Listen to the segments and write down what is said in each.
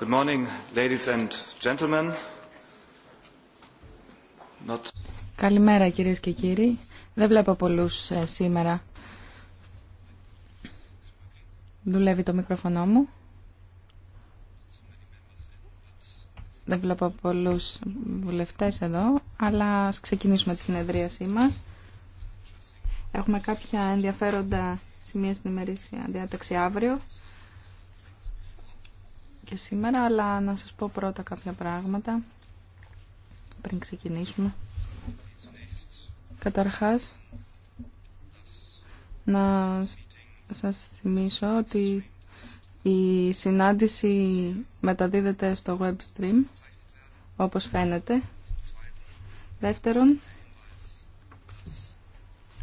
Good gentlemen. Καλημέρα κυρίες και κύριοι. Δεν βλέπω πολλούς ε, σήμερα. Δουλεύει το μικρόφωνο μου. Δεν βλέπω πολλούς βουλευτές εδώ, αλλά ας ξεκινήσουμε τη συνεδρίασή μας. Έχουμε κάποια ενδιαφέροντα σημεία στην ημερήσια διάταξη αύριο και σήμερα, αλλά να σας πω πρώτα κάποια πράγματα πριν ξεκινήσουμε. Καταρχάς, να σας θυμίσω ότι η συνάντηση μεταδίδεται στο web stream, όπως φαίνεται. Δεύτερον,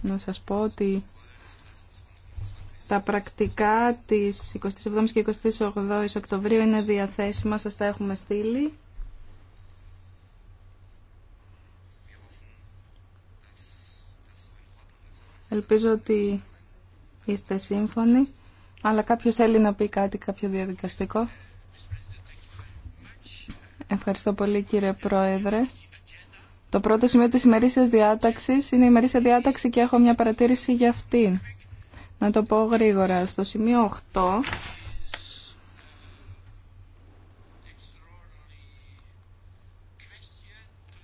να σας πω ότι τα πρακτικά της 27ης και 28ης Οκτωβρίου είναι διαθέσιμα, σας τα έχουμε στείλει. Ελπίζω ότι είστε σύμφωνοι, αλλά κάποιος θέλει να πει κάτι, κάποιο διαδικαστικό. Ευχαριστώ πολύ κύριε Πρόεδρε. Το πρώτο σημείο της ημερήσιας διάταξης είναι η ημερήσια διάταξη και έχω μια παρατήρηση για αυτήν να το πω γρήγορα. Στο σημείο 8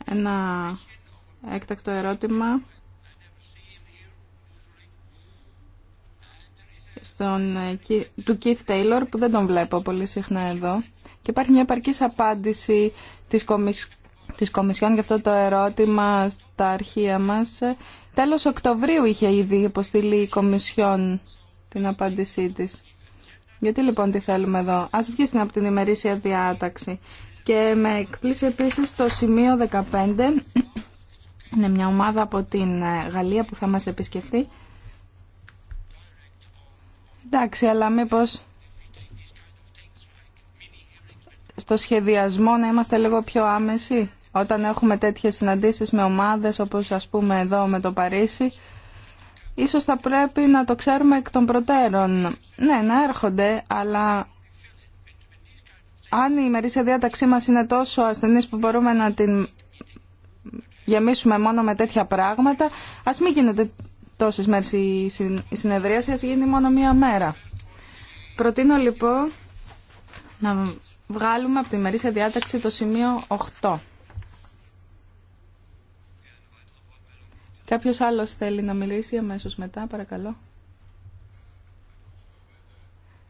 ένα έκτακτο ερώτημα στον, του Keith Taylor που δεν τον βλέπω πολύ συχνά εδώ και υπάρχει μια επαρκής απάντηση της, Κομισ... της Κομισιόν για αυτό το ερώτημα στα αρχεία μας Τέλος Οκτωβρίου είχε ήδη υποστείλει η Κομισιόν την απάντησή της. Γιατί λοιπόν τι θέλουμε εδώ. Ας βγει από την ημερήσια διάταξη. Και με εκπλήσει επίσης το σημείο 15. Είναι μια ομάδα από την ε, Γαλλία που θα μας επισκεφθεί. Εντάξει, αλλά μήπως στο σχεδιασμό να είμαστε λίγο πιο άμεσοι. Όταν έχουμε τέτοιες συναντήσεις με ομάδες όπως ας πούμε εδώ με το Παρίσι, ίσως θα πρέπει να το ξέρουμε εκ των προτέρων. Ναι, να έρχονται, αλλά αν η ημερήσια διάταξή μας είναι τόσο ασθενής που μπορούμε να την γεμίσουμε μόνο με τέτοια πράγματα, ας μην γίνεται τόσες μέρες η συνεδρία, ας γίνει μόνο μία μέρα. Προτείνω λοιπόν να βγάλουμε από τη ημερήσια διάταξη το σημείο 8. Κάποιο άλλο θέλει να μιλήσει αμέσω μετά, παρακαλώ.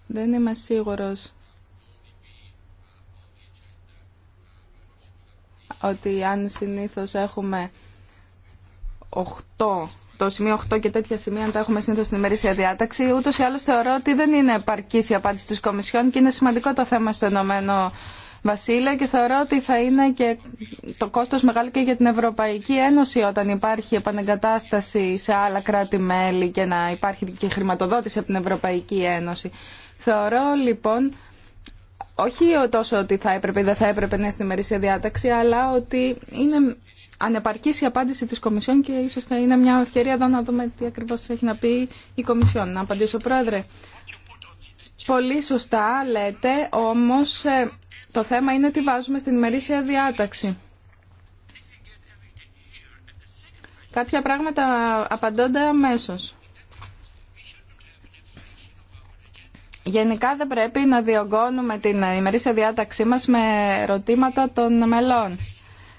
Δεν είμαι σίγουρος ότι αν συνήθως έχουμε 8, το σημείο 8 και τέτοια σημεία, αν τα έχουμε συνήθως στην ημερήσια διάταξη, ούτως ή άλλως θεωρώ ότι δεν είναι επαρκής η αλλως θεωρω οτι δεν ειναι επαρκή η απαντηση της Κομισιόν και είναι σημαντικό το θέμα στο Ενωμένο Βασίλε και θεωρώ ότι θα είναι και το κόστος μεγάλο και για την Ευρωπαϊκή Ένωση όταν υπάρχει επανεγκατάσταση σε άλλα κράτη-μέλη και να υπάρχει και χρηματοδότηση από την Ευρωπαϊκή Ένωση. Θεωρώ λοιπόν όχι τόσο ότι θα έπρεπε ή δεν θα έπρεπε να είναι στη μερίσια διάταξη, αλλά ότι είναι ανεπαρκής η απάντηση της Κομισιόν και ίσως θα είναι μια ευκαιρία εδώ να δούμε τι ακριβώς έχει να πει η Κομισιόν. Να απαντήσω, Πρόεδρε. Πολύ σωστά λέτε, όμως ε, το θέμα είναι τι βάζουμε στην ημερήσια διάταξη. Κάποια πράγματα απαντώνται αμέσως. Γενικά δεν πρέπει να διωγγώνουμε την ημερήσια διάταξή μας με ερωτήματα των μελών.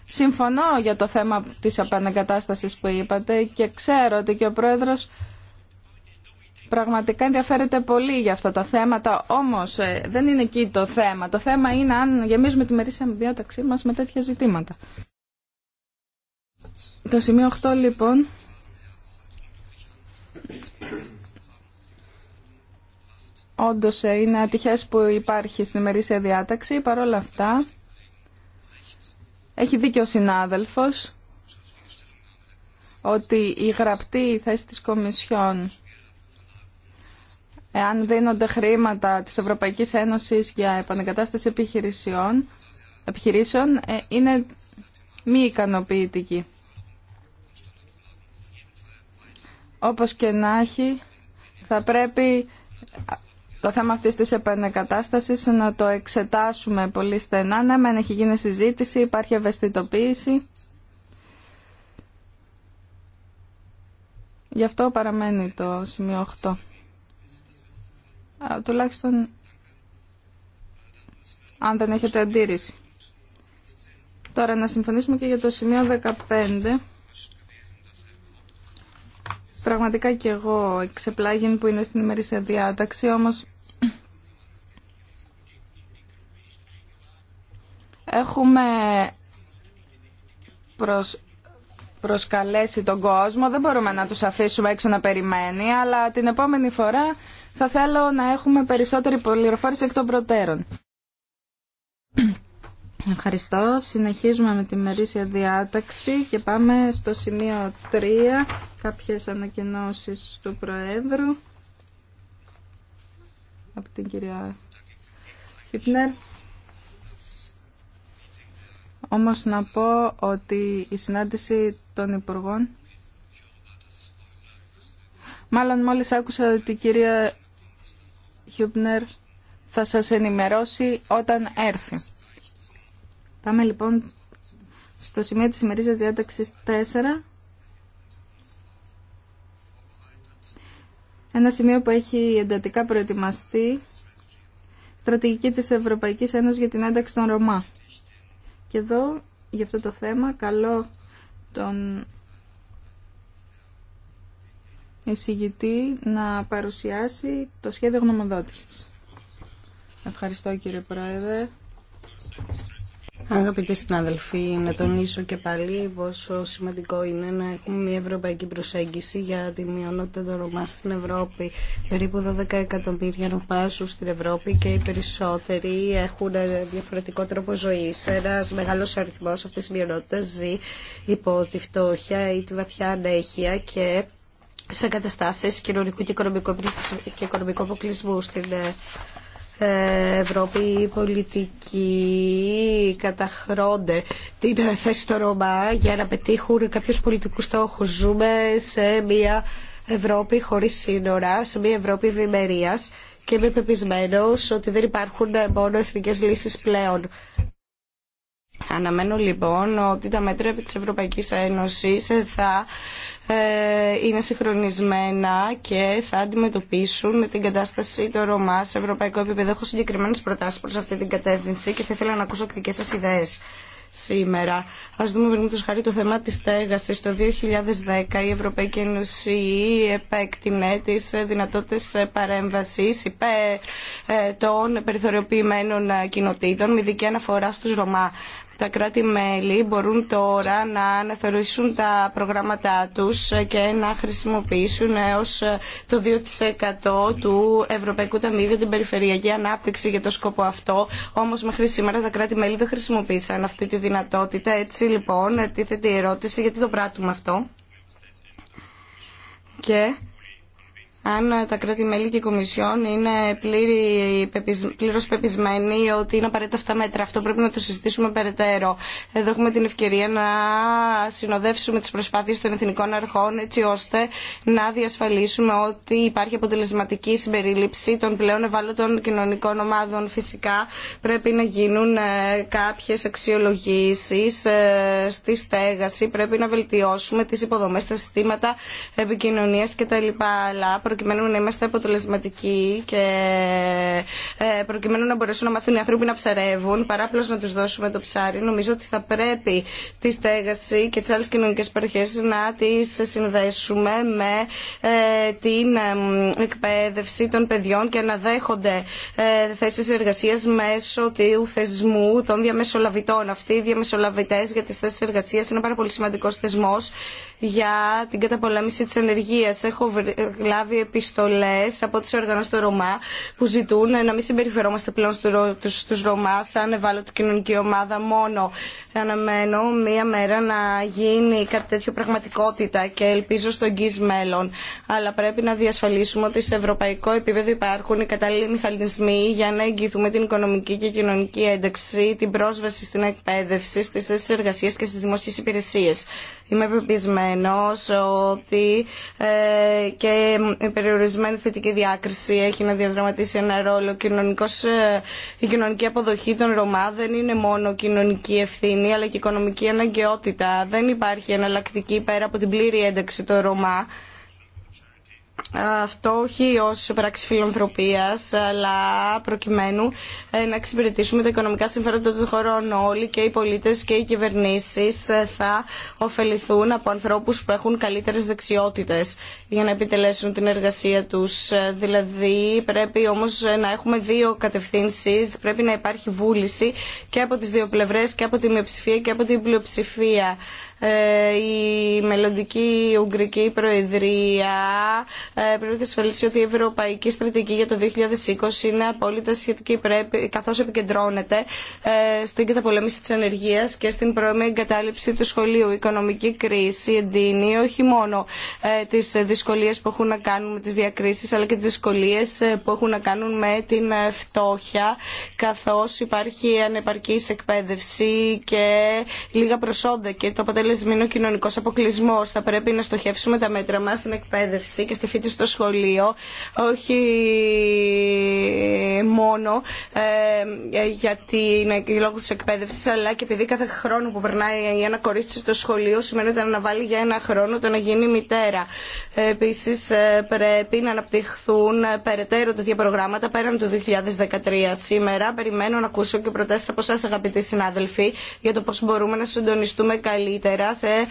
Συμφωνώ για το θέμα της επανεγκατάστασης που είπατε και ξέρω ότι και ο Πρόεδρος πραγματικά ενδιαφέρεται πολύ για αυτά τα θέματα, όμως ε, δεν είναι εκεί το θέμα. Το θέμα είναι αν γεμίζουμε τη μερίσια διάταξή μας με τέτοια ζητήματα. Το σημείο 8 λοιπόν όντως ε, είναι ατυχές που υπάρχει στη μερίσια διάταξη. Παρ' όλα αυτά, έχει δίκιο ο συνάδελφο ότι η γραπτή θέση της Κομισιόν εάν δίνονται χρήματα της Ευρωπαϊκής Ένωσης για επανεκατάσταση επιχειρήσεων, ε, είναι μη ικανοποιητική. Όπως και να έχει, θα πρέπει το θέμα αυτής της επανεκατάστασης να το εξετάσουμε πολύ στενά. Ναι, μεν έχει γίνει συζήτηση, υπάρχει ευαισθητοποίηση. Γι' αυτό παραμένει το σημείο 8 τουλάχιστον αν δεν έχετε αντίρρηση. Τώρα να συμφωνήσουμε και για το σημείο 15. Πραγματικά και εγώ εξεπλάγιν που είναι στην ημερήσια διάταξη, όμως έχουμε προς, προσκαλέσει τον κόσμο, δεν μπορούμε να τους αφήσουμε έξω να περιμένει, αλλά την επόμενη φορά θα θέλω να έχουμε περισσότερη πληροφόρηση εκ των προτέρων. Ευχαριστώ. Συνεχίζουμε με τη μερίσια διάταξη και πάμε στο σημείο 3, κάποιες ανακοινώσεις του Προέδρου. Από την κυρία Χιπνέρ. Όμως να πω ότι η συνάντηση των Υπουργών Μάλλον μόλις άκουσα ότι η κυρία Χιούμπνερ θα σας ενημερώσει όταν έρθει. Πάμε λοιπόν στο σημείο της ημερήσιας διάταξης 4. Ένα σημείο που έχει εντατικά προετοιμαστεί στρατηγική της Ευρωπαϊκής Ένωσης για την ένταξη των Ρωμά. Και εδώ, για αυτό το θέμα, καλό τον εισηγητή να παρουσιάσει το σχέδιο γνωμοδότησης. Ευχαριστώ κύριε Πρόεδρε. Αγαπητοί συνάδελφοι, να τονίσω και πάλι πόσο σημαντικό είναι να έχουμε μια ευρωπαϊκή προσέγγιση για τη μειονότητα των Ρωμά στην Ευρώπη. Περίπου 12 εκατομμύρια Ρωμά στην Ευρώπη και οι περισσότεροι έχουν διαφορετικό τρόπο ζωή. Ένα μεγάλο αριθμό αυτή τη μειονότητα ζει υπό τη φτώχεια ή τη βαθιά ανέχεια και σε καταστάσεις κοινωνικού και οικονομικού αποκλεισμού στην ε, ε, Ευρώπη οι πολιτικοί καταχρώνται την ε, θέση των Ρωμά για να πετύχουν κάποιους πολιτικούς στόχους. Ζούμε σε μια Ευρώπη χωρίς σύνορα, σε μια Ευρώπη ευημερία και είμαι πεπισμένο ότι δεν υπάρχουν μόνο εθνικές λύσεις πλέον. Αναμένω λοιπόν ότι τα μέτρα της Ευρωπαϊκής Ένωσης θα ε, είναι συγχρονισμένα και θα αντιμετωπίσουν την κατάσταση των Ρωμά σε ευρωπαϊκό επίπεδο. Έχω συγκεκριμένε προτάσει προ αυτή την κατεύθυνση και θα ήθελα να ακούσω και σα ιδέε σήμερα. Α δούμε το χάρη το θέμα τη στέγαση. Το 2010 η Ευρωπαϊκή Ένωση επέκτηνε τι δυνατότητε παρέμβαση υπέρ ε, των περιθωριοποιημένων κοινοτήτων με ειδική αναφορά στου Ρωμά. Τα κράτη-μέλη μπορούν τώρα να αναθεωρήσουν τα προγράμματά τους και να χρησιμοποιήσουν έως το 2% του Ευρωπαϊκού Ταμείου για την Περιφερειακή Ανάπτυξη για το σκοπό αυτό. Όμως μέχρι σήμερα τα κράτη-μέλη δεν χρησιμοποίησαν αυτή τη δυνατότητα. Έτσι λοιπόν τίθεται η ερώτηση γιατί το πράττουμε αυτό. Και αν τα κράτη-μέλη και η Κομισιόν είναι πλήρω πεπισμένοι ότι είναι απαραίτητα αυτά μέτρα. Αυτό πρέπει να το συζητήσουμε περαιτέρω. Εδώ έχουμε την ευκαιρία να συνοδεύσουμε τι προσπάθειε των εθνικών αρχών έτσι ώστε να διασφαλίσουμε ότι υπάρχει αποτελεσματική συμπερίληψη των πλέον ευάλωτων κοινωνικών ομάδων. Φυσικά πρέπει να γίνουν ε, κάποιε αξιολογήσει ε, στη στέγαση, πρέπει να βελτιώσουμε τι υποδομέ, τα συστήματα επικοινωνία κτλ προκειμένου να είμαστε αποτελεσματικοί και ε, προκειμένου να μπορέσουν να μαθούν οι άνθρωποι να ψαρεύουν, παρά απλώ να του δώσουμε το ψάρι. Νομίζω ότι θα πρέπει τη στέγαση και τι άλλε κοινωνικέ παροχέ να τι συνδέσουμε με ε, την ε, εκπαίδευση των παιδιών και να δέχονται θέσει εργασία μέσω του θεσμού των διαμεσολαβητών. Αυτοί οι διαμεσολαβητέ για τι θέσει εργασία είναι πάρα πολύ σημαντικό θεσμό για την καταπολέμηση τη ενεργία. Έχω λάβει επιστολές από τι οργανώσει του Ρωμά που ζητούν να μην συμπεριφερόμαστε πλέον στους Ρωμά σαν ευάλωτη κοινωνική ομάδα μόνο. Αναμένω μία μέρα να γίνει κάτι τέτοιο πραγματικότητα και ελπίζω στο εγγύ μέλλον. Αλλά πρέπει να διασφαλίσουμε ότι σε ευρωπαϊκό επίπεδο υπάρχουν οι κατάλληλοι μηχανισμοί για να εγγυηθούμε την οικονομική και κοινωνική ένταξη, την πρόσβαση στην εκπαίδευση, στις θέσει εργασία και στι δημόσιε υπηρεσίε. Είμαι πεπισμένο ότι ε, και η περιορισμένη θετική διάκριση έχει να διαδραματίσει ένα ρόλο. Κοινωνικός, ε, η κοινωνική αποδοχή των Ρωμά δεν είναι μόνο κοινωνική ευθύνη αλλά και οικονομική αναγκαιότητα. Δεν υπάρχει εναλλακτική πέρα από την πλήρη ένταξη των Ρωμά αυτό όχι ως πράξη φιλανθρωπίας αλλά προκειμένου ε, να εξυπηρετήσουμε τα οικονομικά συμφέροντα των χωρών όλοι και οι πολίτες και οι κυβερνήσεις ε, θα ωφεληθούν από ανθρώπους που έχουν καλύτερες δεξιότητες για να επιτελέσουν την εργασία τους. Ε, δηλαδή πρέπει όμως να έχουμε δύο κατευθύνσεις, πρέπει να υπάρχει βούληση και από τις δύο πλευρές και από τη μειοψηφία και από την πλειοψηφία ε, η μελλοντική Ουγγρική Προεδρία ε, πρέπει να ασφαλίσει ότι η Ευρωπαϊκή Στρατηγική για το 2020 είναι απόλυτα σχετική πρέπει, καθώς επικεντρώνεται ε, στην καταπολέμηση της ανεργίας και στην πρώιμη εγκατάλειψη του σχολείου. Η οικονομική κρίση εντείνει όχι μόνο τις δυσκολίες που έχουν να κάνουν με τις διακρίσεις αλλά και τις δυσκολίες που έχουν να κάνουν με την φτώχεια καθώς υπάρχει ανεπαρκής εκπαίδευση και λίγα προσόντα και το ο κοινωνικό αποκλεισμό. Θα πρέπει να στοχεύσουμε τα μέτρα μα στην εκπαίδευση και στη φοιτηση στο σχολείο, όχι μόνο ε, γιατί είναι λόγω τη εκπαίδευση, αλλά και επειδή κάθε χρόνο που περνάει ένα κορίτσι στο σχολείο σημαίνει ότι αναβάλει για ένα χρόνο το να γίνει μητέρα. Επίση, ε, πρέπει να αναπτυχθούν περαιτέρω τέτοια προγράμματα πέραν του 2013. Σήμερα περιμένω να ακούσω και προτάσει από εσά, αγαπητοί συνάδελφοι, για το πώ μπορούμε να συντονιστούμε καλύτερα σε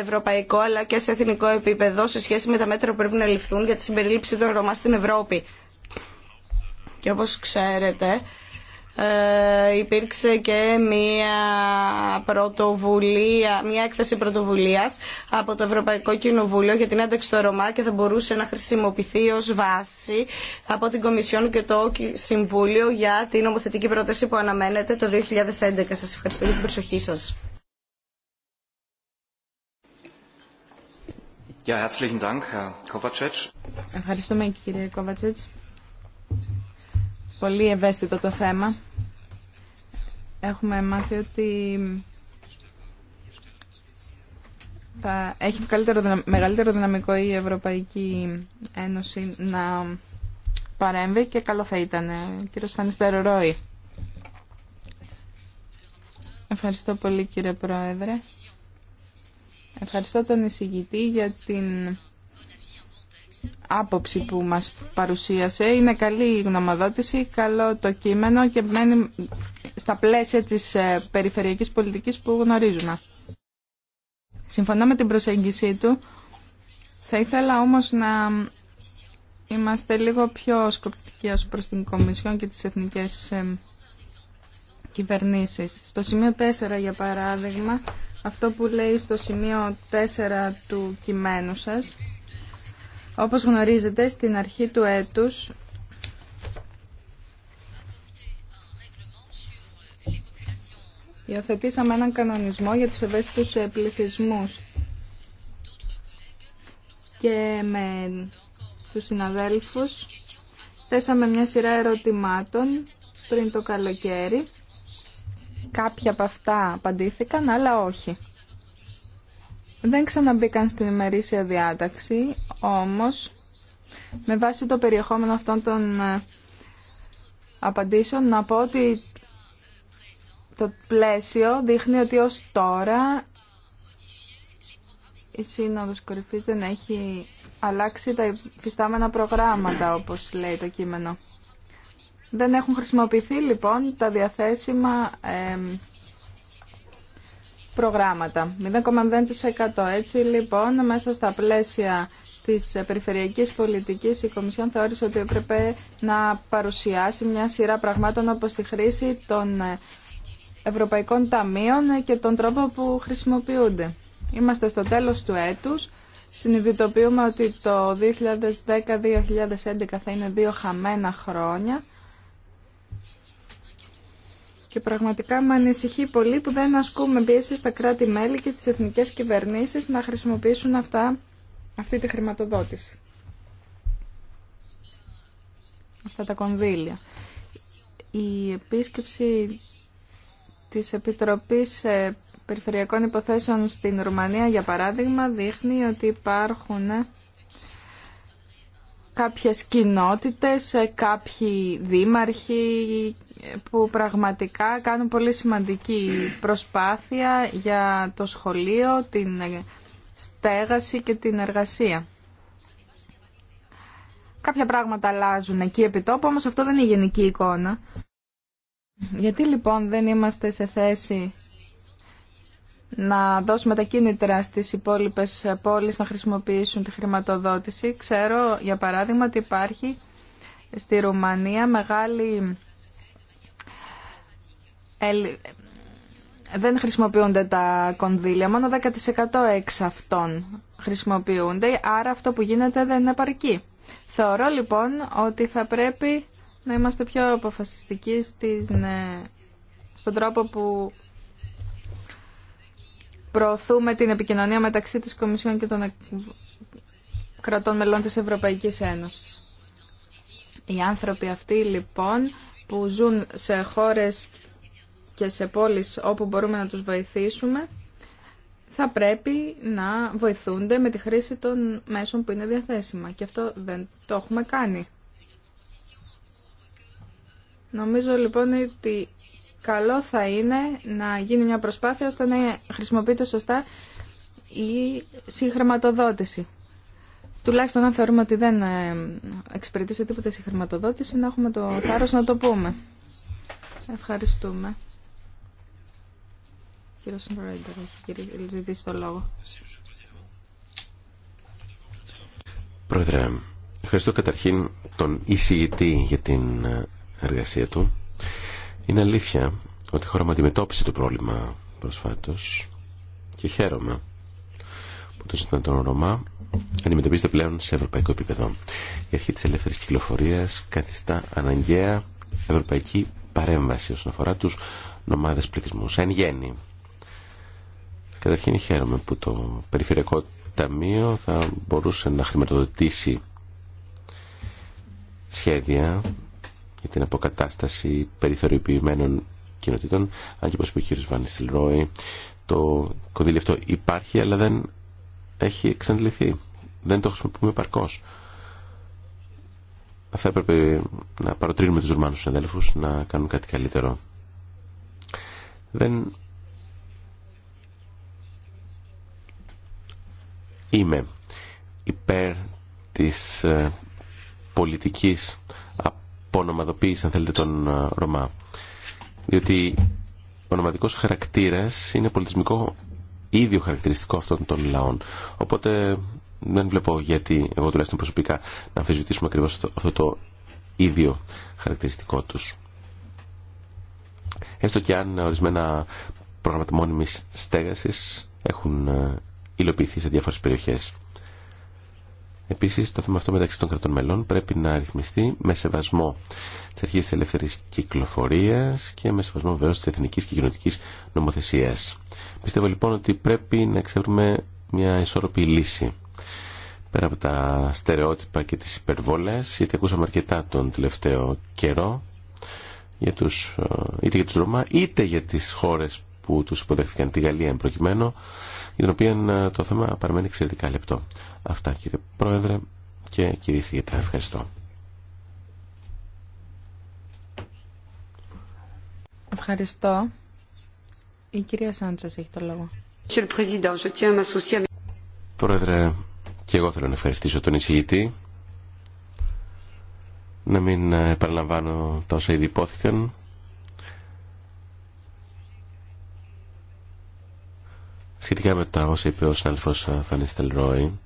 ευρωπαϊκό αλλά και σε εθνικό επίπεδο σε σχέση με τα μέτρα που πρέπει να ληφθούν για τη συμπερίληψη των Ρωμά στην Ευρώπη. Και όπως ξέρετε, ε, υπήρξε και μία πρωτοβουλία, μία έκθεση πρωτοβουλίας από το Ευρωπαϊκό Κοινοβούλιο για την ένταξη των Ρωμά και θα μπορούσε να χρησιμοποιηθεί ως βάση από την Κομισιόν και το Συμβούλιο για την νομοθετική πρόταση που αναμένεται το 2011. Σας ευχαριστώ για την προσοχή σας. Ευχαριστούμε κύριε Κόβατσετς. Πολύ ευαίσθητο το θέμα. Έχουμε μάθει ότι θα έχει καλύτερο, μεγαλύτερο δυναμικό η Ευρωπαϊκή Ένωση να παρέμβει και καλό θα ήταν. Κύριο Φανιστέρο Ρόη. Ευχαριστώ πολύ κύριε Πρόεδρε. Ευχαριστώ τον εισηγητή για την άποψη που μας παρουσίασε. Είναι καλή η γνωμοδότηση, καλό το κείμενο και μένει στα πλαίσια της ε, περιφερειακής πολιτικής που γνωρίζουμε. Συμφωνώ με την προσέγγιση του. Θα ήθελα όμως να είμαστε λίγο πιο σκοπτικοί ως προς την Κομισιόν και τις εθνικές ε, κυβερνήσεις. Στο σημείο 4, για παράδειγμα, αυτό που λέει στο σημείο 4 του κειμένου σας. Όπως γνωρίζετε, στην αρχή του έτους Υιοθετήσαμε έναν κανονισμό για τους ευαίσθητους πληθυσμούς και με τους συναδέλφους θέσαμε μια σειρά ερωτημάτων πριν το καλοκαίρι Κάποια από αυτά απαντήθηκαν, αλλά όχι. Δεν ξαναμπήκαν στην ημερήσια διάταξη, όμως με βάση το περιεχόμενο αυτών των ε, απαντήσεων να πω ότι το πλαίσιο δείχνει ότι ως τώρα η Σύνοδος Κορυφής δεν έχει αλλάξει τα υφιστάμενα προγράμματα, όπως λέει το κείμενο. Δεν έχουν χρησιμοποιηθεί λοιπόν τα διαθέσιμα προγράμματα. 0,0%. Έτσι λοιπόν μέσα στα πλαίσια της περιφερειακής πολιτικής η Κομισιόν θεώρησε ότι έπρεπε να παρουσιάσει μια σειρά πραγμάτων όπως τη χρήση των ευρωπαϊκών ταμείων και τον τρόπο που χρησιμοποιούνται. Είμαστε στο τέλος του έτους. Συνειδητοποιούμε ότι το 2010-2011 θα είναι δύο χαμένα χρόνια. Και πραγματικά με ανησυχεί πολύ που δεν ασκούμε πίεση στα κράτη-μέλη και τις εθνικές κυβερνήσεις να χρησιμοποιήσουν αυτά, αυτή τη χρηματοδότηση. Αυτά τα κονδύλια. Η επίσκεψη της Επιτροπής ε, Περιφερειακών Υποθέσεων στην Ρουμανία, για παράδειγμα, δείχνει ότι υπάρχουν κάποιες κοινότητες, ε, κάποιοι δήμαρχοι ε, που πραγματικά κάνουν πολύ σημαντική προσπάθεια για το σχολείο, την ε, στέγαση και την εργασία. Κάποια πράγματα αλλάζουν εκεί επί τόπου, όμως αυτό δεν είναι η γενική εικόνα. Γιατί λοιπόν δεν είμαστε σε θέση να δώσουμε τα κίνητρα στις υπόλοιπες πόλεις να χρησιμοποιήσουν τη χρηματοδότηση. Ξέρω, για παράδειγμα, ότι υπάρχει στη Ρουμανία μεγάλη... Δεν χρησιμοποιούνται τα κονδύλια, μόνο 10% εξ αυτών χρησιμοποιούνται, άρα αυτό που γίνεται δεν είναι επαρκή. Θεωρώ λοιπόν ότι θα πρέπει να είμαστε πιο αποφασιστικοί ε, στον τρόπο που προωθούμε την επικοινωνία μεταξύ της Κομισιόν και των κρατών μελών της Ευρωπαϊκής Ένωσης. Οι άνθρωποι αυτοί λοιπόν που ζουν σε χώρες και σε πόλεις όπου μπορούμε να τους βοηθήσουμε θα πρέπει να βοηθούνται με τη χρήση των μέσων που είναι διαθέσιμα και αυτό δεν το έχουμε κάνει. Νομίζω λοιπόν ότι καλό θα είναι να γίνει μια προσπάθεια ώστε να χρησιμοποιείται σωστά η συγχρηματοδότηση. Τουλάχιστον αν θεωρούμε ότι δεν ε, εξυπηρετεί σε τίποτα συγχρηματοδότηση, να έχουμε το θάρρος να το πούμε. Ευχαριστούμε. Κύριο κύριε ζητήσει το λόγο. Πρόεδρε, ευχαριστώ καταρχήν τον εισηγητή για την ε, εργασία του. Είναι αλήθεια ότι η χώρα μου αντιμετώπισε το πρόβλημα προσφάτως και χαίρομαι που το ζητάνε τον Ρωμά αντιμετωπίζεται πλέον σε ευρωπαϊκό επίπεδο. Η αρχή της ελεύθερης κυκλοφορίας καθιστά αναγκαία ευρωπαϊκή παρέμβαση όσον αφορά τους νομάδες πληθυσμού. Εν γέννη. Καταρχήν χαίρομαι που το Περιφερειακό Ταμείο θα μπορούσε να χρηματοδοτήσει σχέδια για την αποκατάσταση περιθωριοποιημένων κοινοτήτων, αν και όπως είπε ο κ. Βανίστηλ Ρόι, το κονδύλι αυτό υπάρχει αλλά δεν έχει εξαντληθεί. Δεν το χρησιμοποιούμε παρκώς. Θα έπρεπε να παροτρύνουμε τους Ρουμάνους συναδέλφους να κάνουν κάτι καλύτερο. Δεν είμαι υπέρ της ε, πολιτικής επωνομαδοποίηση, αν θέλετε, των ε, Ρωμά. Διότι ο ονοματικός χαρακτήρας είναι πολιτισμικό ίδιο χαρακτηριστικό αυτών των λαών. Οπότε δεν βλέπω γιατί, εγώ τουλάχιστον προσωπικά, να αμφισβητήσουμε ακριβώ αυτό το ίδιο χαρακτηριστικό τους. Έστω και αν ορισμένα προγράμματα στέγασης έχουν ε, υλοποιηθεί σε διάφορες περιοχές. Επίση, το θέμα αυτό μεταξύ των κρατών μελών πρέπει να ρυθμιστεί με σεβασμό τη αρχή τη ελεύθερη κυκλοφορία και με σεβασμό βεβαίω τη εθνική και κοινωνική νομοθεσία. Πιστεύω λοιπόν ότι πρέπει να ξέρουμε μια ισόρροπη λύση. Πέρα από τα στερεότυπα και τις υπερβόλες, γιατί ακούσαμε αρκετά τον τελευταίο καιρό, ε, είτε για τους Ρωμά, είτε για τις χώρες που του υποδέχθηκαν τη Γαλλία προκειμένου, για την οποία ε, το θέμα παραμένει εξαιρετικά λεπτό. Αυτά κύριε Πρόεδρε και κύριε Σιγητά. Ευχαριστώ. Ευχαριστώ. Η κυρία Σάντσα έχει το λόγο. Πρόεδρε, και εγώ θέλω να ευχαριστήσω τον εισηγητή. Να μην επαναλαμβάνω τόσα όσα ήδη υπόθηκαν. Σχετικά με τα όσα είπε ο συνάδελφος ε, Φανίστελ Ρόι,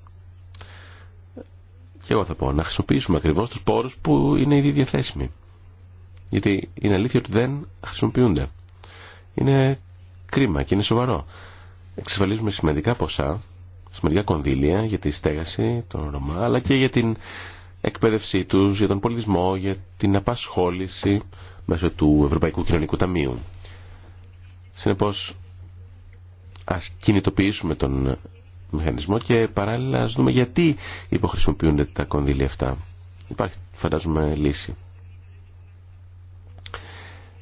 και εγώ θα πω, να χρησιμοποιήσουμε ακριβώ τους πόρους που είναι ήδη διαθέσιμοι. Γιατί είναι αλήθεια ότι δεν χρησιμοποιούνται. Είναι κρίμα και είναι σοβαρό. Εξασφαλίζουμε σημαντικά ποσά, σημαντικά κονδύλια για τη στέγαση των Ρωμά, αλλά και για την εκπαίδευσή του, για τον πολιτισμό, για την απασχόληση μέσω του Ευρωπαϊκού Κοινωνικού Ταμείου. Συνεπώς, ας κινητοποιήσουμε τον μηχανισμό και παράλληλα ας δούμε γιατί υποχρησιμοποιούνται τα κονδύλια αυτά. Υπάρχει φαντάζομαι λύση.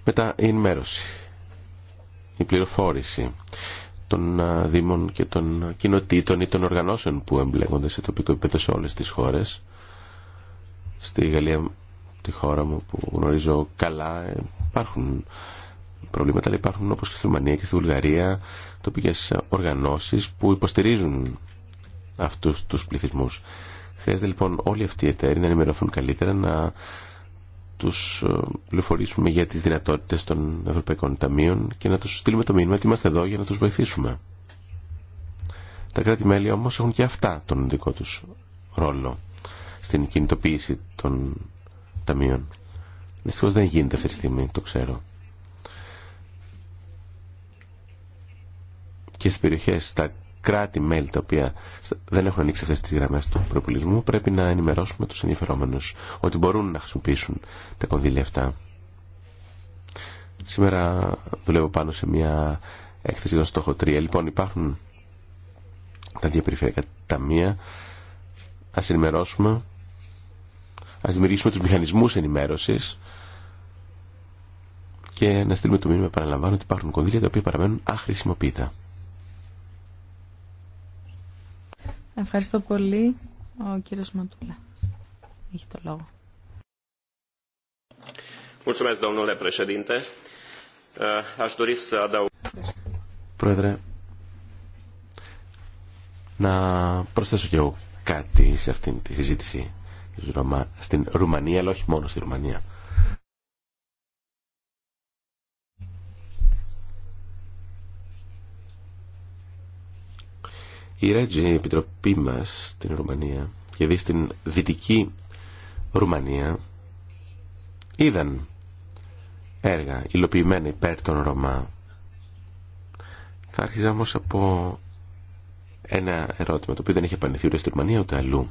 Μετά η ενημέρωση, η πληροφόρηση των Δήμων και των κοινοτήτων ή των οργανώσεων που εμπλέκονται σε τοπικό επίπεδο σε όλες τις χώρες. Στη Γαλλία, τη χώρα μου που γνωρίζω καλά, υπάρχουν προβλήματα, αλλά υπάρχουν όπως και στη Ρουμανία και στη Βουλγαρία τοπικές οργανώσεις που υποστηρίζουν αυτούς τους πληθυσμούς. Χρειάζεται λοιπόν όλοι αυτοί οι εταίροι να ενημερωθούν καλύτερα, να τους πληροφορήσουμε ε, για τις δυνατότητες των Ευρωπαϊκών Ταμείων και να τους στείλουμε το μήνυμα ότι είμαστε εδώ για να τους βοηθήσουμε. Τα κράτη-μέλη όμως έχουν και αυτά τον δικό τους ρόλο στην κινητοποίηση των ταμείων. Δυστυχώ δεν γίνεται αυτή τη στιγμή, το ξέρω. και στι περιοχέ, στα κράτη-μέλη τα οποία δεν έχουν ανοίξει αυτέ τι γραμμές του προπολισμού πρέπει να ενημερώσουμε του ενδιαφερόμενου ότι μπορούν να χρησιμοποιήσουν τα κονδύλια αυτά. Σήμερα δουλεύω πάνω σε μια έκθεση των στόχο 3. Λοιπόν υπάρχουν τα δύο περιφερειακά ταμεία. Α ενημερώσουμε, α δημιουργήσουμε του μηχανισμού ενημέρωση και να στείλουμε το μήνυμα, επαναλαμβάνω, ότι υπάρχουν κονδύλια τα οποία παραμένουν αχρησιμοποιητά. Ευχαριστώ πολύ. Ο κύριος Μαντούλα έχει το λόγο. Πρόεδρε, να προσθέσω κι εγώ κάτι σε αυτήν τη συζήτηση στην Ρουμανία, αλλά όχι μόνο στη Ρουμανία. Η Ρέτζη, η επιτροπή μα στην Ρουμανία και δει στην δυτική Ρουμανία είδαν έργα υλοποιημένα υπέρ των Ρωμά. Θα άρχιζα όμω από ένα ερώτημα το οποίο δεν είχε απαντηθεί ούτε στην Ρουμανία ούτε αλλού.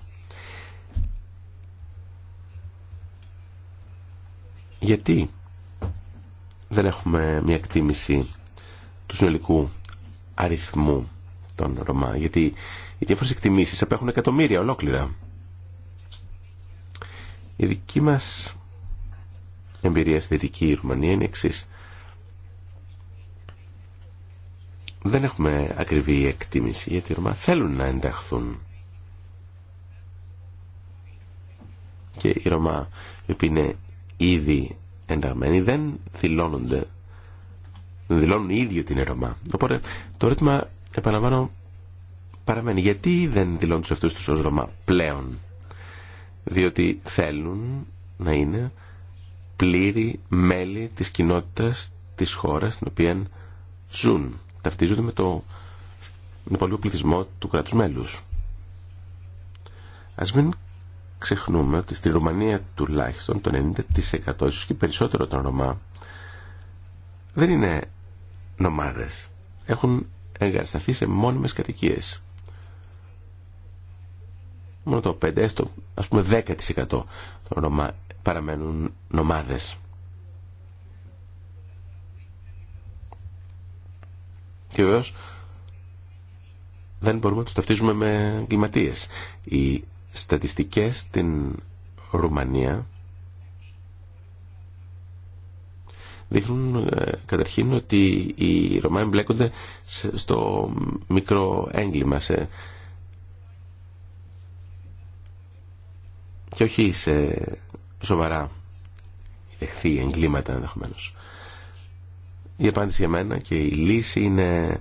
Γιατί δεν έχουμε μια εκτίμηση του συνολικού αριθμού των Ρωμά, γιατί οι διάφορε εκτιμήσει απέχουν εκατομμύρια ολόκληρα. Η δική μα εμπειρία στη δική Ρουμανία είναι εξή. Δεν έχουμε ακριβή εκτίμηση, γιατί οι Ρωμά θέλουν να ενταχθούν. Και οι Ρωμά, οι οποίοι είναι ήδη ενταγμένοι, δεν δηλώνονται δεν δηλώνουν οι ίδιοι ότι είναι Ρωμά. Οπότε το ρήτημα επαναλαμβάνω, παραμένει. Γιατί δεν δηλώνουν σε αυτούς τους ως Ρωμά πλέον. Διότι θέλουν να είναι πλήρη μέλη της κοινότητας της χώρας στην οποία ζουν. Ταυτίζονται με το υπόλοιπο πληθυσμό του κράτους μέλους. Ας μην ξεχνούμε ότι στη Ρουμανία τουλάχιστον το 90% και περισσότερο των Ρωμά δεν είναι νομάδες. Έχουν εγκατασταθεί σε μόνιμες κατοικίες. Μόνο το 5, έστω ας πούμε 10% των παραμένουν νομάδες. Και βεβαίως δεν μπορούμε να τους ταυτίζουμε με εγκληματίε. Οι στατιστικές στην Ρουμανία δείχνουν ε, καταρχήν ότι οι Ρωμά εμπλέκονται στο μικρό έγκλημα σε... και όχι σε σοβαρά δεχθεί εγκλήματα ενδεχομένω. Η απάντηση για μένα και η λύση είναι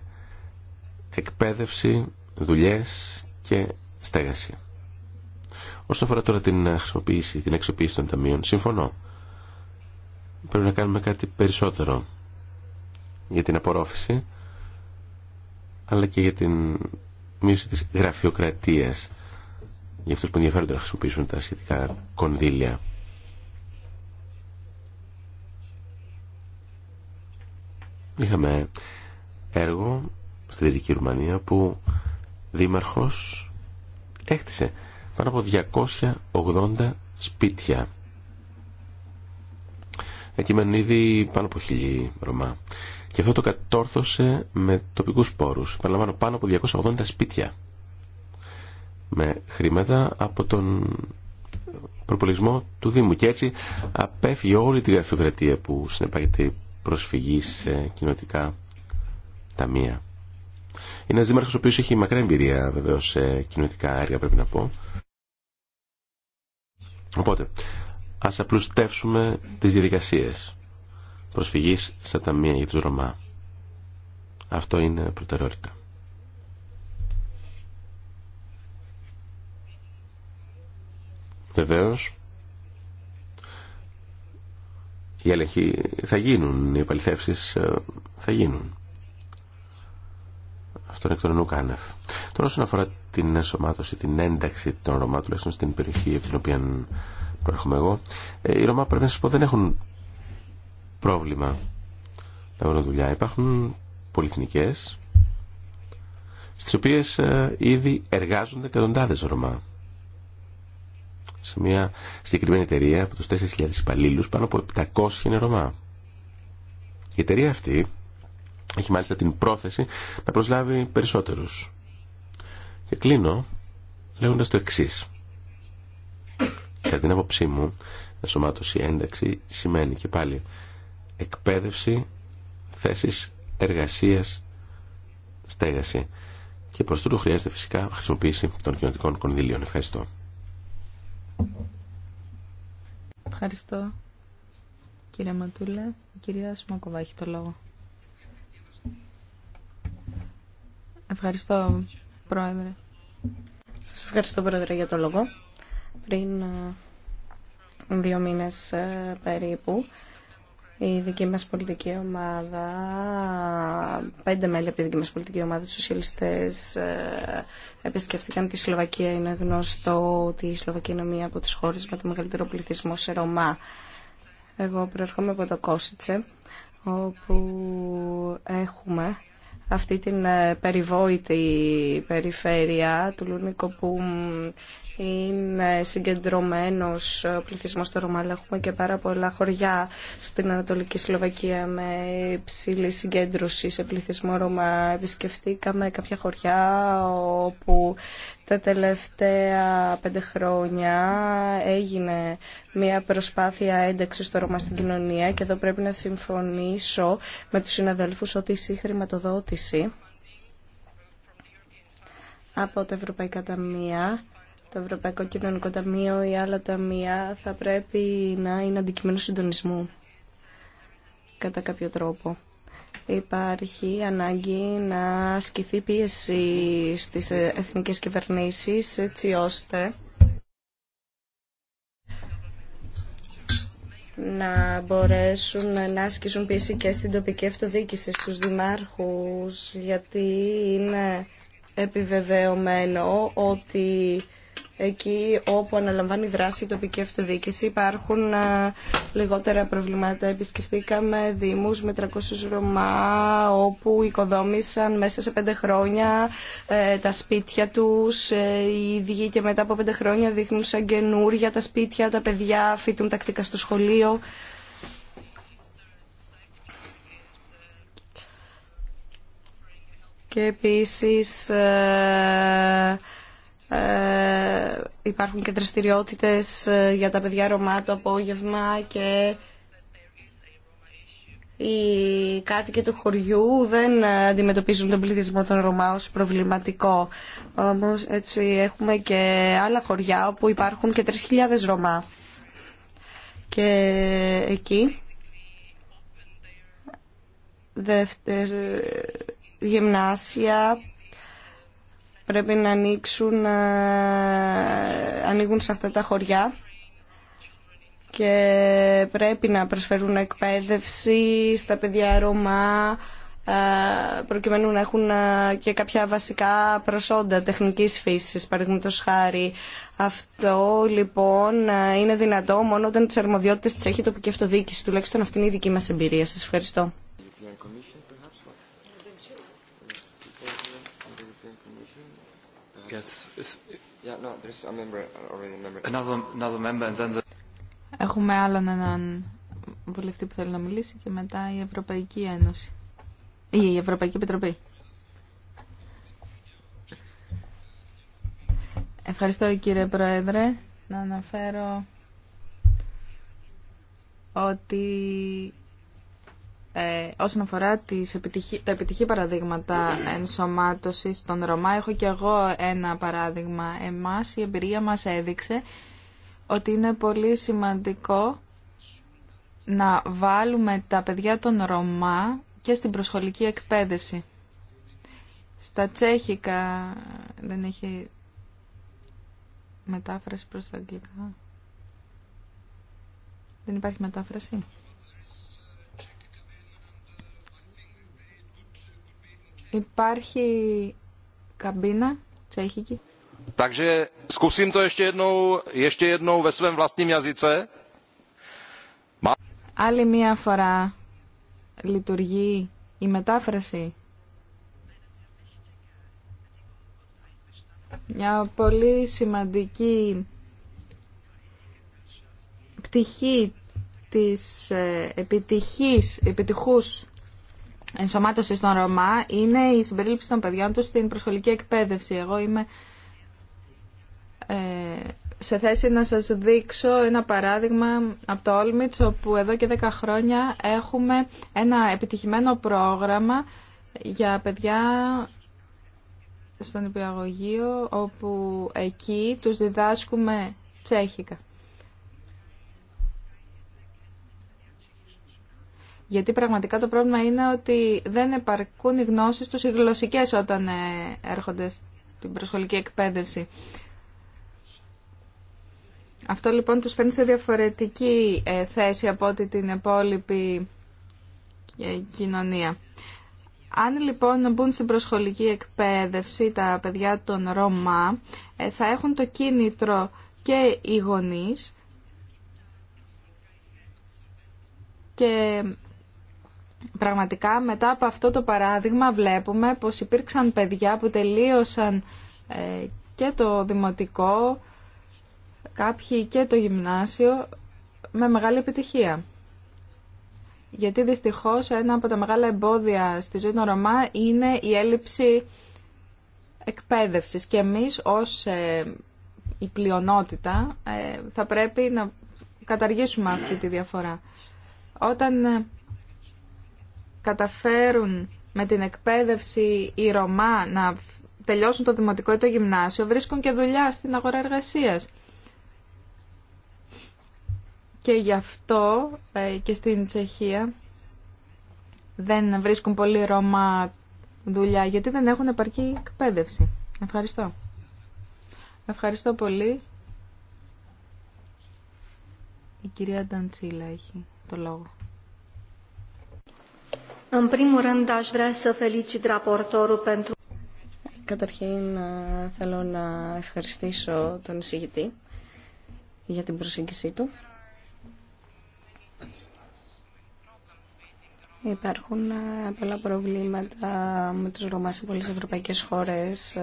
εκπαίδευση, δουλειές και στέγαση. Όσον αφορά τώρα την ε, χρησιμοποίηση, την εξοποίηση των ταμείων, συμφωνώ πρέπει να κάνουμε κάτι περισσότερο για την απορρόφηση αλλά και για την μείωση της γραφειοκρατίας για αυτούς που ενδιαφέρονται να χρησιμοποιήσουν τα σχετικά κονδύλια. Είχαμε έργο στη Δυτική Ρουμανία που δήμαρχος έκτισε πάνω από 280 σπίτια μένουν ήδη πάνω από χίλιοι Ρωμά. Και αυτό το κατόρθωσε με τοπικούς πόρους. Παραλαμβάνω πάνω από 280 σπίτια. Με χρήματα από τον προπολισμό του Δήμου. Και έτσι απέφυγε όλη τη γραφειοκρατία που συνεπάγεται προσφυγή σε κοινοτικά ταμεία. Είναι ένα δήμαρχο ο οποίο έχει μακρά εμπειρία βεβαίω σε κοινωτικά έργα, πρέπει να πω. Οπότε, Ας απλουστεύσουμε τις διαδικασίες προσφυγής στα ταμεία για τους Ρωμά. Αυτό είναι προτεραιότητα. Βεβαίως, οι έλεγχοι θα γίνουν, οι επαληθεύσεις ε, θα γίνουν. Αυτό είναι εκ των Τώρα όσον αφορά την ενσωμάτωση, την ένταξη των Ρωμά, τουλάχιστον στην περιοχή από την οποία προέρχομαι εγώ, ε, οι Ρωμά πρέπει να σα πω δεν έχουν πρόβλημα να βρουν δουλειά. Υπάρχουν πολυεθνικέ, στι οποίε ε, ήδη εργάζονται εκατοντάδε Ρωμά. Σε μια συγκεκριμένη εταιρεία από του 4.000 υπαλλήλου, πάνω από 700 είναι Ρωμά. Η εταιρεία αυτή έχει μάλιστα την πρόθεση να προσλάβει περισσότερου. Και κλείνω λέγοντα το εξή. Κατά την άποψή μου, ενσωμάτωση ένταξη σημαίνει και πάλι εκπαίδευση θέσεις εργασίας στέγαση. Και προς τούτο χρειάζεται φυσικά χρησιμοποίηση των κοινωνικών κονδυλίων. Ευχαριστώ. Ευχαριστώ. Κύριε ματούλα. η κυρία Σμακοβά έχει το λόγο. Ευχαριστώ, Πρόεδρε. Σας ευχαριστώ, Πρόεδρε, για το λόγο. Πριν ε, δύο μήνες ε, περίπου, η δική μας πολιτική ομάδα, πέντε μέλη από τη δική μας πολιτική ομάδα, οι σοσιαλιστές, ε, επισκεφτήκαν τη Σλοβακία. Είναι γνωστό ότι η Σλοβακία είναι μία από τις χώρες με το μεγαλύτερο πληθυσμό σε Ρωμά. Εγώ προερχόμαι από το Κόσιτσε, όπου έχουμε αυτή την περιβόητη περιφέρεια του Λούνικο που είναι συγκεντρωμένος ο πληθυσμός στο Ρωμά, αλλά έχουμε και πάρα πολλά χωριά στην Ανατολική Σλοβακία με υψηλή συγκέντρωση σε πληθυσμό Ρωμά. Επισκεφτήκαμε κάποια χωριά όπου τα τελευταία πέντε χρόνια έγινε μια προσπάθεια ένταξης στο Ρωμά στην κοινωνία και εδώ πρέπει να συμφωνήσω με τους συναδέλφους ότι η συγχρηματοδότηση από τα Ευρωπαϊκά Ταμεία το Ευρωπαϊκό Κοινωνικό Ταμείο ή άλλα ταμεία θα πρέπει να είναι αντικείμενο συντονισμού κατά κάποιο τρόπο. Υπάρχει ανάγκη να ασκηθεί πίεση στις εθνικές κυβερνήσεις έτσι ώστε να μπορέσουν να ασκήσουν πίεση και στην τοπική αυτοδίκηση στους δημάρχους γιατί είναι επιβεβαιωμένο ότι εκεί όπου αναλαμβάνει δράση η τοπική αυτοδιοίκηση υπάρχουν ε, λιγότερα προβλήματα. Επισκεφθήκαμε δήμους με 300 Ρωμά όπου οικοδόμησαν μέσα σε πέντε χρόνια ε, τα σπίτια τους ε, οι ίδιοι και μετά από πέντε χρόνια δείχνουν σαν καινούρια τα σπίτια, τα παιδιά φύτουν τακτικά στο σχολείο. Και επίσης ε, υπάρχουν και δραστηριότητε ε, για τα παιδιά Ρωμά το απόγευμα και οι κάτοικοι του χωριού δεν ε, αντιμετωπίζουν τον πληθυσμό των Ρωμά ως προβληματικό. Όμως έτσι έχουμε και άλλα χωριά όπου υπάρχουν και 3.000 Ρωμά. Και εκεί δεύτερη γυμνάσια πρέπει να ανοίξουν, να ε, ανοίγουν σε αυτά τα χωριά και πρέπει να προσφέρουν εκπαίδευση στα παιδιά Ρωμά ε, προκειμένου να έχουν ε, και κάποια βασικά προσόντα τεχνικής φύσης, παραδείγματος χάρη. Αυτό λοιπόν είναι δυνατό μόνο όταν τις αρμοδιότητες τις έχει η τοπική αυτοδίκηση, τουλάχιστον αυτή είναι η δική μας εμπειρία. Σας ευχαριστώ. Έχουμε άλλον έναν βουλευτή που θέλει να μιλήσει και μετά η Ευρωπαϊκή Ένωση ή η Ευρωπαϊκή Επιτροπή. Ευχαριστώ κύριε Πρόεδρε. Να αναφέρω ότι ε, όσον αφορά τις επιτυχή, τα επιτυχή παραδείγματα ενσωμάτωσης των Ρωμά, έχω και εγώ ένα παράδειγμα. Εμάς η εμπειρία μας έδειξε ότι είναι πολύ σημαντικό να βάλουμε τα παιδιά των Ρωμά και στην προσχολική εκπαίδευση. Στα τσέχικα δεν έχει μετάφραση προς τα αγγλικά. Δεν υπάρχει μετάφραση. Υπάρχει καμπίνα τσέχικη. Άλλη μία φορά λειτουργεί η μετάφραση. Μια πολύ σημαντική πτυχή της ε, επιτυχής, επιτυχούς ενσωμάτωση στον Ρωμά είναι η συμπερίληψη των παιδιών του στην προσχολική εκπαίδευση. Εγώ είμαι ε, σε θέση να σας δείξω ένα παράδειγμα από το Όλμιτς, όπου εδώ και 10 χρόνια έχουμε ένα επιτυχημένο πρόγραμμα για παιδιά στον υπηαγωγείο, όπου εκεί τους διδάσκουμε τσέχικα. γιατί πραγματικά το πρόβλημα είναι ότι δεν επαρκούν οι γνώσεις τους οι γλωσσικές όταν ε, έρχονται στην προσχολική εκπαίδευση. Αυτό λοιπόν τους φέρνει σε διαφορετική ε, θέση από ό,τι την υπόλοιπη ε, κοινωνία. Αν λοιπόν μπουν στην προσχολική εκπαίδευση τα παιδιά των Ρωμά, θα έχουν το κίνητρο και οι γονείς και πραγματικά μετά από αυτό το παράδειγμα βλέπουμε πως υπήρξαν παιδιά που τελείωσαν ε, και το δημοτικό, κάποιοι και το γυμνάσιο με μεγάλη επιτυχία. Γιατί δυστυχώς ένα από τα μεγάλα εμπόδια στη ζωή των Ρωμά είναι η έλλειψη εκπαίδευσης και εμείς ως ε, η πλειονότητα ε, θα πρέπει να καταργήσουμε αυτή τη διαφορά. Όταν καταφέρουν με την εκπαίδευση οι Ρωμά να τελειώσουν το δημοτικό ή το γυμνάσιο, βρίσκουν και δουλειά στην αγορά εργασίας. Και γι' αυτό ε, και στην Τσεχία δεν βρίσκουν πολύ Ρώμα δουλειά, γιατί δεν έχουν επαρκή εκπαίδευση. Ευχαριστώ. Ευχαριστώ πολύ. Η κυρία Νταντσίλα έχει το λόγο. În primul rând, Καταρχήν, θέλω να ευχαριστήσω τον εισηγητή για την προσέγγιση του. Υπάρχουν πολλά προβλήματα με τους Ρωμά σε πολλές ευρωπαϊκές χώρες.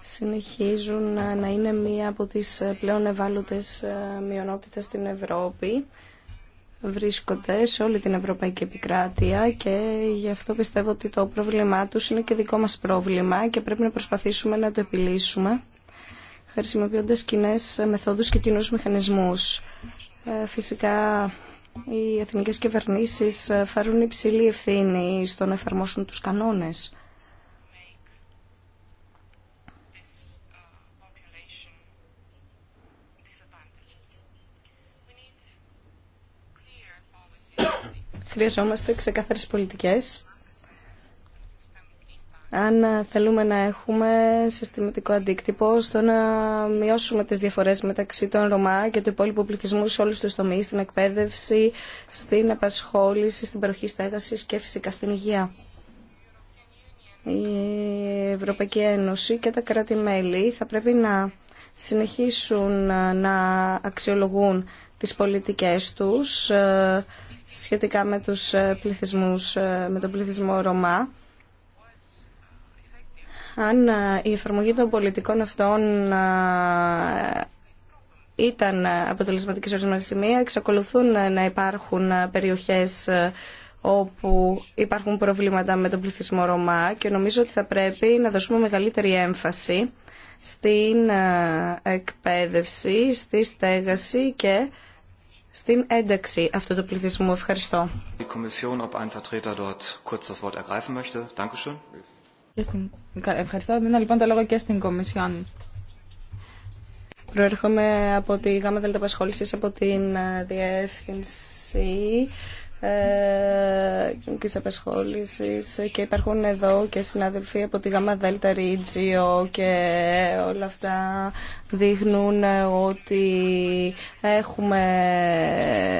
Συνεχίζουν να είναι μία από τις πλέον ευάλωτες μειονότητες στην Ευρώπη βρίσκονται σε όλη την Ευρωπαϊκή Επικράτεια και γι' αυτό πιστεύω ότι το πρόβλημά τους είναι και δικό μας πρόβλημα και πρέπει να προσπαθήσουμε να το επιλύσουμε χρησιμοποιώντας κοινέ μεθόδους και κοινούς μηχανισμούς. Ε, φυσικά οι εθνικές κυβερνήσεις ε, φέρουν υψηλή ευθύνη στο να εφαρμόσουν τους κανόνες. Χρειαζόμαστε ξεκάθαρε πολιτικές. Αν θέλουμε να έχουμε συστηματικό αντίκτυπο στο να μειώσουμε τις διαφορές μεταξύ των Ρωμά και του υπόλοιπου πληθυσμού σε όλους τους τομείς, στην εκπαίδευση, στην απασχόληση, στην παροχή στέγαση και φυσικά στην υγεία η Ευρωπαϊκή Ένωση και τα κράτη-μέλη θα πρέπει να συνεχίσουν να αξιολογούν τις πολιτικές τους σχετικά με, τους ε, πληθυσμούς, ε, με τον πληθυσμό Ρωμά. Αν ε, η εφαρμογή των πολιτικών αυτών ήταν αποτελεσματική σε ορισμένα σημεία, εξακολουθούν να υπάρχουν περιοχές όπου υπάρχουν προβλήματα με τον πληθυσμό Ρωμά και νομίζω ότι θα πρέπει να δώσουμε μεγαλύτερη έμφαση στην εκπαίδευση, στη στέγαση και στην ένταξη αυτού του πληθυσμού. Ευχαριστώ. Η Kommission, ob ein Vertreter dort kurz das Wort ergreifen möchte. Dankeschön. Ευχαριστώ. Δίνω λοιπόν το λόγο και στην Κομισιόν. Προέρχομαι από τη ΓΑΜΑ Δελταπασχόλησης, από την ε, Διεύθυνση Τη ε, απασχόληση και υπάρχουν εδώ και συναδελφοί από τη ΓΑΜΑ ΔΕΛΤΑ Ρίτζιο και όλα αυτά δείχνουν ότι έχουμε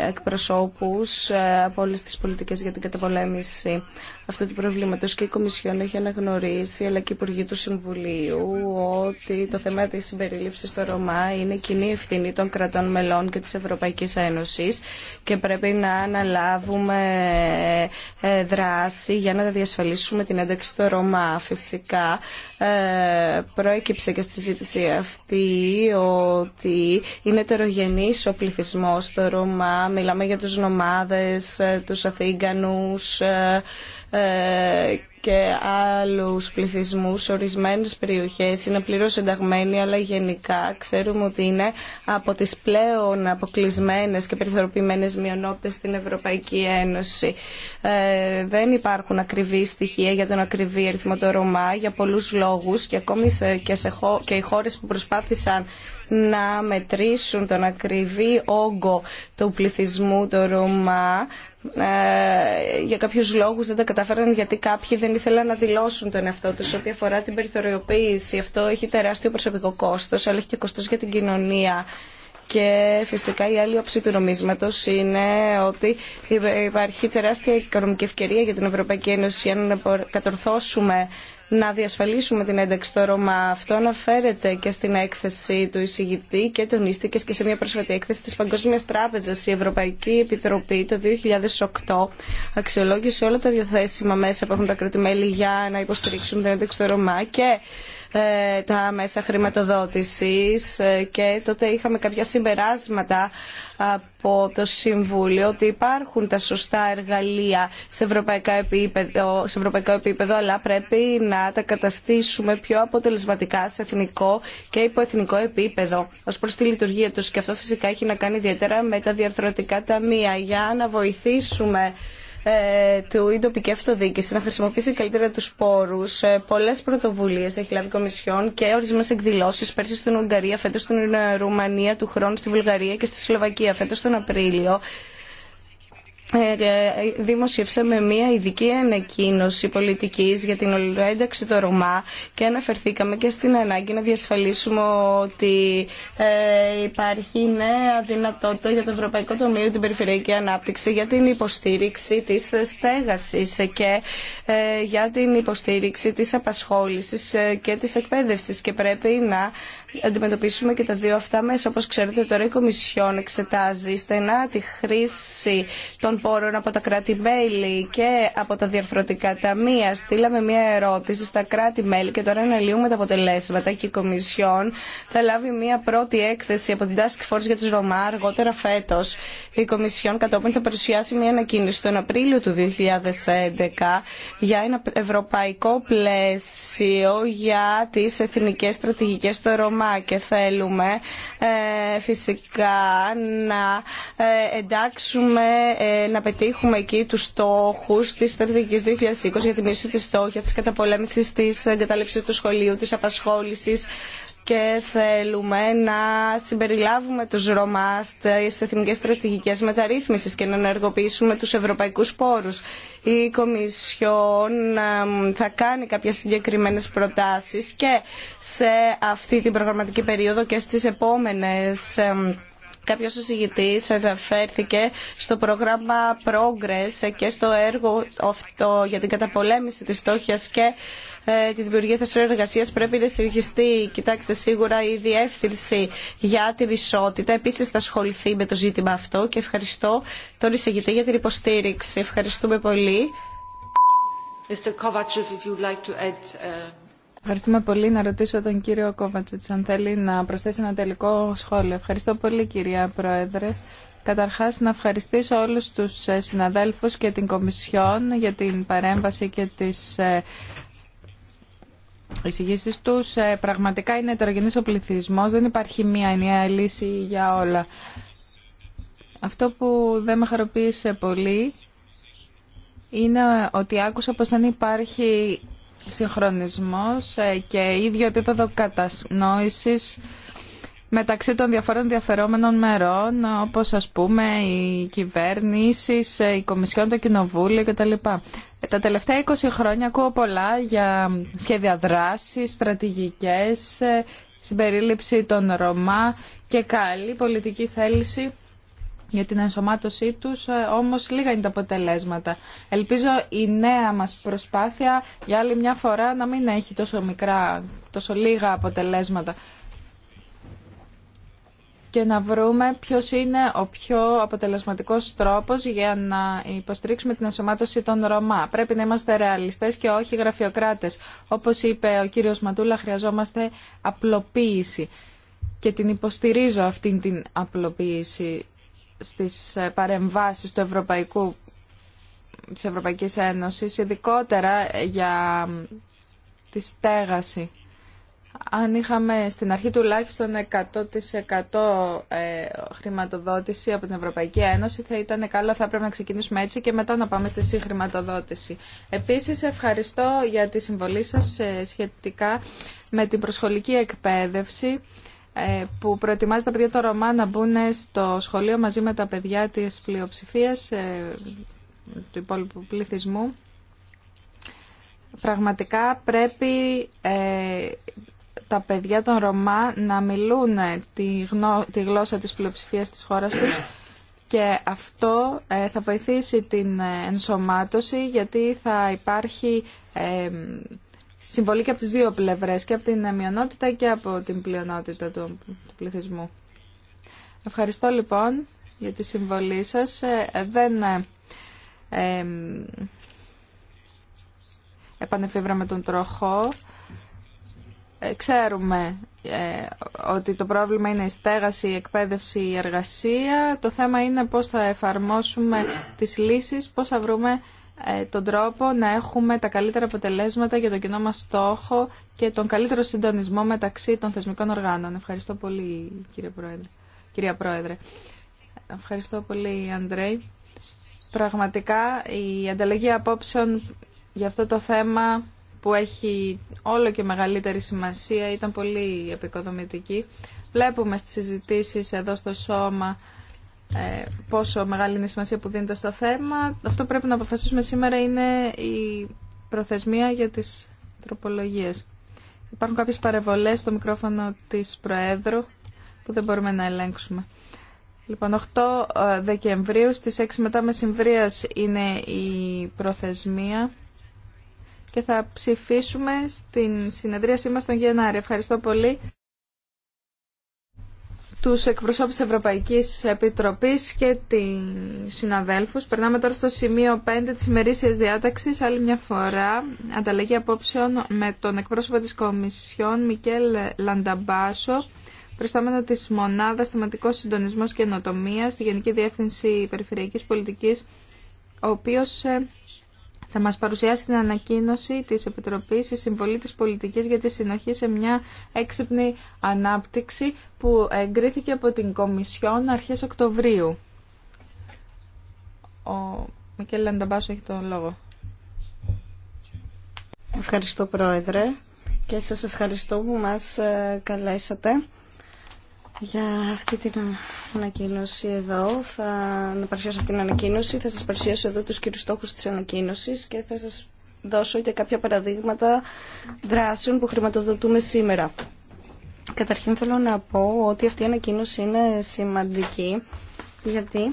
εκπροσώπους από όλες τις πολιτικές για την καταπολέμηση αυτού του προβλήματος και η Κομισιόν έχει αναγνωρίσει αλλά και οι Υπουργοί του Συμβουλίου ότι το θέμα της συμπερίληψης στο Ρωμά είναι κοινή ευθύνη των κρατών μελών και της Ευρωπαϊκής Ένωσης και πρέπει να αναλάβουν Έχουμε ε, δράση για να διασφαλίσουμε την ένταξη στο Ρωμά. Φυσικά ε, προέκυψε και στη ζήτηση αυτή ότι είναι τερογενής ο πληθυσμός στο Ρωμά. Μιλάμε για τους νομάδες, ε, τους Αθήγανους, ε, και άλλους πληθυσμούς σε ορισμένες περιοχές είναι πλήρως ενταγμένοι αλλά γενικά ξέρουμε ότι είναι από τις πλέον αποκλεισμένε και περιθωριοποιημένες μειονότητες στην Ευρωπαϊκή Ένωση. Ε, δεν υπάρχουν ακριβή στοιχεία για τον ακριβή αριθμό των Ρωμά για πολλούς λόγους και ακόμη και, σε, και οι χώρες που προσπάθησαν να μετρήσουν τον ακριβή όγκο του πληθυσμού το Ρωμά ε, για κάποιους λόγους δεν τα καταφέραν γιατί κάποιοι δεν ήθελαν να δηλώσουν τον εαυτό τους ό,τι αφορά την περιθωριοποίηση αυτό έχει τεράστιο προσωπικό κόστος αλλά έχει και κόστος για την κοινωνία και φυσικά η άλλη όψη του νομίσματος είναι ότι υπάρχει τεράστια οικονομική ευκαιρία για την Ευρωπαϊκή Ένωση αν κατορθώσουμε να διασφαλίσουμε την ένταξη στο Ρωμά. Αυτό αναφέρεται και στην έκθεση του εισηγητή και τονίστηκε και σε μια προσφατή έκθεση της Παγκόσμια Τράπεζα, Η Ευρωπαϊκή Επιτροπή το 2008 αξιολόγησε όλα τα διαθέσιμα μέσα που έχουν τα κρατημέλη για να υποστηρίξουν την ένταξη στο Ρωμά και ε, τα μέσα χρηματοδότησης ε, και τότε είχαμε κάποια συμπεράσματα από το Συμβούλιο ότι υπάρχουν τα σωστά εργαλεία σε ευρωπαϊκό επίπεδο, σε ευρωπαϊκό επίπεδο αλλά πρέπει να τα καταστήσουμε πιο αποτελεσματικά σε εθνικό και υποεθνικό επίπεδο ως προς τη λειτουργία τους και αυτό φυσικά έχει να κάνει ιδιαίτερα με τα διαρθρωτικά ταμεία για να βοηθήσουμε ε, του η τοπική αυτοδιοίκηση να χρησιμοποιήσει καλύτερα του πόρου. Ε, Πολλέ πρωτοβουλίε έχει λάβει Κομισιόν και ορισμένε εκδηλώσει πέρσι στην Ουγγαρία, φέτο στην Ρουμανία, του χρόνου στη Βουλγαρία και στη Σλοβακία, φέτο τον Απρίλιο. Ε, ε, δημοσιεύσαμε μία ειδική ανακοίνωση πολιτικής για την ολοένταξη των Ρωμά και αναφερθήκαμε και στην ανάγκη να διασφαλίσουμε ότι ε, υπάρχει νέα δυνατότητα για το Ευρωπαϊκό Τομείο την Περιφερειακή Ανάπτυξη για την υποστήριξη της στέγασης και για την υποστήριξη της απασχόλησης και της εκπαίδευση και πρέπει να αντιμετωπίσουμε και τα δύο αυτά μέσα. Όπως ξέρετε τώρα η Κομισιόν εξετάζει στενά τη χρήση των πόρων από τα κράτη-μέλη και από τα διαφορετικά ταμεία. Στείλαμε μια ερώτηση στα κράτη-μέλη και τώρα αναλύουμε τα αποτελέσματα και η Κομισιόν θα λάβει μια πρώτη έκθεση από την Task Force για τους Ρωμά αργότερα φέτος. Η Κομισιόν κατόπιν θα παρουσιάσει μια ανακοίνηση τον Απρίλιο του 2011 για ένα ευρωπαϊκό πλαίσιο για τις εθνικές στρατηγικές στο Ρωμά και θέλουμε ε, φυσικά να ε, εντάξουμε, ε, να πετύχουμε εκεί τους στόχους της στρατηγικής 2020 για τη μείωση της στόχια, της καταπολέμησης της εγκατάλειψης του σχολείου, της απασχόλησης και θέλουμε να συμπεριλάβουμε τους Ρωμά στις εθνικές στρατηγικές μεταρρύθμισης και να ενεργοποιήσουμε τους ευρωπαϊκούς πόρους. Η Κομισιόν θα κάνει κάποιες συγκεκριμένες προτάσεις και σε αυτή την προγραμματική περίοδο και στις επόμενες Κάποιο συζητητή αναφέρθηκε στο πρόγραμμα Progress και στο έργο αυτό για την καταπολέμηση τη στόχια και ε, τη δημιουργία θεσμών πρέπει να συνεχιστεί. Κοιτάξτε, σίγουρα η διεύθυνση για την ισότητα επίση θα ασχοληθεί με το ζήτημα αυτό και ευχαριστώ τον εισηγητή για την υποστήριξη. Ευχαριστούμε πολύ. Ευχαριστούμε πολύ. Να ρωτήσω τον κύριο Κόβατσετς αν θέλει να προσθέσει ένα τελικό σχόλιο. Ευχαριστώ πολύ κυρία Πρόεδρε. Καταρχάς να ευχαριστήσω όλους τους ε, συναδέλφους και την Κομισιόν για την παρέμβαση και τις ε, εισηγήσεις τους. Ε, πραγματικά είναι ετερογενής ο πληθυσμός, δεν υπάρχει μία ενιαία λύση για όλα. Αυτό που δεν με χαροποίησε πολύ είναι ότι άκουσα πως αν υπάρχει συγχρονισμός ε, και ίδιο επίπεδο κατανόησης μεταξύ των διαφόρων διαφερόμενων μερών, όπως ας πούμε οι κυβέρνησεις, οι ε, κομισιόν, το κοινοβούλιο κτλ. Ε, τα τελευταία 20 χρόνια ακούω πολλά για σχέδια δράσης, στρατηγικές, συμπερίληψη των Ρωμά και καλή πολιτική θέληση για την ενσωμάτωσή τους, ε, όμως λίγα είναι τα αποτελέσματα. Ελπίζω η νέα μας προσπάθεια για άλλη μια φορά να μην έχει τόσο μικρά, τόσο λίγα αποτελέσματα και να βρούμε ποιος είναι ο πιο αποτελεσματικός τρόπος για να υποστηρίξουμε την ενσωμάτωση των Ρωμά. Πρέπει να είμαστε ρεαλιστές και όχι γραφειοκράτες. Όπως είπε ο κύριος Ματούλα, χρειαζόμαστε απλοποίηση και την υποστηρίζω αυτήν την απλοποίηση στις ε, παρεμβάσεις του Ευρωπαϊκού, της Ευρωπαϊκής Ένωσης, ειδικότερα ε, για τη στέγαση. Αν είχαμε στην αρχή τουλάχιστον 100% ε, χρηματοδότηση από την Ευρωπαϊκή Ένωση θα ήταν καλό, θα πρέπει να ξεκινήσουμε έτσι και μετά να πάμε στη συγχρηματοδότηση. Επίσης ευχαριστώ για τη συμβολή σας σχετικά με την προσχολική εκπαίδευση. Ε, που προετοιμάζει τα παιδιά των Ρωμά να μπουν στο σχολείο μαζί με τα παιδιά της πλειοψηφίας ε, του υπόλοιπου πληθυσμού. Πραγματικά πρέπει ε, τα παιδιά των Ρωμά να μιλούν τη γλώσσα της πλειοψηφίας της χώρας τους και αυτό θα βοηθήσει την ενσωμάτωση γιατί θα υπάρχει συμβολή και από τις δύο πλευρές, και από την μειονότητα και από την πλειονότητα του, πληθυσμού. Ευχαριστώ λοιπόν για τη συμβολή σας. Ε, δεν ε, τον τροχό. Ε, ξέρουμε ε, ότι το πρόβλημα είναι η στέγαση, η εκπαίδευση, η εργασία. Το θέμα είναι πώς θα εφαρμόσουμε τις λύσεις, πώς θα βρούμε ε, τον τρόπο να έχουμε τα καλύτερα αποτελέσματα για τον κοινό μας στόχο και τον καλύτερο συντονισμό μεταξύ των θεσμικών οργάνων. Ευχαριστώ πολύ κύριε Πρόεδρε. κυρία Πρόεδρε. Ευχαριστώ πολύ Αντρέη. Πραγματικά η ανταλλαγή απόψεων για αυτό το θέμα που έχει όλο και μεγαλύτερη σημασία ήταν πολύ επικοδομητική. Βλέπουμε στις συζητήσεις εδώ στο σώμα ε, πόσο μεγάλη είναι η σημασία που δίνεται στο θέμα. Αυτό πρέπει να αποφασίσουμε σήμερα είναι η προθεσμία για τις τροπολογίες. Υπάρχουν κάποιες παρεβολές στο μικρόφωνο της Προέδρου που δεν μπορούμε να ελέγξουμε. Λοιπόν, 8 ε, Δεκεμβρίου στις 6 μετά μεσημβρίας είναι η προθεσμία και θα ψηφίσουμε στην συνεδρίασή μας τον Γενάρη. Ευχαριστώ πολύ τους εκπροσώπους Ευρωπαϊκής Επιτροπής και τη συναδέλφους. Περνάμε τώρα στο σημείο 5 της ημερήσιας διάταξης. Άλλη μια φορά, ανταλλαγή απόψεων με τον εκπρόσωπο της Κομισιόν, Μικέλ Λανταμπάσο, προστάμενο της Μονάδας Θεματικός Συντονισμός και Ενοτομίας, στη Γενική Διεύθυνση Περιφερειακής Πολιτικής, ο οποίος ε, θα μας παρουσιάσει την ανακοίνωση της Επιτροπής η Συμβολή της Πολιτικής για τη Συνοχή σε μια έξυπνη ανάπτυξη που εγκρίθηκε από την Κομισιόν αρχές Οκτωβρίου. Ο Μικέλ Ανταμπάσο έχει τον λόγο. Ευχαριστώ Πρόεδρε και σας ευχαριστώ που μας ε, καλέσατε για αυτή την ανακοίνωση εδώ. Θα να παρουσιάσω αυτή την ανακοίνωση, θα σας παρουσιάσω εδώ τους κύριους στόχους της ανακοίνωσης και θα σας δώσω και κάποια παραδείγματα δράσεων που χρηματοδοτούμε σήμερα. Καταρχήν θέλω να πω ότι αυτή η ανακοίνωση είναι σημαντική γιατί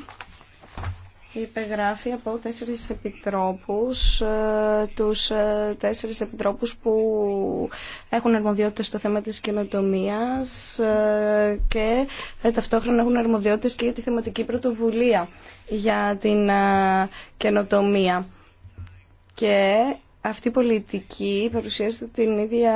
υπεγράφει από τέσσερις επιτρόπους, ε, τους ε, τέσσερις επιτρόπους που έχουν αρμοδιότητες στο θέμα της καινοτομίας ε, και ταυτόχρονα έχουν αρμοδιότητες και για τη θεματική πρωτοβουλία για την καινοτομία. Και αυτή η πολιτική παρουσιάζεται την ίδια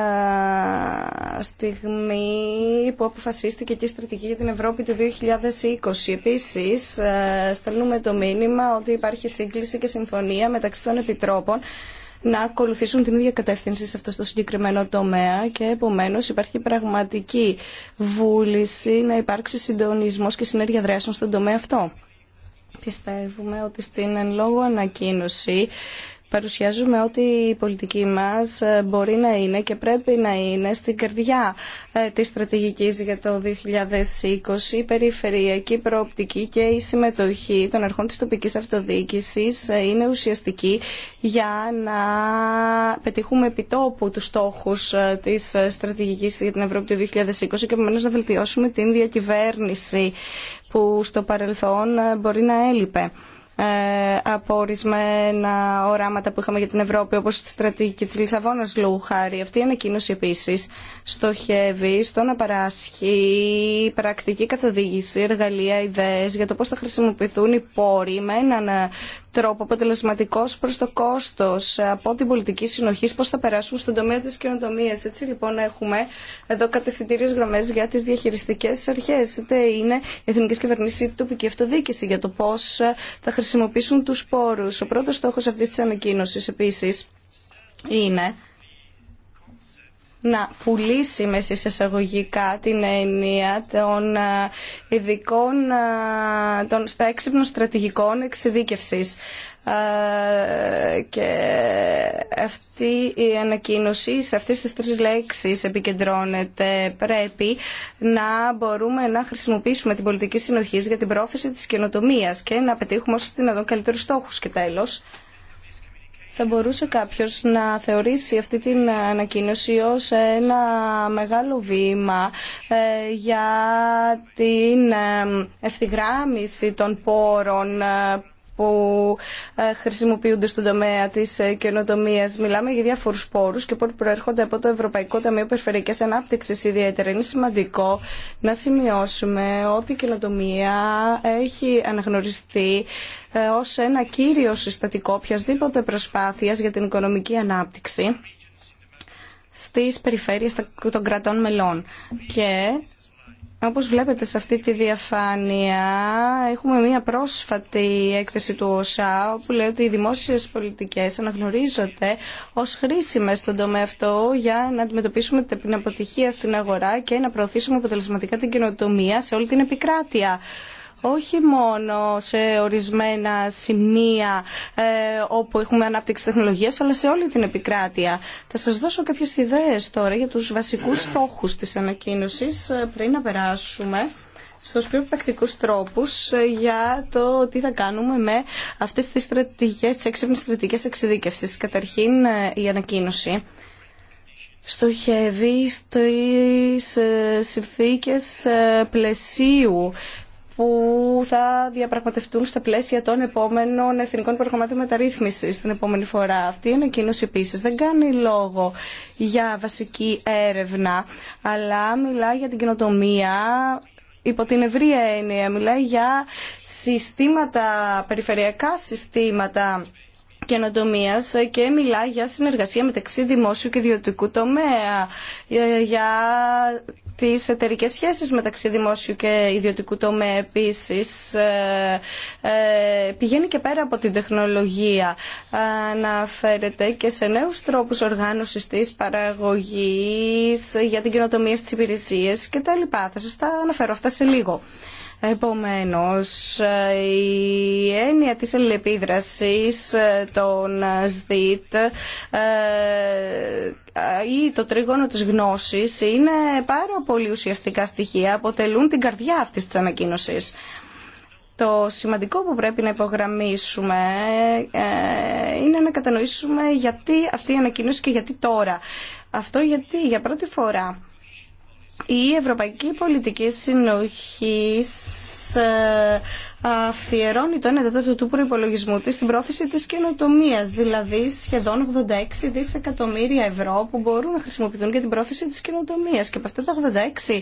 στιγμή που αποφασίστηκε και η στρατηγική για την Ευρώπη του 2020. Επίσης, ε, στέλνουμε το μήνυμα ότι υπάρχει σύγκληση και συμφωνία μεταξύ των επιτρόπων να ακολουθήσουν την ίδια κατεύθυνση σε αυτό το συγκεκριμένο τομέα και επομένως υπάρχει πραγματική βούληση να υπάρξει συντονισμός και συνέργεια δράσεων στον τομέα αυτό. Πιστεύουμε ότι στην εν λόγω ανακοίνωση παρουσιάζουμε ότι η πολιτική μας ε, μπορεί να είναι και πρέπει να είναι στην καρδιά ε, της στρατηγικής για το 2020, η περιφερειακή προοπτική και η συμμετοχή των αρχών της τοπικής αυτοδιοίκησης ε, είναι ουσιαστική για να πετύχουμε επιτόπου τους στόχους της στρατηγικής για την Ευρώπη του 2020 και επομένως να βελτιώσουμε την διακυβέρνηση που στο παρελθόν μπορεί να έλειπε. Ε, από ορισμένα οράματα που είχαμε για την Ευρώπη, όπως τη στρατηγική της Λισαβόνας λόγου χάρη. Αυτή η ανακοίνωση επίσης στοχεύει στο να παράσχει πρακτική καθοδήγηση, εργαλεία, ιδέες για το πώς θα χρησιμοποιηθούν οι πόροι με έναν ε, τρόπο αποτελεσματικό προ το κόστο από την πολιτική συνοχή, πώ θα περάσουν στον τομέα τη καινοτομία. Έτσι λοιπόν έχουμε εδώ κατευθυντήριε γραμμέ για τι διαχειριστικέ αρχέ, είτε είναι οι εθνικέ κυβερνήσει είτε η τοπική αυτοδιοίκηση, για το πώ θα χρησιμοποιήσουν του πόρου. Ο πρώτο στόχο αυτή τη ανακοίνωση επίση είναι να πουλήσει μέσα εισαγωγικά την ενία των ε, ειδικών, ε, των, στα έξυπνων στρατηγικών εξειδίκευσης. Ε, και αυτή η ανακοίνωση σε αυτές τις τρεις λέξεις επικεντρώνεται. Πρέπει να μπορούμε να χρησιμοποιήσουμε την πολιτική συνοχή για την πρόθεση της καινοτομίας και να πετύχουμε όσο δυνατόν καλύτερους στόχους. Και τέλος, θα μπορούσε κάποιο να θεωρήσει αυτή την ανακοίνωση ως ένα μεγάλο βήμα ε, για την ε, ευθυγράμμιση των πόρων ε, που ε, χρησιμοποιούνται στον τομέα της ε, καινοτομία, Μιλάμε για διάφορου πόρου και που προέρχονται από το Ευρωπαϊκό Ταμείο Περιφερειακής Ανάπτυξης ιδιαίτερα. Είναι σημαντικό να σημειώσουμε ότι η καινοτομία έχει αναγνωριστεί ε, ως ένα κύριο συστατικό οποιασδήποτε προσπάθειας για την οικονομική ανάπτυξη στις περιφέρειες των κρατών μελών. Και όπως βλέπετε σε αυτή τη διαφάνεια έχουμε μία πρόσφατη έκθεση του ΟΣΑ που λέει ότι οι δημόσιες πολιτικές αναγνωρίζονται ως χρήσιμες στον τομέα αυτό για να αντιμετωπίσουμε την αποτυχία στην αγορά και να προωθήσουμε αποτελεσματικά την καινοτομία σε όλη την επικράτεια όχι μόνο σε ορισμένα σημεία ε, όπου έχουμε ανάπτυξη τεχνολογίας, αλλά σε όλη την επικράτεια. Θα σας δώσω κάποιες ιδέες τώρα για τους βασικούς στόχους της ανακοίνωσης ε, πριν να περάσουμε στους πιο πρακτικούς τρόπους ε, για το τι θα κάνουμε με αυτές τις στρατηγικές, τις έξυπνες στρατηγικές εξειδίκευσης. Καταρχήν η ανακοίνωση στοχεύει στις συνθήκες πλαισίου που θα διαπραγματευτούν στα πλαίσια των επόμενων εθνικών προγραμμάτων μεταρρύθμιση την επόμενη φορά. Αυτή η ανακοίνωση επίση δεν κάνει λόγο για βασική έρευνα, αλλά μιλά για την κοινοτομία υπό την ευρία έννοια. Μιλάει για συστήματα, περιφερειακά συστήματα καινοτομία και μιλάει για συνεργασία μεταξύ δημόσιου και ιδιωτικού τομέα, ε, για τις εταιρικέ σχέσεις μεταξύ δημόσιου και ιδιωτικού τομέα επίσης ε, ε, πηγαίνει και πέρα από την τεχνολογία αναφέρεται και σε νέους τρόπους οργάνωσης της παραγωγής για την κοινοτομία στις υπηρεσίες και τα Θα σας τα αναφέρω αυτά σε λίγο. Επομένως, η έννοια της αλληλεπίδρασης των ΣΔΙΤ ε, ή το τρίγωνο της γνώσης είναι πάρα πολύ ουσιαστικά στοιχεία, αποτελούν την καρδιά αυτής της ανακοίνωσης. Το σημαντικό που πρέπει να υπογραμμίσουμε ε, είναι να κατανοήσουμε γιατί αυτή η ανακοίνωση και γιατί τώρα. Αυτό γιατί για πρώτη φορά η Ευρωπαϊκή Πολιτική Συνοχή ε, αφιερώνει το 1 τέταρτο του προπολογισμού της στην πρόθεση της καινοτομία, δηλαδή σχεδόν 86 δισεκατομμύρια ευρώ που μπορούν να χρησιμοποιηθούν για την πρόθεση της καινοτομία. Και από αυτά τα 86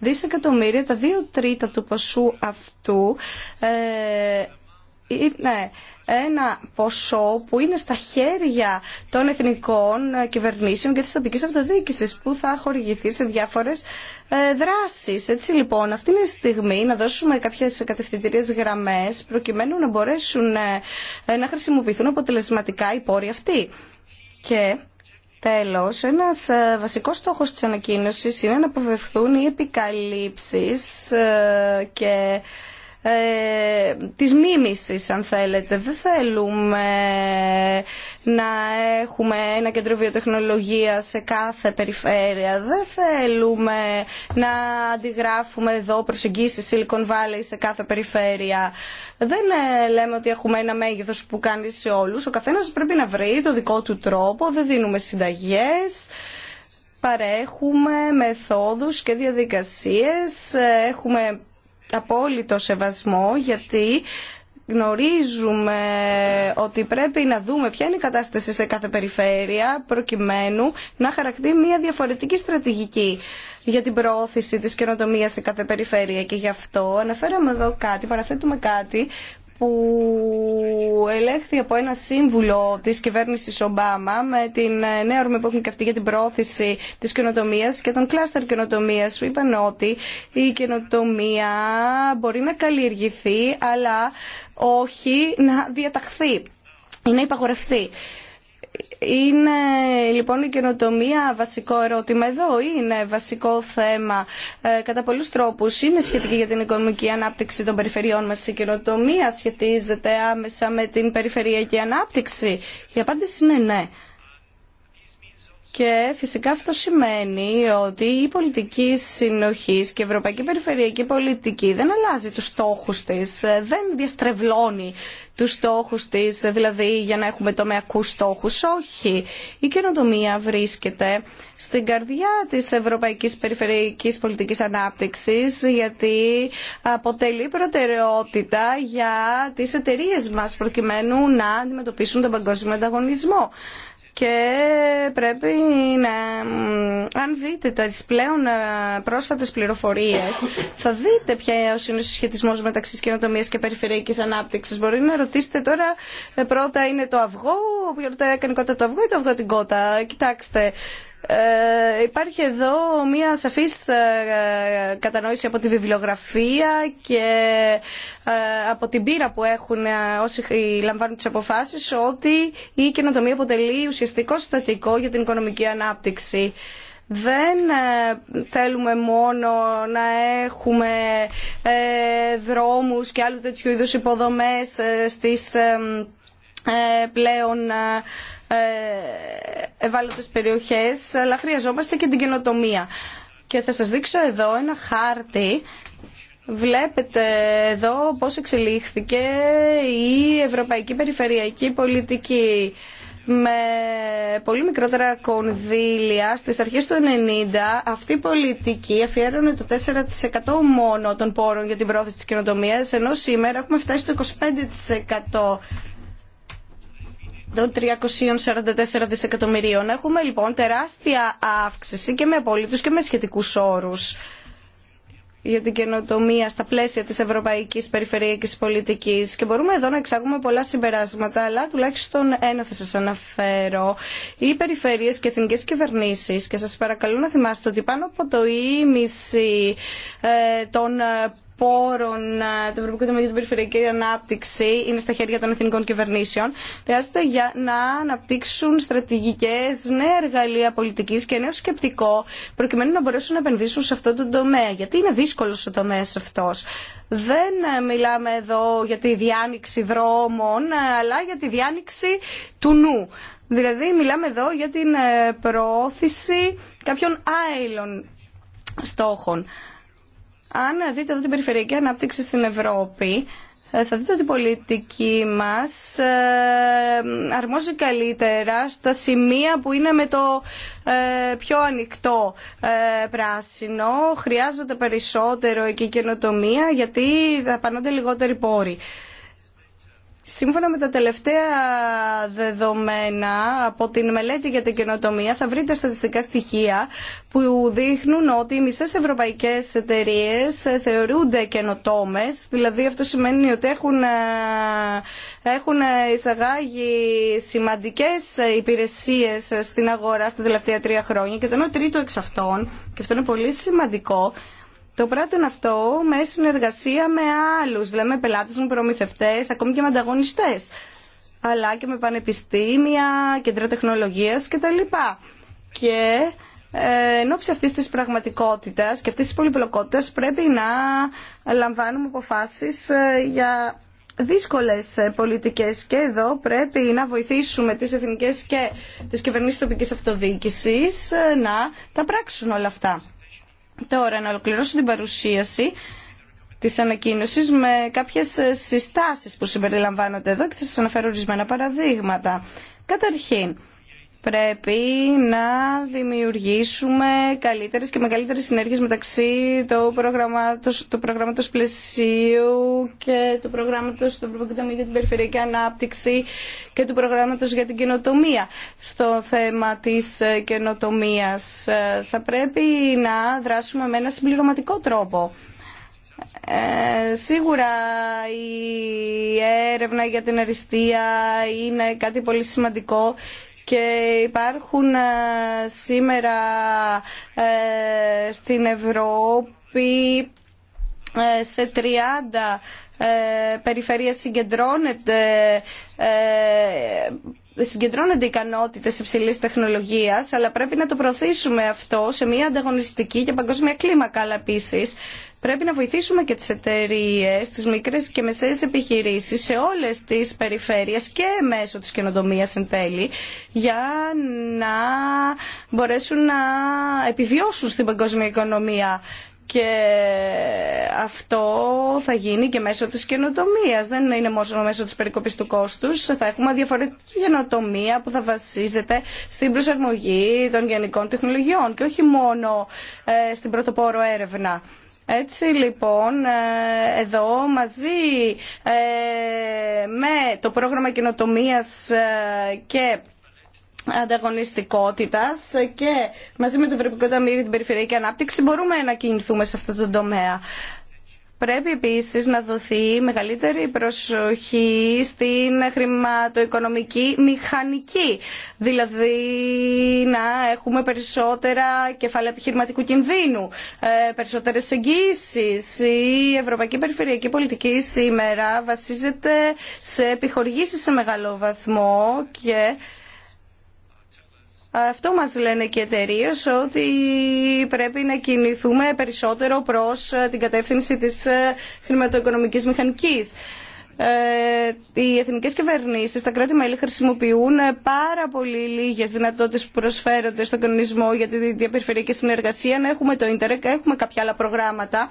δισεκατομμύρια, τα 2 τρίτα του ποσού αυτού ε, είναι ένα ποσό που είναι στα χέρια των εθνικών κυβερνήσεων και της τοπικής αυτοδιοίκησης που θα χορηγηθεί σε διάφορες ε, δράσεις. Έτσι λοιπόν αυτή είναι η στιγμή να δώσουμε κάποιες κατευθυντήριες γραμμές προκειμένου να μπορέσουν ε, ε, να χρησιμοποιηθούν αποτελεσματικά οι πόροι αυτοί. Και Τέλος, ένας βασικός στόχος της ανακοίνωσης είναι να αποβευθούν οι επικαλύψεις και ε, της μίμησης αν θέλετε. Δεν θέλουμε να έχουμε ένα κέντρο βιοτεχνολογία σε κάθε περιφέρεια. Δεν θέλουμε να αντιγράφουμε εδώ προσεγγίσεις Silicon Valley σε κάθε περιφέρεια. Δεν ε, λέμε ότι έχουμε ένα μέγεθος που κάνει σε όλους. Ο καθένας πρέπει να βρει το δικό του τρόπο. Δεν δίνουμε συνταγές παρέχουμε μεθόδους και διαδικασίες, ε, έχουμε απόλυτο σεβασμό γιατί γνωρίζουμε ότι πρέπει να δούμε ποια είναι η κατάσταση σε κάθε περιφέρεια προκειμένου να χαρακτεί μια διαφορετική στρατηγική για την προώθηση της καινοτομία σε κάθε περιφέρεια και γι' αυτό αναφέραμε εδώ κάτι, παραθέτουμε κάτι που ελέγχθη από ένα σύμβουλο της κυβέρνησης Ομπάμα με την ε, νέα ορμή που έχουν καυτεί για την πρόθεση της καινοτομία και των κλάστερ καινοτομία. Είπαν ότι η καινοτομία μπορεί να καλλιεργηθεί αλλά όχι να διαταχθεί ή να υπαγορευτεί. Είναι λοιπόν η καινοτομία βασικό ερώτημα εδώ είναι βασικό θέμα ε, κατά πολλούς τρόπους. Είναι σχετική για την οικονομική ανάπτυξη των περιφερειών μας. Η καινοτομία σχετίζεται άμεσα με την περιφερειακή ανάπτυξη. Η απάντηση είναι ναι. Και φυσικά αυτό σημαίνει ότι η πολιτική συνοχή και η ευρωπαϊκή περιφερειακή πολιτική δεν αλλάζει τους στόχους της, δεν διαστρεβλώνει τους στόχου της, δηλαδή για να έχουμε τομεακού στόχου Όχι. Η καινοτομία βρίσκεται στην καρδιά της Ευρωπαϊκής Περιφερειακής Πολιτικής ανάπτυξη, γιατί αποτελεί προτεραιότητα για τι εταιρείε μα προκειμένου να αντιμετωπίσουν τον παγκόσμιο ανταγωνισμό και πρέπει να... Αν δείτε τα πλέον ε, πρόσφατες πληροφορίες, θα δείτε ποια είναι ο συσχετισμός μεταξύ καινοτομίας και περιφερειακής ανάπτυξης. Μπορεί να ρωτήσετε τώρα, ε, πρώτα είναι το αυγό, πρώτα έκανε κότα το αυγό ή το αυγό την κότα. Κοιτάξτε, ε, υπάρχει εδώ μια σαφής ε, κατανόηση από τη βιβλιογραφία και ε, από την πείρα που έχουν όσοι λαμβάνουν τις αποφάσεις ότι η καινοτομία αποτελεί ουσιαστικό συστατικό για την οικονομική ανάπτυξη. Δεν θέλουμε μόνο να έχουμε δρόμους και άλλου τέτοιου είδους υποδομές στις πλέον ε, ευάλωτες περιοχές, αλλά χρειαζόμαστε και την καινοτομία. Και θα σας δείξω εδώ ένα χάρτη Βλέπετε εδώ πώς εξελίχθηκε η Ευρωπαϊκή Περιφερειακή Πολιτική με πολύ μικρότερα κονδύλια στις αρχές του 90 αυτή η πολιτική αφιέρωνε το 4% μόνο των πόρων για την πρόθεση της καινοτομίας ενώ σήμερα έχουμε φτάσει στο 25% των 344 δισεκατομμυρίων. Έχουμε λοιπόν τεράστια αύξηση και με απόλυτου και με σχετικού όρου για την καινοτομία στα πλαίσια της ευρωπαϊκής περιφερειακής πολιτικής και μπορούμε εδώ να εξάγουμε πολλά συμπεράσματα αλλά τουλάχιστον ένα θα σας αναφέρω οι περιφέρειες και εθνικέ κυβερνήσεις και σας παρακαλώ να θυμάστε ότι πάνω από το ίμιση ε, των πόρων ε, του Ευρωπαϊκού για την Περιφερειακή Ανάπτυξη είναι στα χέρια των εθνικών κυβερνήσεων, χρειάζεται για να αναπτύξουν στρατηγικέ, νέα εργαλεία πολιτική και νέο σκεπτικό, προκειμένου να μπορέσουν να επενδύσουν σε αυτό το τομέα. Γιατί είναι δύσκολο ο τομέα αυτό. Δεν ε, μιλάμε εδώ για τη διάνοιξη δρόμων, ε, αλλά για τη διάνοιξη του νου. Δηλαδή μιλάμε εδώ για την προώθηση κάποιων άειλων στόχων. Αν δείτε εδώ την περιφερειακή ανάπτυξη στην Ευρώπη, ε, θα δείτε ότι η πολιτική μας ε, αρμόζει καλύτερα στα σημεία που είναι με το ε, πιο ανοιχτό πράσινο. Χρειάζονται περισσότερο εκεί καινοτομία γιατί θα πανώνται λιγότεροι πόροι. Σύμφωνα με τα τελευταία δεδομένα από την μελέτη για την καινοτομία θα βρείτε στατιστικά στοιχεία που δείχνουν ότι οι μισές ευρωπαϊκές εταιρείες θεωρούνται καινοτόμε, δηλαδή αυτό σημαίνει ότι έχουν, ε, έχουν εισαγάγει σημαντικές υπηρεσίες στην αγορά στα τελευταία τρία χρόνια και το ένα τρίτο εξ αυτών, και αυτό είναι πολύ σημαντικό, το πράττουν αυτό με συνεργασία με άλλους, δηλαδή με πελάτες, με προμηθευτές, ακόμη και με ανταγωνιστές, αλλά και με πανεπιστήμια, κέντρα τεχνολογίας κτλ. Και ε, εν ώψη αυτή της πραγματικότητας και αυτής της πολυπλοκότητας πρέπει να λαμβάνουμε αποφάσει ε, για δύσκολες ε, πολιτικές και εδώ πρέπει να βοηθήσουμε τις εθνικές και τις κυβερνήσεις τοπικής αυτοδιοίκησης να τα πράξουν όλα αυτά. Τώρα να ολοκληρώσω την παρουσίαση τη ανακοίνωση με κάποιες συστάσεις που συμπεριλαμβάνονται εδώ και θα σα αναφέρω ορισμένα παραδείγματα. Καταρχήν, πρέπει να δημιουργήσουμε καλύτερες και μεγαλύτερες συνέργειες μεταξύ του προγραμμάτος, του προγράμματος πλαισίου και του προγράμματος του Ευρωπαϊκού για την Περιφερειακή Ανάπτυξη και του προγράμματος για την καινοτομία στο θέμα της ε, καινοτομίας. Ε, θα πρέπει να δράσουμε με ένα συμπληρωματικό τρόπο. Ε, σίγουρα η έρευνα για την αριστεία είναι κάτι πολύ σημαντικό και υπάρχουν ε, σήμερα ε, στην Ευρώπη ε, σε 30 περιφερειές συγκεντρώνεται συγκεντρώνονται ικανότητε υψηλή τεχνολογία, αλλά πρέπει να το προωθήσουμε αυτό σε μια ανταγωνιστική και παγκόσμια κλίμακα. Αλλά επίση πρέπει να βοηθήσουμε και τι εταιρείε, τι μικρέ και μεσαίε επιχειρήσει σε όλε τι περιφέρειε και μέσω τη καινοτομία εν τέλει, για να μπορέσουν να επιβιώσουν στην παγκόσμια οικονομία και αυτό θα γίνει και μέσω της καινοτομία. Δεν είναι μόνο μέσω της περικοπής του κόστους. Θα έχουμε διαφορετική καινοτομία που θα βασίζεται στην προσαρμογή των γενικών τεχνολογιών και όχι μόνο ε, στην πρωτοπόρο έρευνα. Έτσι λοιπόν ε, εδώ μαζί ε, με το πρόγραμμα καινοτομίας και Ανταγωνιστικότητα και μαζί με το Ευρωπαϊκό Ταμείο για την Περιφερειακή Ανάπτυξη μπορούμε να κινηθούμε σε αυτό το τομέα. Πρέπει επίσης να δοθεί μεγαλύτερη προσοχή στην χρηματοοικονομική μηχανική, δηλαδή να έχουμε περισσότερα κεφάλαια επιχειρηματικού κινδύνου, ε, περισσότερες εγγύησεις. Η Ευρωπαϊκή Περιφερειακή Πολιτική σήμερα βασίζεται σε επιχορηγήσεις σε μεγάλο βαθμό και αυτό μας λένε και εταιρείε ότι πρέπει να κινηθούμε περισσότερο προς ε, την κατεύθυνση της ε, χρηματοοικονομικής μηχανικής. Ε, οι εθνικές κυβερνήσεις, τα κράτη-μέλη χρησιμοποιούν πάρα πολύ λίγες δυνατότητες που προσφέρονται στον κανονισμό για τη διαπεριφερειακή συνεργασία. Να έχουμε το ίντερνετ, έχουμε κάποια άλλα προγράμματα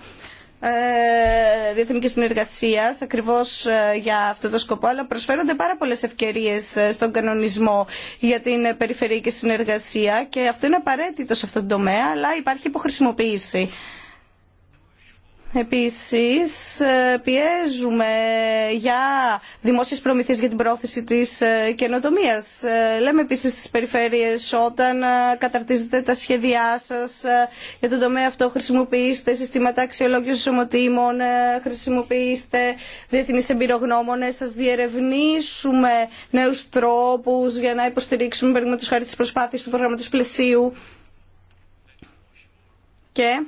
ε, Διεθνική συνεργασία, ακριβώς ε, για αυτό το σκοπό αλλά προσφέρονται πάρα πολλές ευκαιρίες ε, στον κανονισμό για την περιφερειακή συνεργασία και αυτό είναι απαραίτητο σε αυτόν τον τομέα αλλά υπάρχει υποχρησιμοποίηση. Επίσης, ε, πιέζουμε για δημόσιες προμηθείες για την πρόθεση της ε, καινοτομίας. Ε, λέμε επίσης στις περιφέρειες όταν καταρτίζετε τα σχέδιά σας για τον τομέα αυτό χρησιμοποιήστε συστήματα αξιολόγησης ομοτήμων, χρησιμοποιήστε διεθνείς εμπειρογνώμονες, σας διερευνήσουμε νέους τρόπους για να υποστηρίξουμε περίπου χάρη τις προσπάθειες του προγράμματος πλαισίου. Και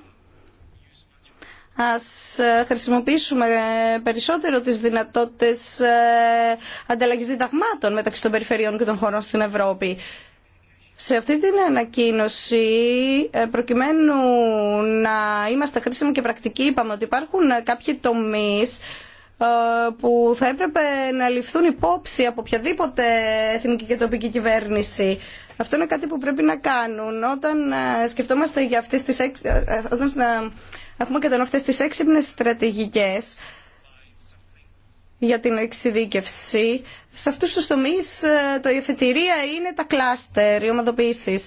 ας ε, χρησιμοποιήσουμε περισσότερο τις δυνατότητες ε, ανταλλαγής διδαγμάτων μεταξύ των περιφερειών και των χωρών στην Ευρώπη. Σε αυτή την ανακοίνωση, ε, προκειμένου να είμαστε χρήσιμοι και πρακτικοί, είπαμε ότι υπάρχουν κάποιοι τομείς που θα έπρεπε να ληφθούν υπόψη από οποιαδήποτε εθνική και τοπική κυβέρνηση. Αυτό είναι κάτι που πρέπει να κάνουν όταν σκεφτόμαστε για αυτές τις, όταν έχουμε και αυτέ τι έξυπνε στρατηγικέ για την εξειδίκευση. Σε αυτούς του τομεί ε, το η εφετηρία είναι τα κλάστερ, οι ομαδοποιήσει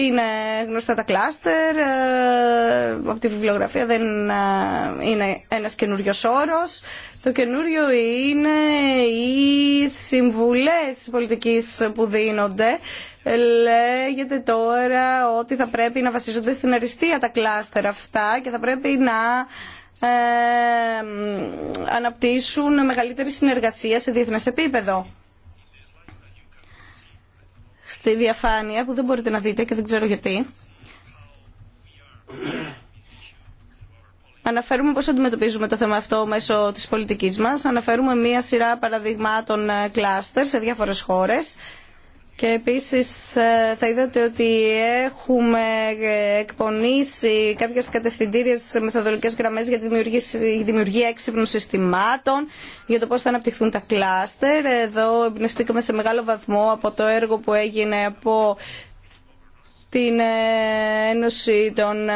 είναι γνωστά τα κλάστερ, ε, από τη βιβλιογραφία δεν ε, είναι ένας καινούριο όρος. Το καινούριο είναι οι συμβουλές πολιτικής που δίνονται. Λέγεται τώρα ότι θα πρέπει να βασίζονται στην αριστεία τα κλάστερ αυτά και θα πρέπει να ε, αναπτύσσουν μεγαλύτερη συνεργασία σε διεθνές επίπεδο στη διαφάνεια που δεν μπορείτε να δείτε και δεν ξέρω γιατί. Αναφέρουμε πώς αντιμετωπίζουμε το θέμα αυτό μέσω της πολιτικής μας. Αναφέρουμε μία σειρά παραδειγμάτων ε, κλάστερ σε διάφορες χώρες και επίσης ε, θα είδατε ότι έχουμε ε, εκπονήσει κάποιες κατευθυντήριες μεθοδολικές γραμμές για τη δημιουργία έξυπνων συστημάτων, για το πώς θα αναπτυχθούν τα κλάστερ. Εδώ εμπνευστήκαμε σε μεγάλο βαθμό από το έργο που έγινε από την ε, Ένωση των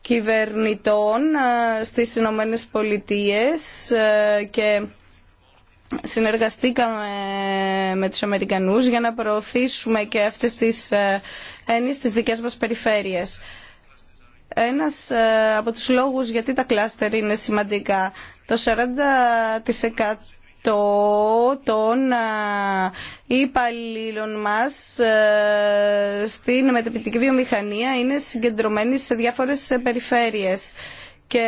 Κυβερνητών στις Ηνωμένε Πολιτείες και συνεργαστήκαμε με τους Αμερικανούς για να προωθήσουμε και αυτές τις έννοιες ε, στις δικές μας περιφέρειες. Ένας ε, από τους λόγους γιατί τα κλάστερ είναι σημαντικά. Το 40% των ε, υπαλλήλων μας στην μεταπληκτική βιομηχανία είναι συγκεντρωμένοι σε διάφορες περιφέρειες και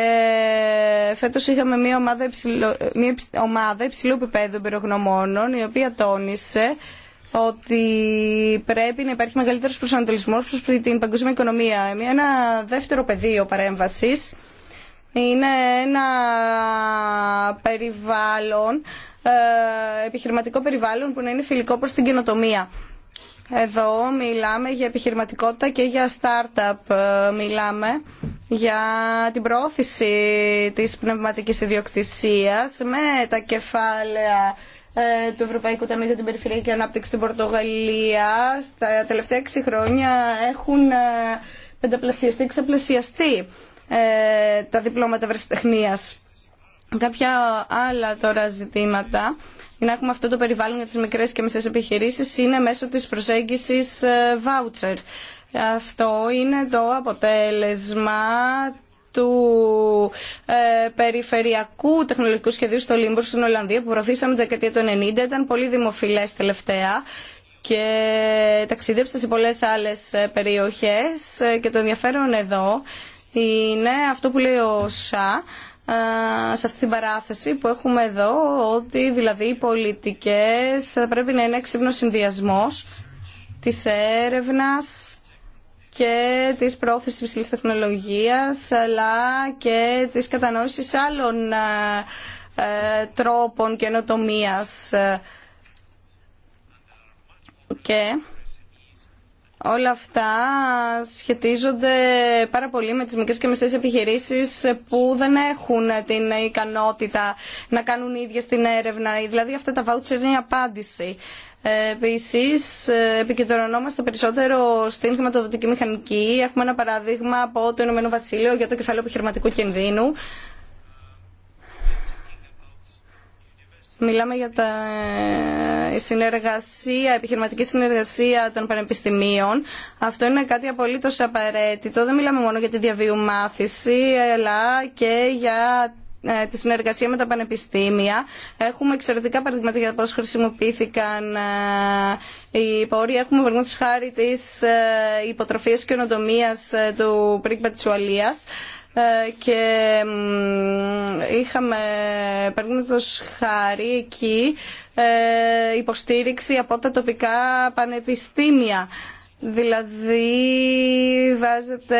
φέτος είχαμε μια ομάδα υψηλού, μια ομάδα επίπεδου εμπειρογνωμόνων η οποία τόνισε ότι πρέπει να υπάρχει μεγαλύτερο προσανατολισμό προς την παγκόσμια οικονομία. Ένα δεύτερο πεδίο παρέμβαση είναι ένα περιβάλλον, ε, επιχειρηματικό περιβάλλον που να είναι φιλικό προς την καινοτομία. Εδώ μιλάμε για επιχειρηματικότητα και για startup. Ε, μιλάμε για την πρόωθηση της πνευματικής ιδιοκτησίας με τα κεφάλαια ε, του Ευρωπαϊκού Ταμείου για την Περιφερειακή Ανάπτυξη στην Πορτογαλία. Στα τελευταία έξι χρόνια έχουν ε, πενταπλασιαστεί, ξαπλασιαστεί τα διπλώματα βρεσιτεχνίας. Κάποια άλλα τώρα ζητήματα για να έχουμε αυτό το περιβάλλον για τις μικρές και μεσές επιχειρήσεις είναι μέσω της προσέγγισης ε, voucher. Αυτό είναι το αποτέλεσμα του ε, περιφερειακού τεχνολογικού σχεδίου στο Λίμπρο στην Ολλανδία που προωθήσαμε την δεκαετία του 90. Ήταν πολύ δημοφιλές τελευταία και ταξίδεψε σε πολλές άλλες ε, περιοχές και το ενδιαφέρον εδώ είναι αυτό που λέει ο ΣΑ σε αυτή την παράθεση που έχουμε εδώ, ότι δηλαδή οι πολιτικές θα πρέπει να είναι έξυπνος συνδυασμός της έρευνας και της πρόθεσης υψηλής τεχνολογίας, αλλά και της κατανόησης άλλων ε, τρόπων καινοτομίας. Και Όλα αυτά σχετίζονται πάρα πολύ με τις μικρές και μεσαίες επιχειρήσεις που δεν έχουν την ικανότητα να κάνουν οι ίδιες την έρευνα. Δηλαδή αυτά τα voucher είναι η απάντηση. Ε, Επίση, ε, επικεντρωνόμαστε περισσότερο στην χρηματοδοτική μηχανική. Έχουμε ένα παράδειγμα από το Ηνωμένο Βασίλειο για το κεφάλαιο επιχειρηματικού κινδύνου, Μιλάμε για τα ε, συνεργασία, επιχειρηματική συνεργασία των πανεπιστημίων. Αυτό είναι κάτι απολύτω απαραίτητο. Δεν μιλάμε μόνο για τη διαβίου μάθηση, αλλά και για ε, τη συνεργασία με τα πανεπιστήμια. Έχουμε εξαιρετικά παραδείγματα για πώς χρησιμοποιήθηκαν ε, οι πόροι. Έχουμε παραδείγματος χάρη της και καινοτομίας του πρίγκπα της Ουαλίας ε, και είχαμε παραδείγματος χάρη εκεί ε, υποστήριξη από τα τοπικά πανεπιστήμια. Δηλαδή βάζετε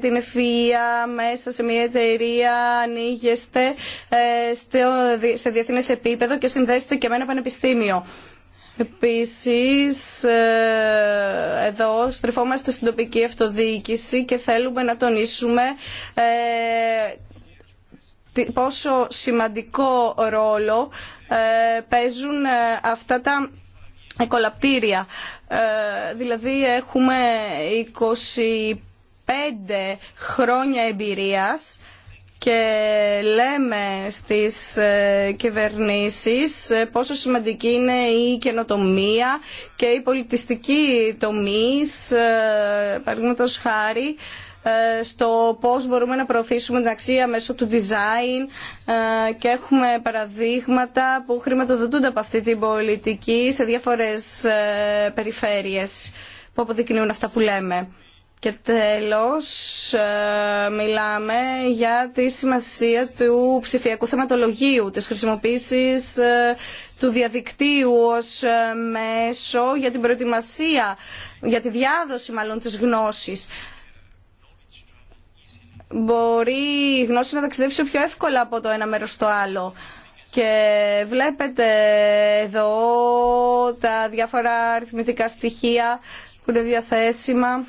την ευφυΐα μέσα σε μια εταιρεία, ανοίγεστε ε, σε διεθνές επίπεδο και συνδέστε και με ένα πανεπιστήμιο. Επίσης, ε, εδώ στριφόμαστε στην τοπική αυτοδιοίκηση και θέλουμε να τονίσουμε ε, πόσο σημαντικό ρόλο ε, παίζουν αυτά τα εκολαπτήρια. Δηλαδή, έχουμε 25 χρόνια εμπειρίας και λέμε στις ε, κυβερνήσεις ε, πόσο σημαντική είναι η καινοτομία και η πολιτιστική τομής, ε, παραδείγματος χάρη, στο πώς μπορούμε να προωθήσουμε την αξία μέσω του design και έχουμε παραδείγματα που χρηματοδοτούνται από αυτή την πολιτική σε διάφορες περιφέρειες που αποδεικνύουν αυτά που λέμε. Και τέλος, ε, μιλάμε για τη σημασία του ψηφιακού θεματολογίου, της χρησιμοποίησης ε, του διαδικτύου ως ε, μέσο για την προετοιμασία, για τη διάδοση μάλλον της γνώσης. Μπορεί η γνώση να ταξιδέψει πιο εύκολα από το ένα μέρος στο άλλο. Και βλέπετε εδώ τα διάφορα αριθμητικά στοιχεία που είναι διαθέσιμα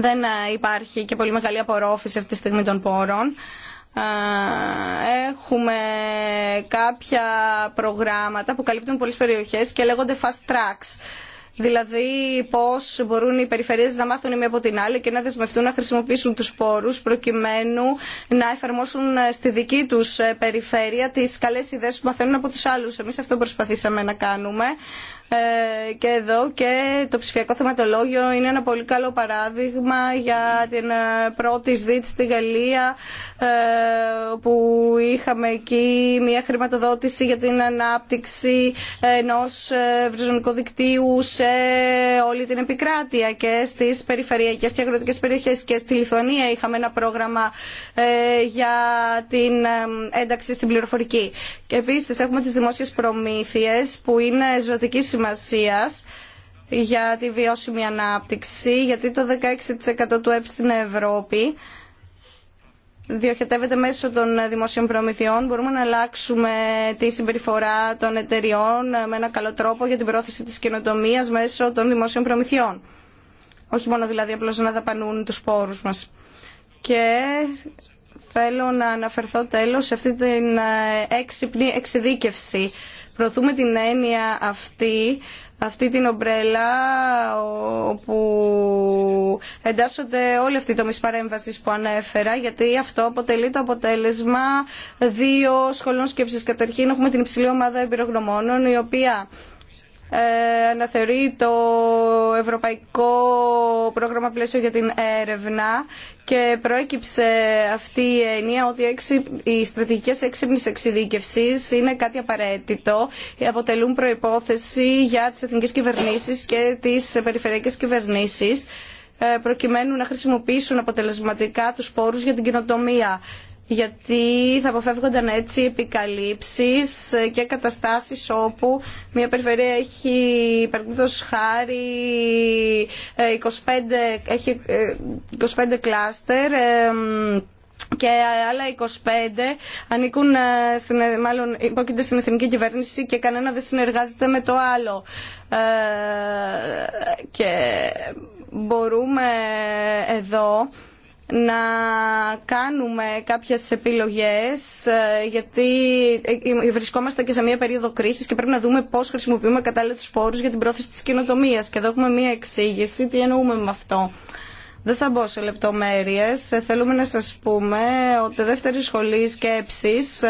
δεν ε, υπάρχει και πολύ μεγάλη απορρόφηση αυτή τη στιγμή των πόρων. Ε, έχουμε κάποια προγράμματα που καλύπτουν πολλές περιοχές και λέγονται fast tracks. Δηλαδή πώς μπορούν οι περιφερειές να μάθουν η μία από την άλλη και να δεσμευτούν να χρησιμοποιήσουν τους πόρους προκειμένου να εφαρμόσουν ε, στη δική τους περιφέρεια τις καλές ιδέες που μαθαίνουν από τους άλλους. Εμείς αυτό προσπαθήσαμε να κάνουμε ε, και εδώ και το ψηφιακό θεματολόγιο είναι ένα πολύ καλό παράδειγμα για την ε, πρώτη ΣΔΙΤ στη Γαλλία ε, που είχαμε εκεί μια χρηματοδότηση για την ανάπτυξη ενός βριζονικού δικτύου σε όλη την επικράτεια και στις περιφερειακές και αγροτικές περιοχές και στη Λιθουανία είχαμε ένα πρόγραμμα για την ένταξη στην πληροφορική. Και επίσης έχουμε τις δημόσιες προμήθειες που είναι ζωτική σημασία για τη βιώσιμη ανάπτυξη, γιατί το 16% του ΕΠ στην Ευρώπη διοχετεύεται μέσω των δημοσίων προμηθειών. Μπορούμε να αλλάξουμε τη συμπεριφορά των εταιριών με ένα καλό τρόπο για την πρόθεση της καινοτομία μέσω των δημοσίων προμηθειών. Όχι μόνο δηλαδή απλώς να δαπανούν τους πόρους μας. Και θέλω να αναφερθώ τέλος σε αυτή την ε, έξυπνη εξειδίκευση προωθούμε την έννοια αυτή, αυτή την ομπρέλα όπου εντάσσονται όλοι αυτοί οι τομείς παρέμβασης που ανέφερα γιατί αυτό αποτελεί το αποτέλεσμα δύο σχολών σκέψης. Καταρχήν έχουμε την υψηλή ομάδα εμπειρογνωμόνων η οποία ε, αναθεωρεί το Ευρωπαϊκό Πρόγραμμα Πλαίσιο για την Έρευνα και προέκυψε αυτή η έννοια ότι οι στρατηγικές έξυπνης εξειδίκευσης είναι κάτι απαραίτητο, αποτελούν προϋπόθεση για τις εθνικές κυβερνήσεις και τις περιφερειακές κυβερνήσεις ε, προκειμένου να χρησιμοποιήσουν αποτελεσματικά τους πόρους για την κοινοτομία γιατί θα αποφεύγονταν έτσι επικαλύψεις και καταστάσεις όπου μια περιφερεια έχει παραδείγματος χάρη 25, ε, έχει 25 ε, κλάστερ και άλλα 25 ανήκουν ε, στην, μάλλον υπόκειται στην εθνική κυβέρνηση και κανένα δεν συνεργάζεται με το άλλο. και μπορούμε εδώ να κάνουμε κάποιες επιλογές ε, γιατί ε, ε, βρισκόμαστε και σε μια περίοδο κρίσης και πρέπει να δούμε πώς χρησιμοποιούμε κατάλληλα τους πόρους για την πρόθεση της κοινοτομία. και εδώ έχουμε μια εξήγηση τι εννοούμε με αυτό. Δεν θα μπω σε λεπτομέρειες. Θέλουμε να σας πούμε ότι δεύτερη σχολή σκέψης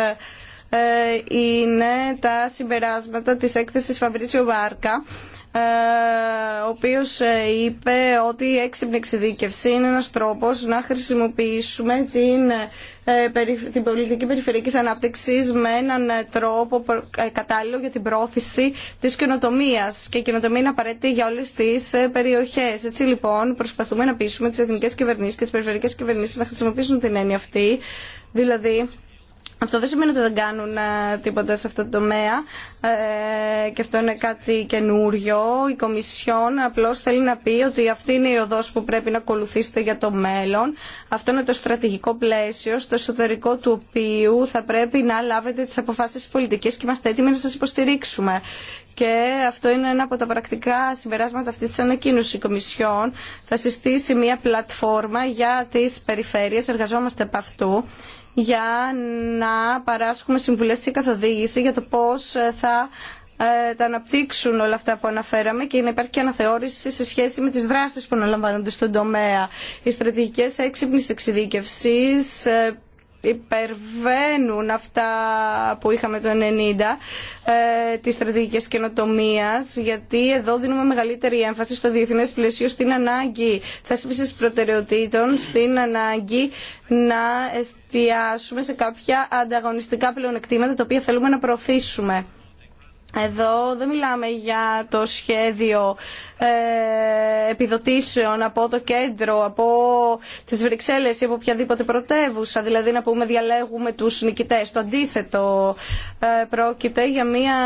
είναι τα συμπεράσματα της έκθεσης Φαμπρίτσιο Βάρκα ε, ο οποίος ε, είπε ότι η έξυπνη εξειδίκευση είναι ένας τρόπος να χρησιμοποιήσουμε την, ε, την πολιτική περιφερειακή ανάπτυξης με έναν τρόπο κατάλληλο για την πρόθεση της καινοτομία. και η καινοτομία είναι απαραίτητη για όλες τις περιοχές. Έτσι λοιπόν προσπαθούμε να πείσουμε τις εθνικές κυβερνήσεις και τις περιφερειακές κυβερνήσεις να χρησιμοποιήσουν την έννοια αυτή, δηλαδή αυτό δεν σημαίνει ότι δεν κάνουν ε, τίποτα σε αυτό το τομέα ε, και αυτό είναι κάτι καινούριο. Η Κομισιόν απλώς θέλει να πει ότι αυτή είναι η οδός που πρέπει να ακολουθήσετε για το μέλλον. Αυτό είναι το στρατηγικό πλαίσιο στο εσωτερικό του οποίου θα πρέπει να λάβετε τις αποφάσεις πολιτικές και είμαστε έτοιμοι να σας υποστηρίξουμε. Και αυτό είναι ένα από τα πρακτικά συμπεράσματα αυτής της ανακοίνωσης Κομισιόν. Θα συστήσει μια πλατφόρμα για τις περιφέρειες, εργαζόμαστε από αυτού για να παράσχουμε συμβουλές και καθοδήγηση για το πώς ε, θα ε, τα αναπτύξουν όλα αυτά που αναφέραμε και να υπάρχει και αναθεώρηση σε σχέση με τις δράσεις που αναλαμβάνονται στον τομέα. Οι στρατηγικές έξυπνης εξειδίκευσης ε, υπερβαίνουν αυτά που είχαμε το 90 ε, της στρατηγικής γιατί εδώ δίνουμε μεγαλύτερη έμφαση στο διεθνές πλαίσιο στην ανάγκη θέσπισης προτεραιοτήτων στην ανάγκη να εστιάσουμε σε κάποια ανταγωνιστικά πλεονεκτήματα τα οποία θέλουμε να προωθήσουμε. Εδώ δεν μιλάμε για το σχέδιο ε, επιδοτήσεων από το κέντρο, από τις Βρυξέλλες ή από οποιαδήποτε πρωτεύουσα, δηλαδή να πούμε διαλέγουμε τους νικητές. Το αντίθετο ε, πρόκειται για μια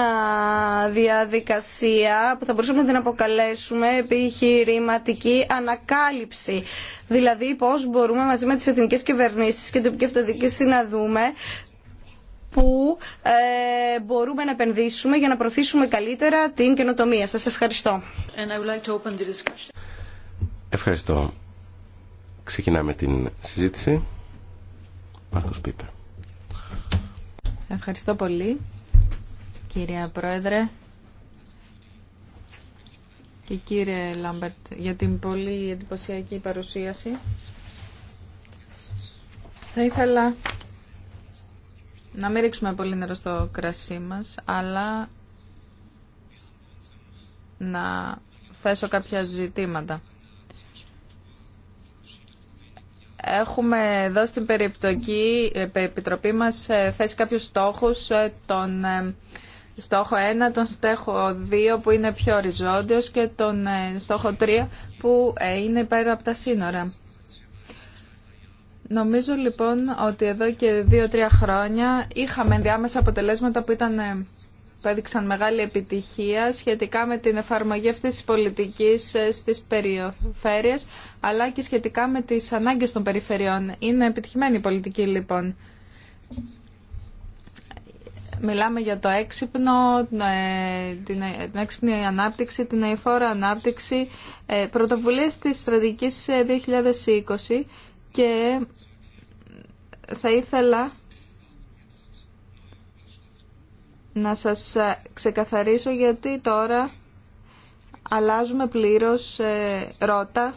διαδικασία που θα μπορούσαμε να την αποκαλέσουμε επιχειρηματική ανακάλυψη. Δηλαδή πώς μπορούμε μαζί με τις εθνικές κυβερνήσεις και την τοπική να δούμε που ε, μπορούμε να επενδύσουμε για να προωθήσουμε καλύτερα την καινοτομία. Σας ευχαριστώ. like ευχαριστώ. Ξεκινάμε την συζήτηση. Μάρκος πίπε. Ευχαριστώ πολύ, κυρία Πρόεδρε και κύριε Λάμπερτ για την πολύ εντυπωσιακή παρουσίαση. Θα ήθελα να μην ρίξουμε πολύ νερό στο κρασί μας, αλλά να θέσω κάποια ζητήματα. Έχουμε εδώ στην περιπτωκή, επιτροπή μας ε, θέσει κάποιους στόχους, ε, ε, τον στόχο 1, τον στόχο 2 που είναι πιο οριζόντιος και τον στόχο 3 που είναι πέρα από τα σύνορα. Νομίζω λοιπόν ότι εδώ και δύο-τρία χρόνια είχαμε ενδιάμεσα αποτελέσματα που ήταν ε, έδειξαν μεγάλη επιτυχία σχετικά με την εφαρμογή αυτής της πολιτικής ε, στις περιφέρειες αλλά και σχετικά με τις ανάγκες των περιφερειών. Είναι επιτυχημένη η πολιτική λοιπόν. Μιλάμε για το έξυπνο, την ε, έξυπνη ανάπτυξη, την αηφόρα ανάπτυξη, πρωτοβουλίες της στρατηγικής 2020 και θα ήθελα να σας ξεκαθαρίσω γιατί τώρα αλλάζουμε πλήρως ε, ρότα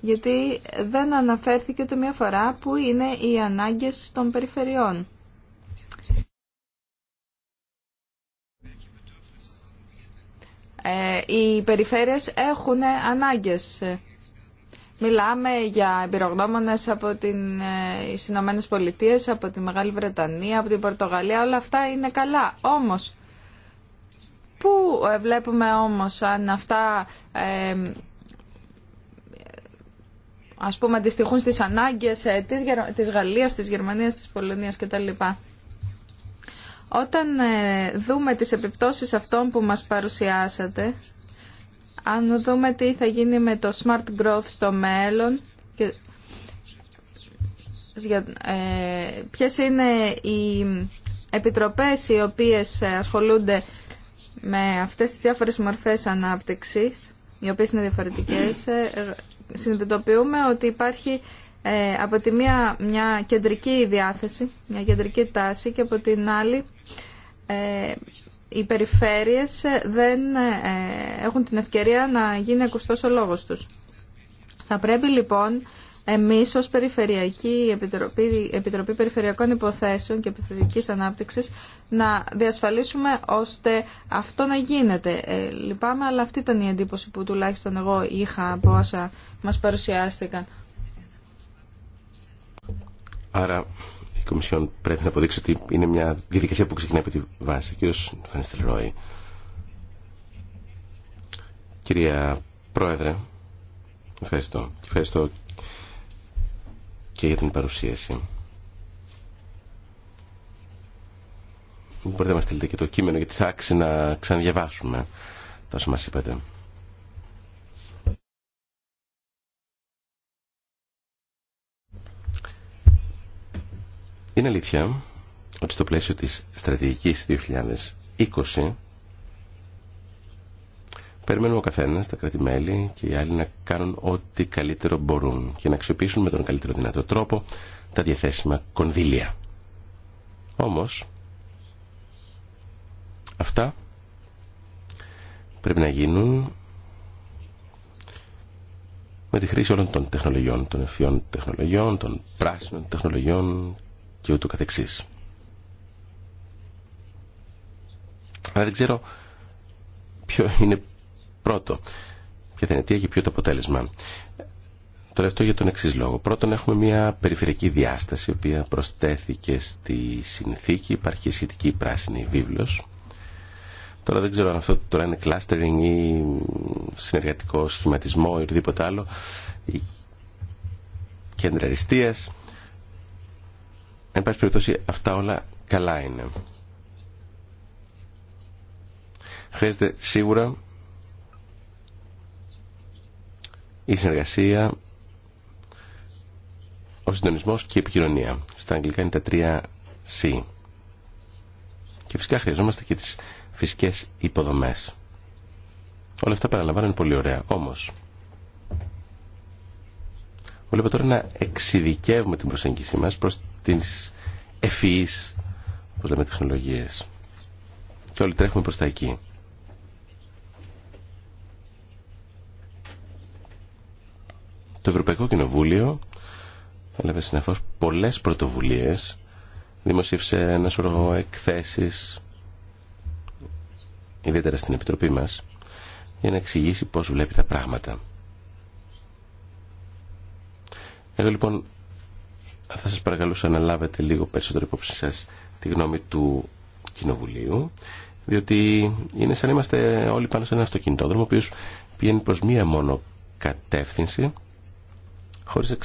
γιατί δεν αναφέρθηκε ούτε μία φορά που είναι οι ανάγκες των περιφερειών. Ε, οι περιφέρειες έχουν ανάγκες. Μιλάμε για εμπειρογνώμονες από οι ε, Ηνωμένε Πολιτείε, από τη Μεγάλη Βρετανία, από την Πορτογαλία. Όλα αυτά είναι καλά. Όμως, πού ε, βλέπουμε όμως αν αυτά ε, ας πούμε αντιστοιχούν στις ανάγκες της Γαλλίας, της Γερμανίας, της Πολωνίας κτλ. Όταν ε, δούμε τις επιπτώσεις αυτών που μας παρουσιάσατε, αν δούμε τι θα γίνει με το smart growth στο μέλλον και ε, ποιες είναι οι επιτροπές οι οποίες ασχολούνται με αυτές τις διάφορες μορφές ανάπτυξης, οι οποίες είναι διαφορετικές, ε, συνειδητοποιούμε ότι υπάρχει από τη μία μια κεντρική διάθεση, μια κεντρική τάση και από την άλλη ε, οι περιφέρειες δεν ε, έχουν την ευκαιρία να γίνει ακουστός ο λόγος τους. Θα πρέπει λοιπόν εμείς ως Περιφερειακή Επιτροπή, Επιτροπή Περιφερειακών Υποθέσεων και Επιφερειακής Ανάπτυξης να διασφαλίσουμε ώστε αυτό να γίνεται. Ε, λυπάμαι, αλλά αυτή ήταν η εντύπωση που τουλάχιστον εγώ είχα από όσα μας παρουσιάστηκαν. Άρα Κομισιόν πρέπει να αποδείξει ότι είναι μια διαδικασία που ξεκινάει από τη βάση. Ο κ. Φανίστελ Ρόι. Κυρία Πρόεδρε, ευχαριστώ. Ευχαριστώ και για την παρουσίαση. Μπορείτε να μας στείλετε και το κείμενο γιατί θα άξει να ξαναδιαβάσουμε τα όσα μας είπατε. Είναι αλήθεια ότι στο πλαίσιο της στρατηγικής 2020 περιμένουμε ο καθένας, τα κρατημέλη και οι άλλοι να κάνουν ό,τι καλύτερο μπορούν και να αξιοποιήσουν με τον καλύτερο δυνατό τρόπο τα διαθέσιμα κονδύλια. Όμως, αυτά πρέπει να γίνουν με τη χρήση όλων των τεχνολογιών, των ευφυών τεχνολογιών, των πράσινων τεχνολογιών και ούτω καθεξής. Αλλά δεν ξέρω ποιο είναι πρώτο. Ποια θα είναι αιτία και ποιο το αποτέλεσμα. Τώρα αυτό για τον εξή λόγο. Πρώτον, έχουμε μια περιφερειακή διάσταση, η οποία προστέθηκε στη συνθήκη. Υπάρχει σχετική πράσινη βίβλος. Τώρα δεν ξέρω αν αυτό τώρα είναι clustering ή συνεργατικό σχηματισμό ή οτιδήποτε άλλο. Η κέντρα αριστείας. Εν πάση περιπτώσει αυτά όλα καλά είναι. Χρειάζεται σίγουρα η συνεργασία, ο συντονισμός και η επικοινωνία. Στα αγγλικά είναι τα τρία C. Και φυσικά χρειαζόμαστε και τις φυσικές υποδομές. Όλα αυτά παραλαμβάνουν πολύ ωραία. Όμως, βλέπω τώρα να εξειδικεύουμε την προσέγγιση μας προς της ευφυής όπως λέμε, τεχνολογίες. Και όλοι τρέχουμε προς τα εκεί. Το Ευρωπαϊκό Κοινοβούλιο έλαβε συνεχώς πολλές πρωτοβουλίες, δημοσίευσε ένα σωρό εκθέσεις, ιδιαίτερα στην Επιτροπή μας, για να εξηγήσει πώς βλέπει τα πράγματα. Εγώ λοιπόν θα σας παρακαλούσα να λάβετε λίγο περισσότερο υπόψη σας τη γνώμη του Κοινοβουλίου, διότι είναι σαν είμαστε όλοι πάνω σε ένα αυτοκινητόδρομο, ο οποίος πηγαίνει προς μία μόνο κατεύθυνση, χωρίς,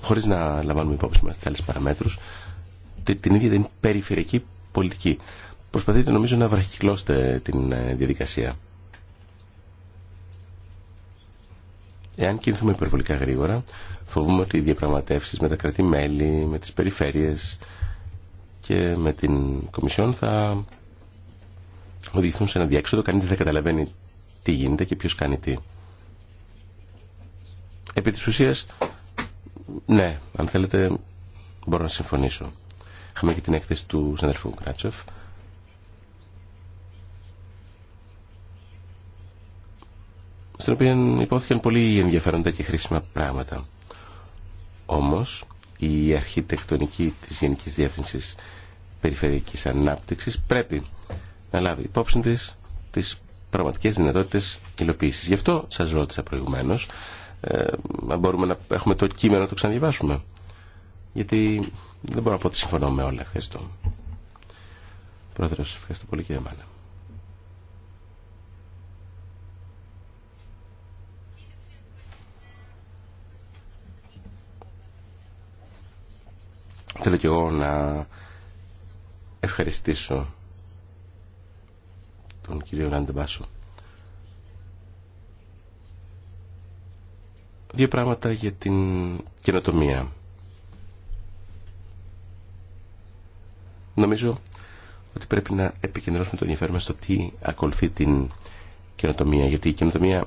χωρίς να λαμβάνουμε υπόψη μας τις άλλες παραμέτρους, την ίδια την περιφερειακή πολιτική. Προσπαθείτε νομίζω να βραχυκλώσετε την ε, διαδικασία. Εάν κινηθούμε υπερβολικά γρήγορα, φοβούμε ότι οι διαπραγματεύσεις με τα κρατή-μέλη, με τις περιφέρειες και με την Κομισιόν θα οδηγηθούν σε ένα διέξοδο. Κανείς δεν θα καταλαβαίνει τι γίνεται και ποιο κάνει τι. Επί της ουσίας, ναι, αν θέλετε μπορώ να συμφωνήσω. Είχαμε και την έκθεση του συναδελφού Κράτσεφ στην οποία υπόθηκαν πολύ ενδιαφέροντα και χρήσιμα πράγματα. Όμως, η αρχιτεκτονική της Γενικής Διεύθυνσης Περιφερειακής Ανάπτυξης πρέπει να λάβει υπόψη της τις πραγματικές δυνατότητες υλοποίησης. Γι' αυτό σας ρώτησα προηγουμένως, ε, αν μπορούμε να έχουμε το κείμενο να το ξαναδιαβάσουμε. Γιατί δεν μπορώ να πω ότι συμφωνώ με όλα. Ευχαριστώ. Πρόεδρος, ευχαριστώ πολύ κύριε Μάνα. Θέλω και εγώ να ευχαριστήσω τον κύριο Μπάσο. Δύο πράγματα για την καινοτομία. Νομίζω ότι πρέπει να επικεντρώσουμε το ενδιαφέρον μας στο τι ακολουθεί την καινοτομία. Γιατί η καινοτομία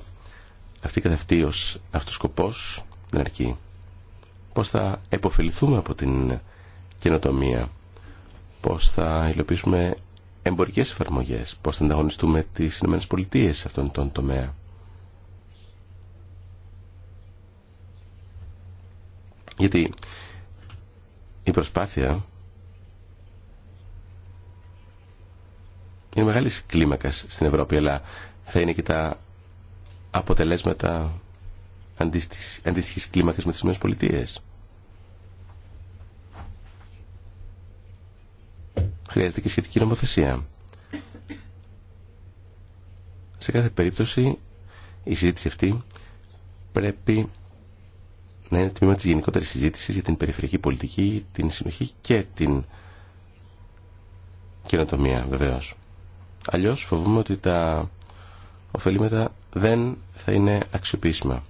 αυτή καθ' αυτή ως αυτοσκοπός δεν αρκεί. Πώς θα επωφεληθούμε από την καινοτομία, πώς θα υλοποιήσουμε εμπορικέ εφαρμογέ, πώς θα ανταγωνιστούμε τις ΗΠΑ σε αυτόν τον τομέα. Γιατί η προσπάθεια είναι μεγάλη κλίμακα στην Ευρώπη, αλλά θα είναι και τα αποτελέσματα αντίστοιχη κλίμακα με τι ΗΠΑ. χρειάζεται και σχετική νομοθεσία. Σε κάθε περίπτωση η συζήτηση αυτή πρέπει να είναι τμήμα της γενικότερης συζήτησης για την περιφερειακή πολιτική, την συνοχή και την καινοτομία βεβαίως. Αλλιώς φοβούμαι ότι τα ωφελήματα δεν θα είναι αξιοποιήσιμα.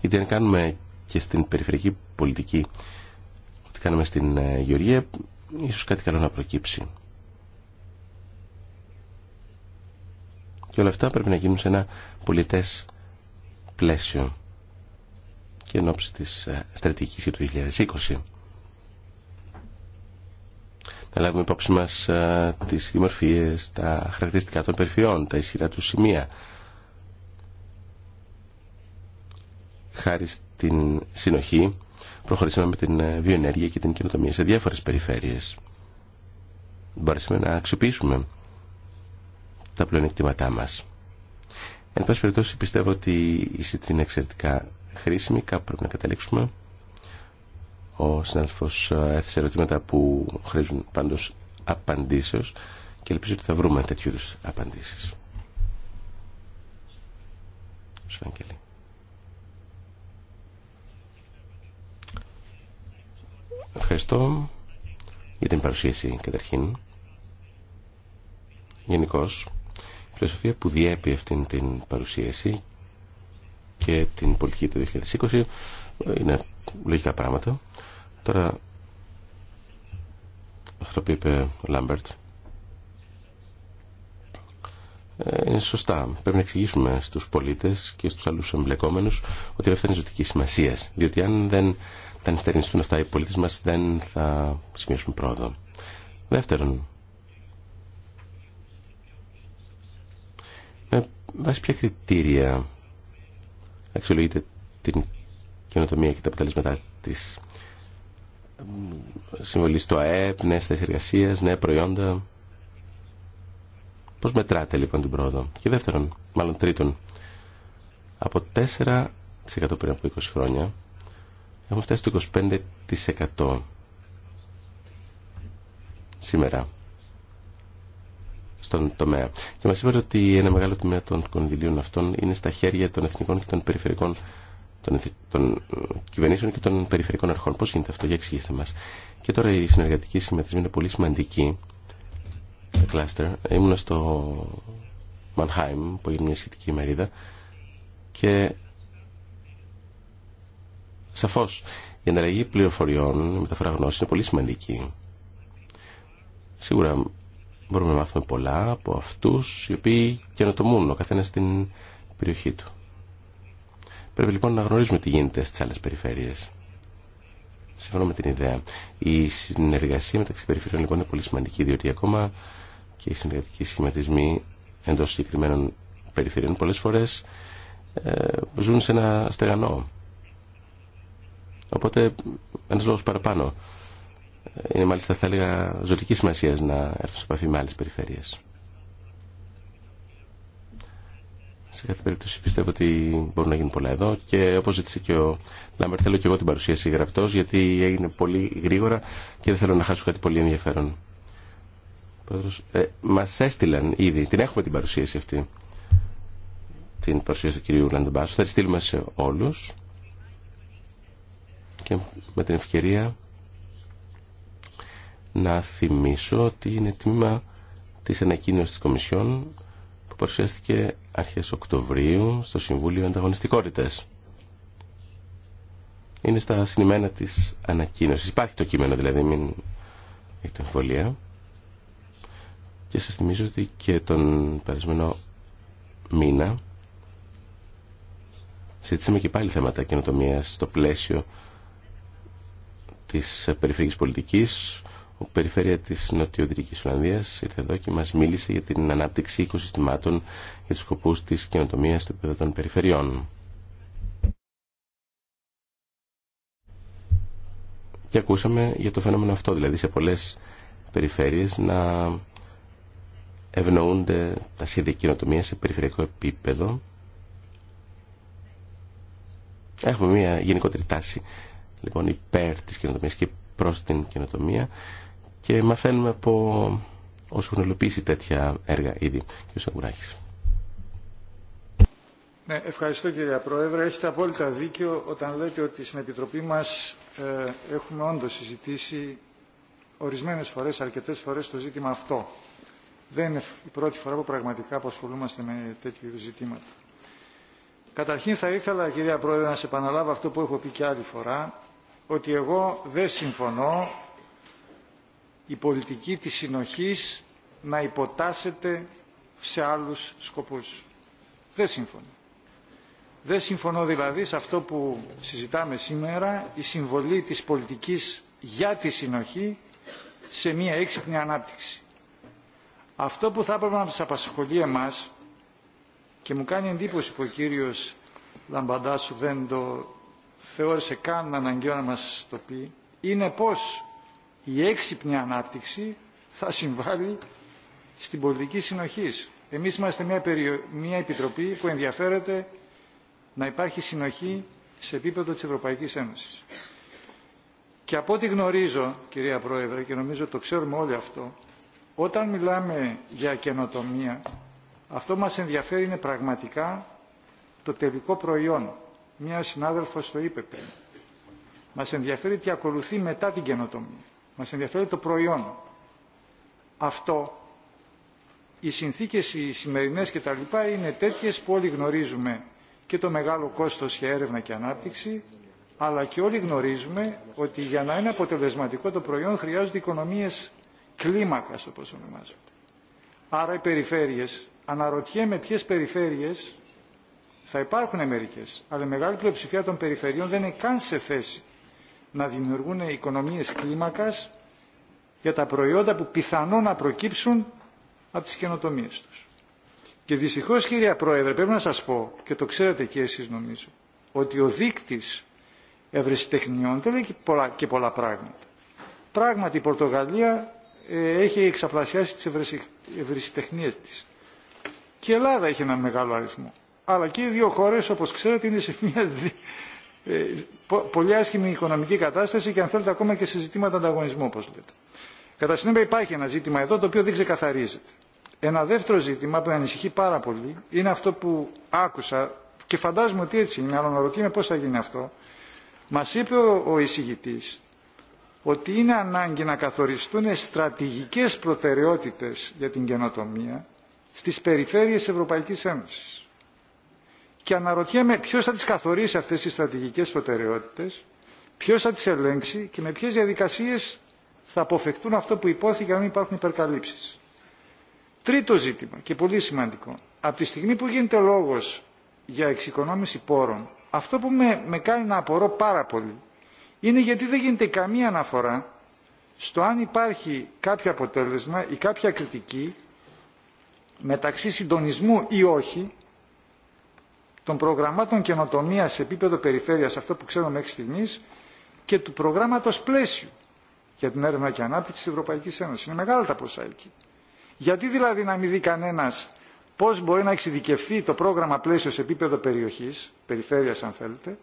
Γιατί αν κάνουμε και στην περιφερειακή πολιτική ότι κάναμε στην ε, Γεωργία, ίσως κάτι καλό να προκύψει. Και όλα αυτά πρέπει να γίνουν σε ένα πολιτές πλαίσιο και εν ώψη της ε, στρατηγικής του 2020. Να λάβουμε υπόψη μας ε, τις δημορφίες, τα χαρακτηριστικά των περιφερειών, τα ισχυρά του σημεία. Χάρη την συνοχή προχωρήσαμε με την ε, βιοενέργεια και την κοινοτομία σε διάφορες περιφέρειες. Μπορέσαμε να αξιοποιήσουμε τα πλεονεκτήματά μας. Εν πάση περιπτώσει πιστεύω ότι η ΣΥΤ είναι εξαιρετικά χρήσιμη, κάπου πρέπει να καταλήξουμε. Ο συνάδελφος ε, έθεσε ερωτήματα που χρήζουν πάντως απαντήσεως και ελπίζω ότι θα βρούμε τέτοιου απαντήσει. απαντήσεις. Ευχαριστώ για την παρουσίαση καταρχήν. Γενικώ, η φιλοσοφία που διέπει αυτήν την παρουσίαση και την πολιτική του 2020 είναι λογικά πράγματα. Τώρα, αυτό που είπε ο Λάμπερτ ε, είναι σωστά. Πρέπει να εξηγήσουμε στους πολίτες και στους άλλους εμπλεκόμενους ότι αυτά είναι ζωτική σημασία. Διότι αν δεν τα ενστερνιστούν αυτά οι πολίτες μας, δεν θα σημειώσουν πρόοδο. Δεύτερον, με βάση ποια κριτήρια αξιολογείται την καινοτομία και τα αποτελέσματά της συμβολή στο ΑΕΠ, νέες θέσεις εργασίας, νέα προϊόντα. Πώς μετράτε λοιπόν την πρόοδο. Και δεύτερον, μάλλον τρίτον, από 4% πριν από 20 χρόνια Έχουμε φτάσει στο 25% σήμερα στον τομέα. Και μας είπατε ότι ένα μεγάλο τομέα των κονδυλίων αυτών είναι στα χέρια των εθνικών και των περιφερικών των, των κυβερνήσεων και των περιφερικών αρχών. Πώς γίνεται αυτό, για εξηγήστε μας. Και τώρα η συνεργατική συμμετοχή είναι πολύ σημαντική. Τα στο Μανχάιμ που είναι μια σχετική μερίδα και Σαφώ η ανταλλαγή πληροφοριών, η μεταφορά γνώσης είναι πολύ σημαντική. Σίγουρα μπορούμε να μάθουμε πολλά από αυτού, οι οποίοι καινοτομούν ο καθένα στην περιοχή του. Πρέπει λοιπόν να γνωρίζουμε τι γίνεται στι άλλε περιφέρειες. Συμφωνώ με την ιδέα. Η συνεργασία μεταξύ περιφερειών λοιπόν είναι πολύ σημαντική, διότι ακόμα και οι συνεργατικοί σχηματισμοί εντό συγκεκριμένων περιφερειών πολλέ φορέ ε, ζουν σε ένα στεγανό. Οπότε ένα λόγο παραπάνω. Είναι μάλιστα θα έλεγα ζωτική σημασία να έρθω σε επαφή με άλλε περιφέρειε. Σε κάθε περίπτωση πιστεύω ότι μπορούν να γίνουν πολλά εδώ και όπω ζήτησε και ο Λάμπερ θέλω και εγώ την παρουσίαση γραπτό, γιατί έγινε πολύ γρήγορα και δεν θέλω να χάσω κάτι πολύ ενδιαφέρον. Πρόεδρος, ε, μας έστειλαν ήδη, την έχουμε την παρουσίαση αυτή, την παρουσίαση του κυρίου Λαντομπάσου, θα τη στείλουμε σε όλους και με την ευκαιρία να θυμίσω ότι είναι τμήμα της ανακοίνωσης της Κομισιόν που παρουσιάστηκε αρχές Οκτωβρίου στο Συμβούλιο Ανταγωνιστικότητας. Είναι στα συνημένα της ανακοίνωσης. Υπάρχει το κείμενο δηλαδή, μην έχετε εμφολία. Και σας θυμίζω ότι και τον περασμένο μήνα συζητήσαμε και πάλι θέματα καινοτομίας στο πλαίσιο της περιφερειακής πολιτικής. Ο περιφέρεια της Νοτιοδυτικής Ολλανδίας ήρθε εδώ και μας μίλησε για την ανάπτυξη οικοσυστημάτων για τους σκοπούς της καινοτομίας στο επίπεδο των περιφερειών. Και ακούσαμε για το φαινόμενο αυτό, δηλαδή σε πολλές περιφέρειες να ευνοούνται τα σχέδια καινοτομία σε περιφερειακό επίπεδο. Έχουμε μια γενικότερη τάση λοιπόν υπέρ τη καινοτομία και προ την καινοτομία και μαθαίνουμε από όσου έχουν υλοποιήσει τέτοια έργα ήδη. Κύριος Αγκουράκης. Ναι, ευχαριστώ κύριε Πρόεδρε. Έχετε απόλυτα δίκιο όταν λέτε ότι στην Επιτροπή μας ε, έχουμε όντως συζητήσει ορισμένες φορές, αρκετές φορές το ζήτημα αυτό. Δεν είναι η πρώτη φορά που πραγματικά απασχολούμαστε με τέτοιου είδους ζητήματα. Καταρχήν θα ήθελα, κυρία Πρόεδρε, να σε επαναλάβω αυτό που έχω πει και άλλη φορά, ότι εγώ δεν συμφωνώ η πολιτική της συνοχής να υποτάσσεται σε άλλους σκοπούς. Δεν συμφωνώ. Δεν συμφωνώ δηλαδή σε αυτό που συζητάμε σήμερα, η συμβολή της πολιτικής για τη συνοχή σε μια έξυπνη ανάπτυξη. Αυτό που θα έπρεπε να μας απασχολεί εμάς και μου κάνει εντύπωση που ο κύριος Λαμπαντάσου δεν το θεώρησε καν αναγκαίο να μας το πει, είναι πώς η έξυπνη ανάπτυξη θα συμβάλλει στην πολιτική συνοχής. Εμείς είμαστε μια, μια επιτροπή που ενδιαφέρεται να υπάρχει συνοχή σε επίπεδο της Ευρωπαϊκής Ένωσης. Και από ό,τι γνωρίζω, κυρία Πρόεδρε, και νομίζω το ξέρουμε όλοι αυτό, όταν μιλάμε για καινοτομία, αυτό μας ενδιαφέρει είναι πραγματικά το τελικό προϊόν. Μια συνάδελφος το είπε πριν. Μας ενδιαφέρει τι ακολουθεί μετά την καινοτομία. Μας ενδιαφέρει το προϊόν. Αυτό, οι συνθήκες οι σημερινές λοιπά είναι τέτοιες που όλοι γνωρίζουμε και το μεγάλο κόστος για έρευνα και ανάπτυξη, αλλά και όλοι γνωρίζουμε ότι για να είναι αποτελεσματικό το προϊόν χρειάζονται οικονομίες κλίμακας όπως ονομάζονται. Άρα οι περιφέρειες, αναρωτιέμαι ποιες περιφέρειες θα υπάρχουν μερικέ, αλλά η μεγάλη πλειοψηφία των περιφερειών δεν είναι καν σε θέση να δημιουργούν οικονομίε κλίμακα για τα προϊόντα που πιθανόν να προκύψουν από τι καινοτομίε του. Και δυστυχώ, κυρία Πρόεδρε, πρέπει να σα πω, και το ξέρετε και εσεί νομίζω, ότι ο δείκτη ευρεσιτεχνιών δεν λέει και πολλά, πράγματα. Πράγματι, η Πορτογαλία ε, έχει εξαπλασιάσει τι ευρεσιτεχνίε τη. Και η Ελλάδα έχει ένα μεγάλο αριθμό αλλά και οι δύο χώρες όπως ξέρετε είναι σε μια ε, πολύ άσχημη οικονομική κατάσταση και αν θέλετε ακόμα και σε ζητήματα ανταγωνισμού όπως λέτε. Κατά συνέπεια υπάρχει ένα ζήτημα εδώ το οποίο δεν ξεκαθαρίζεται. Ένα δεύτερο ζήτημα που ανησυχεί πάρα πολύ είναι αυτό που άκουσα και φαντάζομαι ότι έτσι είναι, αλλά αναρωτιέμαι πώς θα γίνει αυτό. Μας είπε ο εισηγητής ότι είναι ανάγκη να καθοριστούν στρατηγικές προτεραιότητες για την καινοτομία στις περιφέρειες Ευρωπαϊκής Ένωσης και αναρωτιέμαι ποιος θα τις καθορίσει αυτές τις στρατηγικές προτεραιότητες, ποιος θα τις ελέγξει και με ποιες διαδικασίες θα αποφεχτούν αυτό που υπόθηκε να μην υπάρχουν υπερκαλύψεις. Τρίτο ζήτημα και πολύ σημαντικό. Από τη στιγμή που γίνεται λόγος για εξοικονόμηση πόρων, αυτό που με, με κάνει να απορώ πάρα πολύ είναι γιατί δεν γίνεται καμία αναφορά στο αν υπάρχει κάποιο αποτέλεσμα ή κάποια κριτική μεταξύ συντονισμού ή όχι των προγραμμάτων καινοτομία σε επίπεδο περιφέρεια, αυτό που ξέρουμε μέχρι στιγμή, και του προγράμματο πλαίσιου για την έρευνα και ανάπτυξη τη Ευρωπαϊκή Ένωση. Είναι μεγάλα τα ποσά εκεί. Γιατί δηλαδή να μην δει κανένα πώ μπορεί να εξειδικευθεί το πρόγραμμα πλαίσιο σε επίπεδο περιοχή, περιφέρεια αν θέλετε,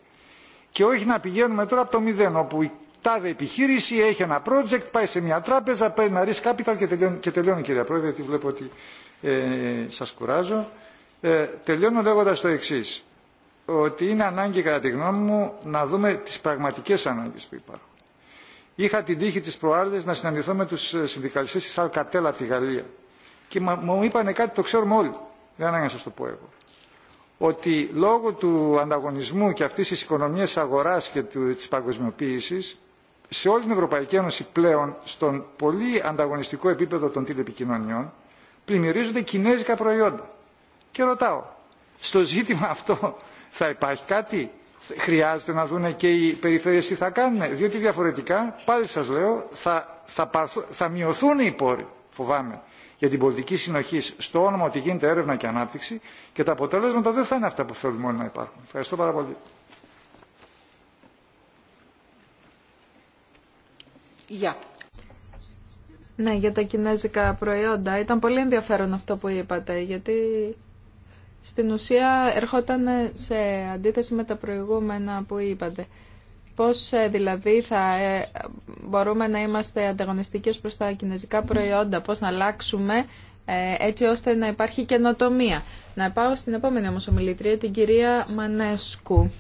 και όχι να πηγαίνουμε τώρα από το μηδέν, όπου η τάδε επιχείρηση έχει ένα project, πάει σε μια τράπεζα, παίρνει ένα risk capital και τελειώνει, κυρία Πρόεδρε, γιατί βλέπω ότι ε, σας κουράζω. Ε, τελειώνω λέγοντας το εξής, ότι είναι ανάγκη κατά τη γνώμη μου να δούμε τις πραγματικές ανάγκες που υπάρχουν. Είχα την τύχη της προάλλες να συναντηθώ με τους ε, συνδικαλιστές της Αλκατέλα από τη Γαλλία και μου είπανε κάτι, το ξέρουμε όλοι, δεν ανάγκη να σας το πω εγώ, ότι λόγω του ανταγωνισμού και αυτής της οικονομίας αγορά αγοράς και της παγκοσμιοποίησης σε όλη την Ευρωπαϊκή Ένωση πλέον στον πολύ ανταγωνιστικό επίπεδο των τηλεπικοινωνιών πλημμυρίζονται κινέζικα προϊόντα και ρωτάω, στο ζήτημα αυτό θα υπάρχει κάτι, χρειάζεται να δούνε και οι περιφέρειες τι θα κάνουν, διότι διαφορετικά, πάλι σας λέω, θα, θα, μειωθούν οι πόροι, φοβάμαι, για την πολιτική συνοχή στο όνομα ότι γίνεται έρευνα και ανάπτυξη και τα αποτέλεσματα δεν θα είναι αυτά που θέλουμε όλοι να υπάρχουν. Ευχαριστώ πάρα πολύ. Ναι, για τα κινέζικα προϊόντα. Ήταν πολύ ενδιαφέρον αυτό που είπατε, γιατί στην ουσία ερχόταν σε αντίθεση με τα προηγούμενα που είπατε. Πώς ε, δηλαδή θα ε, μπορούμε να είμαστε ανταγωνιστικοί προς τα κινέζικα προϊόντα, πώς να αλλάξουμε ε, έτσι ώστε να υπάρχει καινοτομία. Να πάω στην επόμενη όμως ομιλητρία, την κυρία Μανέσκου.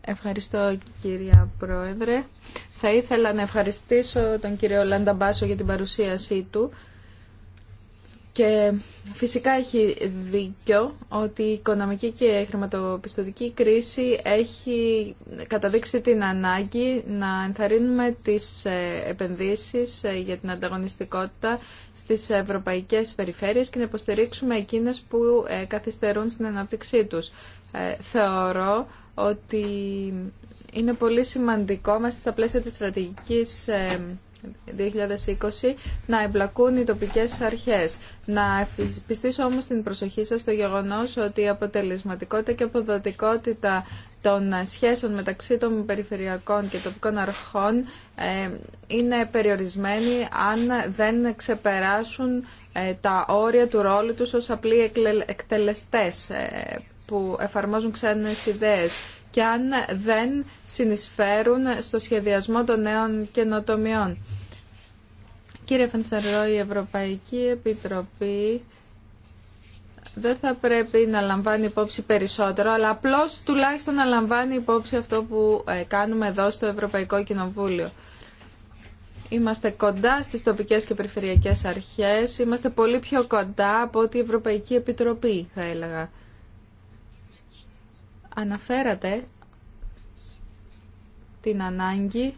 Ευχαριστώ κυρία Πρόεδρε. Θα ήθελα να ευχαριστήσω τον κύριο Λανταμπάσο για την παρουσίασή του. Και φυσικά έχει δίκιο ότι η οικονομική και χρηματοπιστωτική κρίση έχει καταδείξει την ανάγκη να ενθαρρύνουμε τις ε, επενδύσεις ε, για την ανταγωνιστικότητα στις ευρωπαϊκές περιφέρειες και να υποστηρίξουμε εκείνες που ε, καθυστερούν στην ανάπτυξή τους. Θεωρώ ότι είναι πολύ σημαντικό μέσα στα πλαίσια της στρατηγικής 2020 να εμπλακούν οι τοπικές αρχές. Να πιστήσω όμως την προσοχή σας στο γεγονός ότι η αποτελεσματικότητα και αποδοτικότητα των σχέσεων μεταξύ των περιφερειακών και τοπικών αρχών ε, είναι περιορισμένη αν δεν ξεπεράσουν ε, τα όρια του ρόλου τους ως απλοί εκτελεστές ε, που εφαρμόζουν ξένες ιδέες και αν δεν συνεισφέρουν στο σχεδιασμό των νέων καινοτομιών. Κύριε Φανσαρό, η Ευρωπαϊκή Επιτροπή δεν θα πρέπει να λαμβάνει υπόψη περισσότερο, αλλά απλώς τουλάχιστον να λαμβάνει υπόψη αυτό που ε, κάνουμε εδώ στο Ευρωπαϊκό Κοινοβούλιο. Είμαστε κοντά στις τοπικές και περιφερειακές αρχές, είμαστε πολύ πιο κοντά από ό,τι η Ευρωπαϊκή Επιτροπή, θα έλεγα αναφέρατε την ανάγκη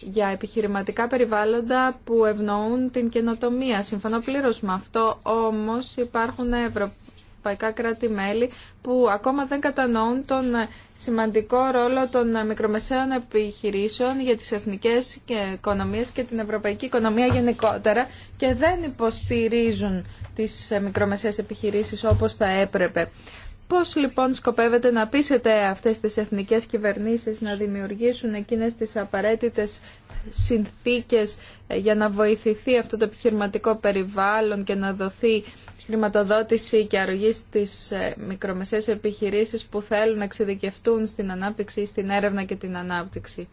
για επιχειρηματικά περιβάλλοντα που ευνοούν την καινοτομία. Συμφωνώ πλήρως με αυτό, όμως υπάρχουν ευρωπαϊκά κράτη-μέλη που ακόμα δεν κατανοούν τον σημαντικό ρόλο των μικρομεσαίων επιχειρήσεων για τις εθνικές οικονομίες και την ευρωπαϊκή οικονομία γενικότερα και δεν υποστηρίζουν τις μικρομεσαίες επιχειρήσεις όπως θα έπρεπε. Πώς λοιπόν σκοπεύετε να πείσετε αυτές τις εθνικές κυβερνήσεις να δημιουργήσουν εκείνες τις απαραίτητες συνθήκες ε, για να βοηθηθεί αυτό το επιχειρηματικό περιβάλλον και να δοθεί χρηματοδότηση και αρρωγή στις ε, μικρομεσαίες επιχειρήσεις που θέλουν να εξειδικευτούν στην ανάπτυξη, ή στην έρευνα και την ανάπτυξη.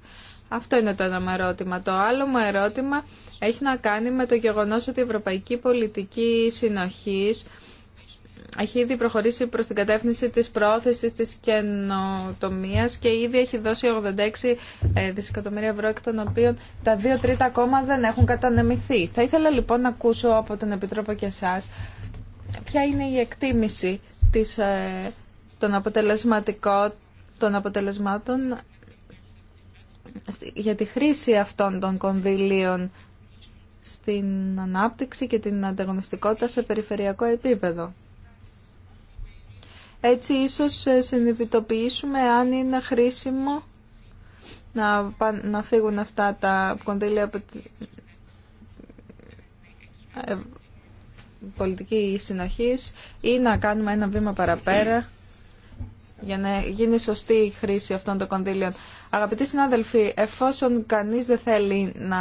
Αυτό είναι το ένα μου ερώτημα. Το άλλο μου ερώτημα έχει να κάνει με το γεγονός ότι η Ευρωπαϊκή Πολιτική Συνοχής έχει ήδη προχωρήσει προς την κατεύθυνση της προώθησης της καινοτομίας και ήδη έχει δώσει 86 ε, δισεκατομμύρια ευρώ εκ των οποίων τα δύο τρίτα ακόμα δεν έχουν κατανεμηθεί. Θα ήθελα λοιπόν να ακούσω από τον Επιτρόπο και εσάς ποια είναι η εκτίμηση της, ε, των, των αποτελεσμάτων για τη χρήση αυτών των κονδυλίων στην ανάπτυξη και την ανταγωνιστικότητα σε περιφερειακό επίπεδο. Έτσι ίσως ε, συνειδητοποιήσουμε αν είναι χρήσιμο να, να φύγουν αυτά τα κονδύλια από την ε, πολιτική συνοχής ή να κάνουμε ένα βήμα παραπέρα για να γίνει σωστή η χρήση αυτών των κονδύλιων. Αγαπητοί συνάδελφοι, εφόσον κανείς δεν θέλει να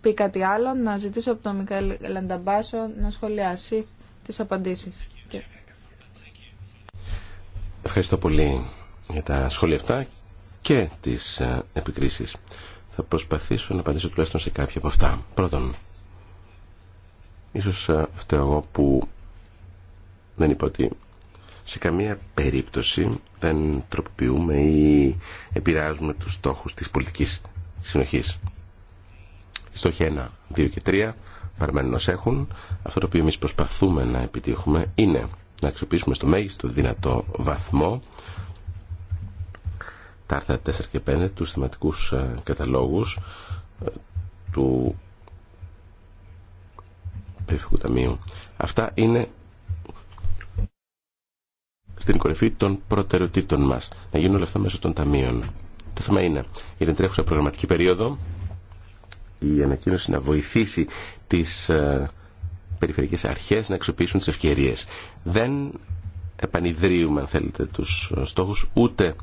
πει κάτι άλλο, να ζητήσω από τον Μικαήλ Λανταμπάσο να σχολιάσει τις απαντήσεις. Ευχαριστώ πολύ για τα σχόλια αυτά και τις ε, επικρίσεις. Θα προσπαθήσω να απαντήσω τουλάχιστον σε κάποια από αυτά. Πρώτον, ίσως ε, φταίω εγώ που δεν είπα ότι σε καμία περίπτωση δεν τροποποιούμε ή επηρεάζουμε τους στόχους της πολιτικής συνοχής. Στόχοι 1, 2 και 3 παραμένουν ως έχουν. Αυτό το οποίο εμείς προσπαθούμε να επιτύχουμε είναι να αξιοποιήσουμε στο μέγιστο δυνατό βαθμό τα άρθρα 4 και 5 του θεματικού ε, καταλόγους ε, του περιφερειακού Ταμείου. Αυτά είναι στην κορυφή των προτεραιοτήτων μας. Να γίνουν όλα αυτά μέσω των ταμείων. Το θέμα είναι η τρέχουσα προγραμματική περίοδο η ανακοίνωση να βοηθήσει τις ε, περιφερειακές αρχές να αξιοποιήσουν τις ευκαιρίες. Δεν επανειδρύουμε, αν θέλετε, τους στόχους, ούτε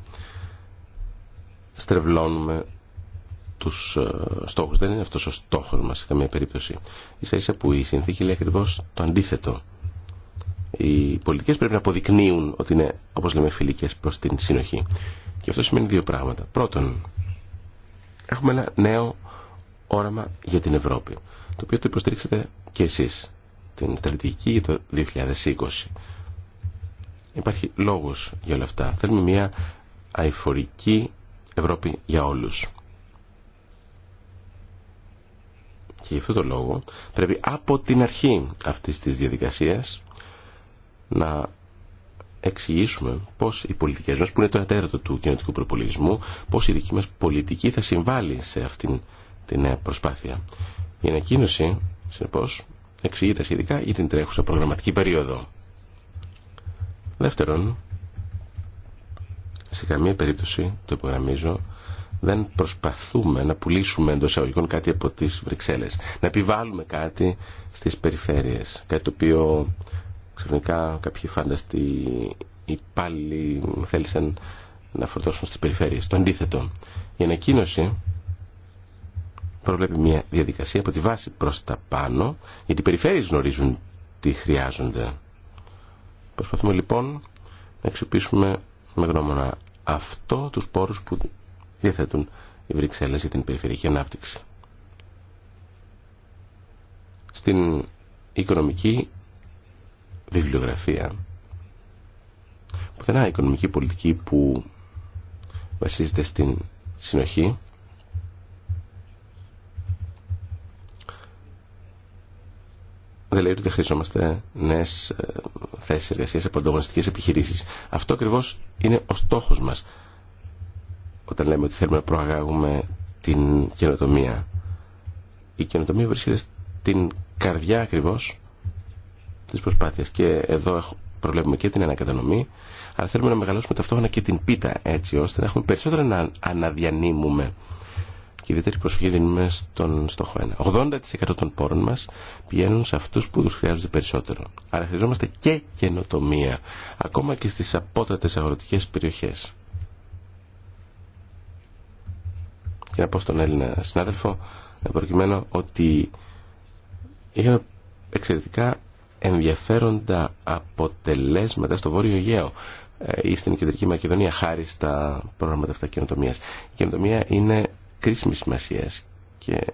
στρεβλώνουμε τους ε, στόχους. Δεν είναι αυτός ο στόχος μας σε καμία περίπτωση. Ίσα ίσα που η συνθήκη λέει ακριβώ το αντίθετο. Οι πολιτικές πρέπει να αποδεικνύουν ότι είναι, όπως λέμε, φιλικές προς την συνοχή. Και αυτό σημαίνει δύο πράγματα. Πρώτον, έχουμε ένα νέο όραμα για την Ευρώπη, το οποίο το υποστηρίξετε και εσείς την στρατηγική για το 2020. Υπάρχει λόγος για όλα αυτά. Θέλουμε μια αηφορική Ευρώπη για όλους. Και γι' αυτό το λόγο πρέπει από την αρχή αυτής της διαδικασίας να εξηγήσουμε πώς οι πολιτικές μας, που είναι το ατέρατο του κοινωνικού προπολογισμού, πώς η δική μας πολιτική θα συμβάλλει σε αυτήν την νέα ε, προσπάθεια. Η ανακοίνωση, συνεπώς, εξηγείται σχετικά ή την τρέχουν στο προγραμματικό περίοδο. Δεύτερον, σε καμία περίπτωση, το υπογραμμίζω, δεν προσπαθούμε να πουλήσουμε εντός αγωγικών κάτι σχετικά για την τρέχουσα προγραμματική περίοδο. Δεύτερον, σε καμία περίπτωση, το υπογραμμίζω, δεν προσπαθούμε να πουλήσουμε εντό εισαγωγικών κάτι από τι Βρυξέλλε. Να επιβάλλουμε κάτι στι περιφέρειε. Κάτι το οποίο ξαφνικά κάποιοι φάνταστοι υπάλληλοι θέλησαν να φορτώσουν στι περιφέρειες. Το αντίθετο. Η ανακοίνωση προβλέπει μια διαδικασία από τη βάση προς τα πάνω, γιατί οι περιφέρειες γνωρίζουν τι χρειάζονται. Προσπαθούμε λοιπόν να αξιοποιήσουμε με γνώμονα αυτό τους πόρους που διαθέτουν οι Βρυξέλλες για την περιφερειακή ανάπτυξη. Στην οικονομική βιβλιογραφία δεν η οικονομική πολιτική που βασίζεται στην συνοχή δεν λέει ότι χρειαζόμαστε νέε θέσει εργασία από ανταγωνιστικέ επιχειρήσει. Αυτό ακριβώ είναι ο στόχο μα όταν λέμε ότι θέλουμε να προαγάγουμε την καινοτομία. Η καινοτομία βρίσκεται στην καρδιά ακριβώ τη προσπάθεια. Και εδώ προβλέπουμε και την ανακατανομή, αλλά θέλουμε να μεγαλώσουμε ταυτόχρονα και την πίτα έτσι ώστε να έχουμε περισσότερο να αναδιανύμουμε και ιδιαίτερη προσοχή δίνουμε στον στόχο 1. 80% των πόρων μα πηγαίνουν σε αυτού που του χρειάζονται περισσότερο. Άρα χρειαζόμαστε και καινοτομία, ακόμα και στι απότατε αγροτικέ περιοχέ. Και να πω στον Έλληνα συνάδελφο, προκειμένου ότι είχαμε εξαιρετικά ενδιαφέροντα αποτελέσματα στο Βόρειο Αιγαίο ε, ή στην Κεντρική Μακεδονία χάρη στα προγράμματα αυτά καινοτομίας. Η καινοτομία αυτα καινοτομια η καινοτομια ειναι κρίσιμη σημασία και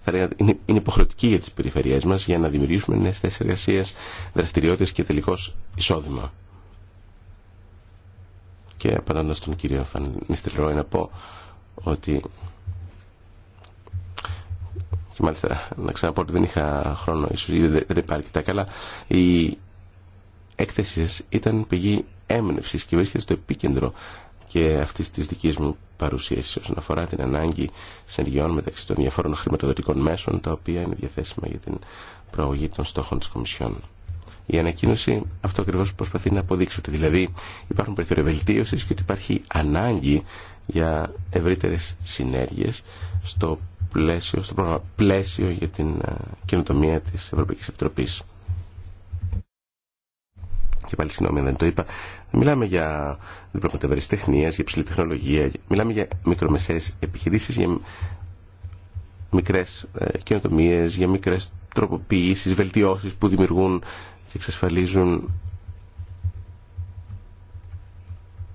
θα είναι, είναι υποχρεωτική για τις περιφερειές μας για να δημιουργήσουμε νέε θέσει εργασία, δραστηριότητες και τελικώ εισόδημα. Και απαντώντα τον κύριο Φανιστελρόη να πω ότι και μάλιστα να ξαναπώ ότι δεν είχα χρόνο ίσω ή δεν, δεν είπα αρκετά καλά η έκθεση ήταν πηγή έμπνευσης και βρίσκεται στο επίκεντρο και αυτή τη δική μου παρουσίαση όσον αφορά την ανάγκη συνεργειών μεταξύ των διαφόρων χρηματοδοτικών μέσων τα οποία είναι διαθέσιμα για την προαγωγή των στόχων της Κομισιόν. Η ανακοίνωση αυτό ακριβώ προσπαθεί να αποδείξει ότι δηλαδή υπάρχουν περιθώρια βελτίωση και ότι υπάρχει ανάγκη για ευρύτερε συνέργειε στο πλαίσιο, στο πρόγραμμα πλαίσιο για την ε, καινοτομία τη Ευρωπαϊκή Επιτροπή. Και πάλι συγγνώμη δεν το είπα, Μιλάμε για διπλωματευρές τεχνίας, για ψηλή τεχνολογία, μιλάμε για μικρομεσαίες επιχειρήσεις, για μικρές ε, καινοτομίες, για μικρές τροποποιήσεις, βελτιώσεις που δημιουργούν και εξασφαλίζουν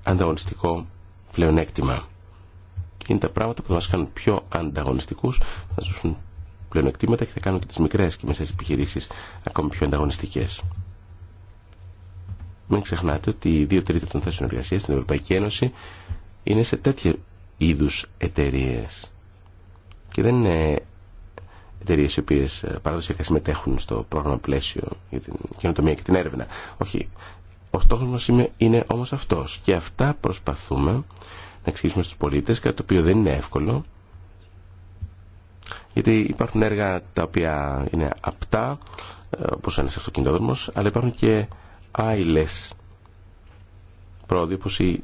ανταγωνιστικό πλεονέκτημα. Είναι τα πράγματα που θα μας κάνουν πιο ανταγωνιστικούς, θα δώσουν πλεονεκτήματα και θα κάνουν και τις μικρές και μεσαίες επιχειρήσεις ακόμη πιο ανταγωνιστικές. Μην ξεχνάτε ότι οι δύο τρίτα των θέσεων εργασία στην Ευρωπαϊκή Ένωση είναι σε τέτοιου είδου εταιρείε. Και δεν είναι εταιρείε οι οποίε ε, παραδοσιακά συμμετέχουν στο πρόγραμμα πλαίσιο για την καινοτομία και την έρευνα. Όχι. Ο στόχο μα είναι όμω αυτό. Και αυτά προσπαθούμε να εξηγήσουμε στου πολίτε, κάτι το οποίο δεν είναι εύκολο. Γιατί υπάρχουν έργα τα οποία είναι απτά, ε, όπω ένα αυτοκινητόδρομο, αλλά υπάρχουν και Άιλες πρόοδοι όπως η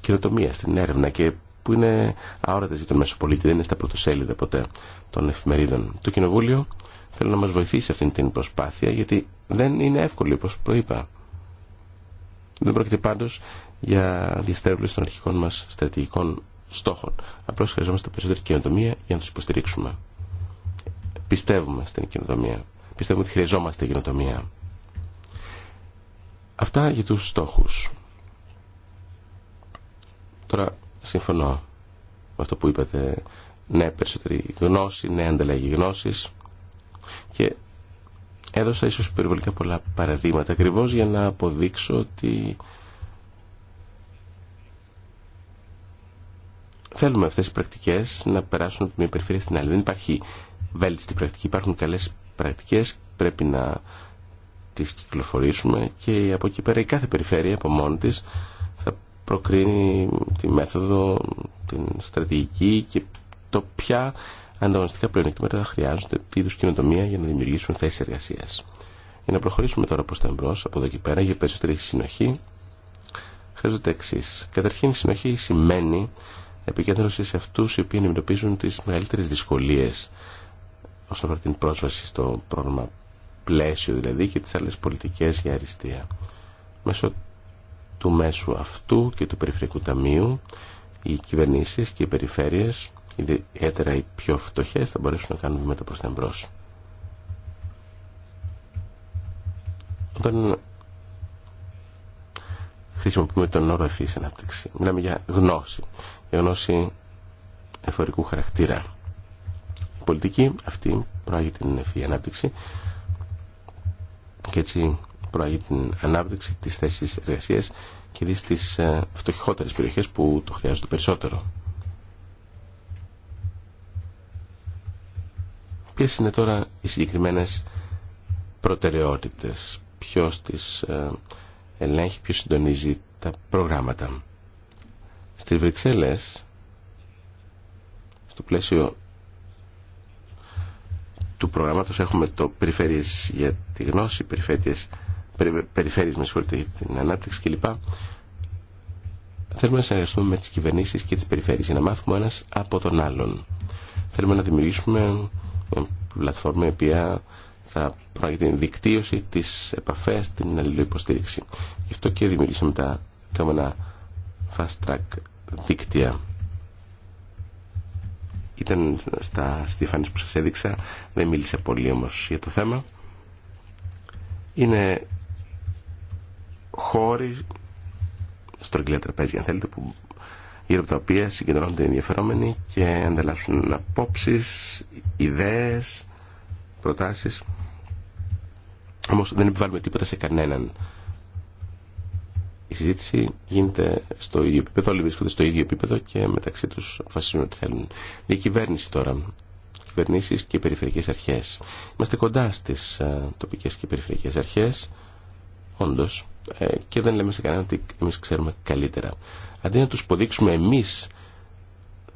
κοινοτομία στην έρευνα και που είναι αόρατες για τον Μεσοπολίτη, δεν είναι στα πρωτοσέλιδα ποτέ των εφημερίδων. Το Κοινοβούλιο θέλω να μας βοηθήσει αυτήν την προσπάθεια γιατί δεν είναι εύκολη όπως προείπα. Δεν πρόκειται πάντως για διαστέρευση των αρχικών μας στρατηγικών στόχων. Απλώς χρειαζόμαστε περισσότερη καινοτομία για να τους υποστηρίξουμε. Πιστεύουμε στην καινοτομία Πιστεύουμε ότι χρειαζόμαστε καινοτομία Αυτά για τους στόχους. Τώρα συμφωνώ με αυτό που είπατε. Ναι, περισσότερη γνώση, ναι, ανταλλαγή γνώσης. Και έδωσα ίσως περιβολικά πολλά παραδείγματα ακριβώ για να αποδείξω ότι θέλουμε αυτές οι πρακτικές να περάσουν από μια περιφέρεια στην άλλη. Δεν υπάρχει βέλτιστη πρακτική, υπάρχουν καλές πρακτικές, πρέπει να τις κυκλοφορήσουμε και από εκεί πέρα η κάθε περιφέρεια από μόνη της θα προκρίνει τη μέθοδο, την στρατηγική και το ποια ανταγωνιστικά πλεονεκτήματα θα χρειάζονται είδου κοινοτομία για να δημιουργήσουν θέσει εργασία. Για να προχωρήσουμε τώρα προς τα εμπρό, από εδώ και πέρα, για περισσότερη συνοχή, χρειάζεται εξή. Καταρχήν, η συνοχή σημαίνει επικέντρωση σε αυτού οι οποίοι αντιμετωπίζουν τι μεγαλύτερε δυσκολίε όσον αφορά την πρόσβαση στο πρόγραμμα πλαίσιο δηλαδή και τις άλλες πολιτικές για αριστεία. Μέσω του μέσου αυτού και του Περιφερειακού Ταμείου οι κυβερνήσεις και οι περιφέρειες, ιδιαίτερα οι πιο φτωχές, θα μπορέσουν να κάνουν βήματα προς τα εμπρός. Όταν χρησιμοποιούμε τον όρο ευφύης ανάπτυξη, μιλάμε για γνώση, για γνώση εφορικού χαρακτήρα. Η πολιτική αυτή προάγει την ευφύη ανάπτυξη και έτσι προαγεί την ανάπτυξη της θέσης εργασίας και δει στις ε, φτωχότερες περιοχές που το χρειάζονται περισσότερο. Ποιες είναι τώρα οι συγκεκριμένες προτεραιότητες, ποιος τις ε, ελέγχει, ποιος συντονίζει τα προγράμματα. Στις Βρυξέλλες, στο πλαίσιο του προγράμματος έχουμε το περιφέρειες για τη γνώση, περιφέρειες, με συγχωρείτε για την ανάπτυξη κλπ. Θέλουμε να συνεργαστούμε με τις κυβερνήσεις και τις περιφέρειες για να μάθουμε ένας από τον άλλον. Θέλουμε να δημιουργήσουμε μια πλατφόρμα η οποία θα προάγει την δικτύωση, τις επαφέ, την αλληλοϊποστήριξη. Γι' αυτό και δημιουργήσαμε τα λεγόμενα fast track δίκτυα. Ήταν στα στήφανες που σας έδειξα, δεν μίλησε πολύ όμως για το θέμα. Είναι χώροι, στρογγυλά τραπέζια αν θέλετε, που γύρω από τα οποία συγκεντρώνονται οι ενδιαφερόμενοι και ανταλλάσσουν απόψεις, ιδέες, προτάσεις. Όμως δεν επιβάλλουμε τίποτα σε κανέναν η συζήτηση γίνεται στο ίδιο επίπεδο, όλοι βρίσκονται στο ίδιο επίπεδο και μεταξύ τους αποφασίζουν ότι θέλουν. Η κυβέρνηση τώρα, κυβερνήσεις και περιφερειακές αρχές. Είμαστε κοντά στις ε, τοπικές και περιφερειακές αρχές, όντως, ε, και δεν λέμε σε κανέναν ότι εμείς ξέρουμε καλύτερα. Αντί να τους υποδείξουμε εμείς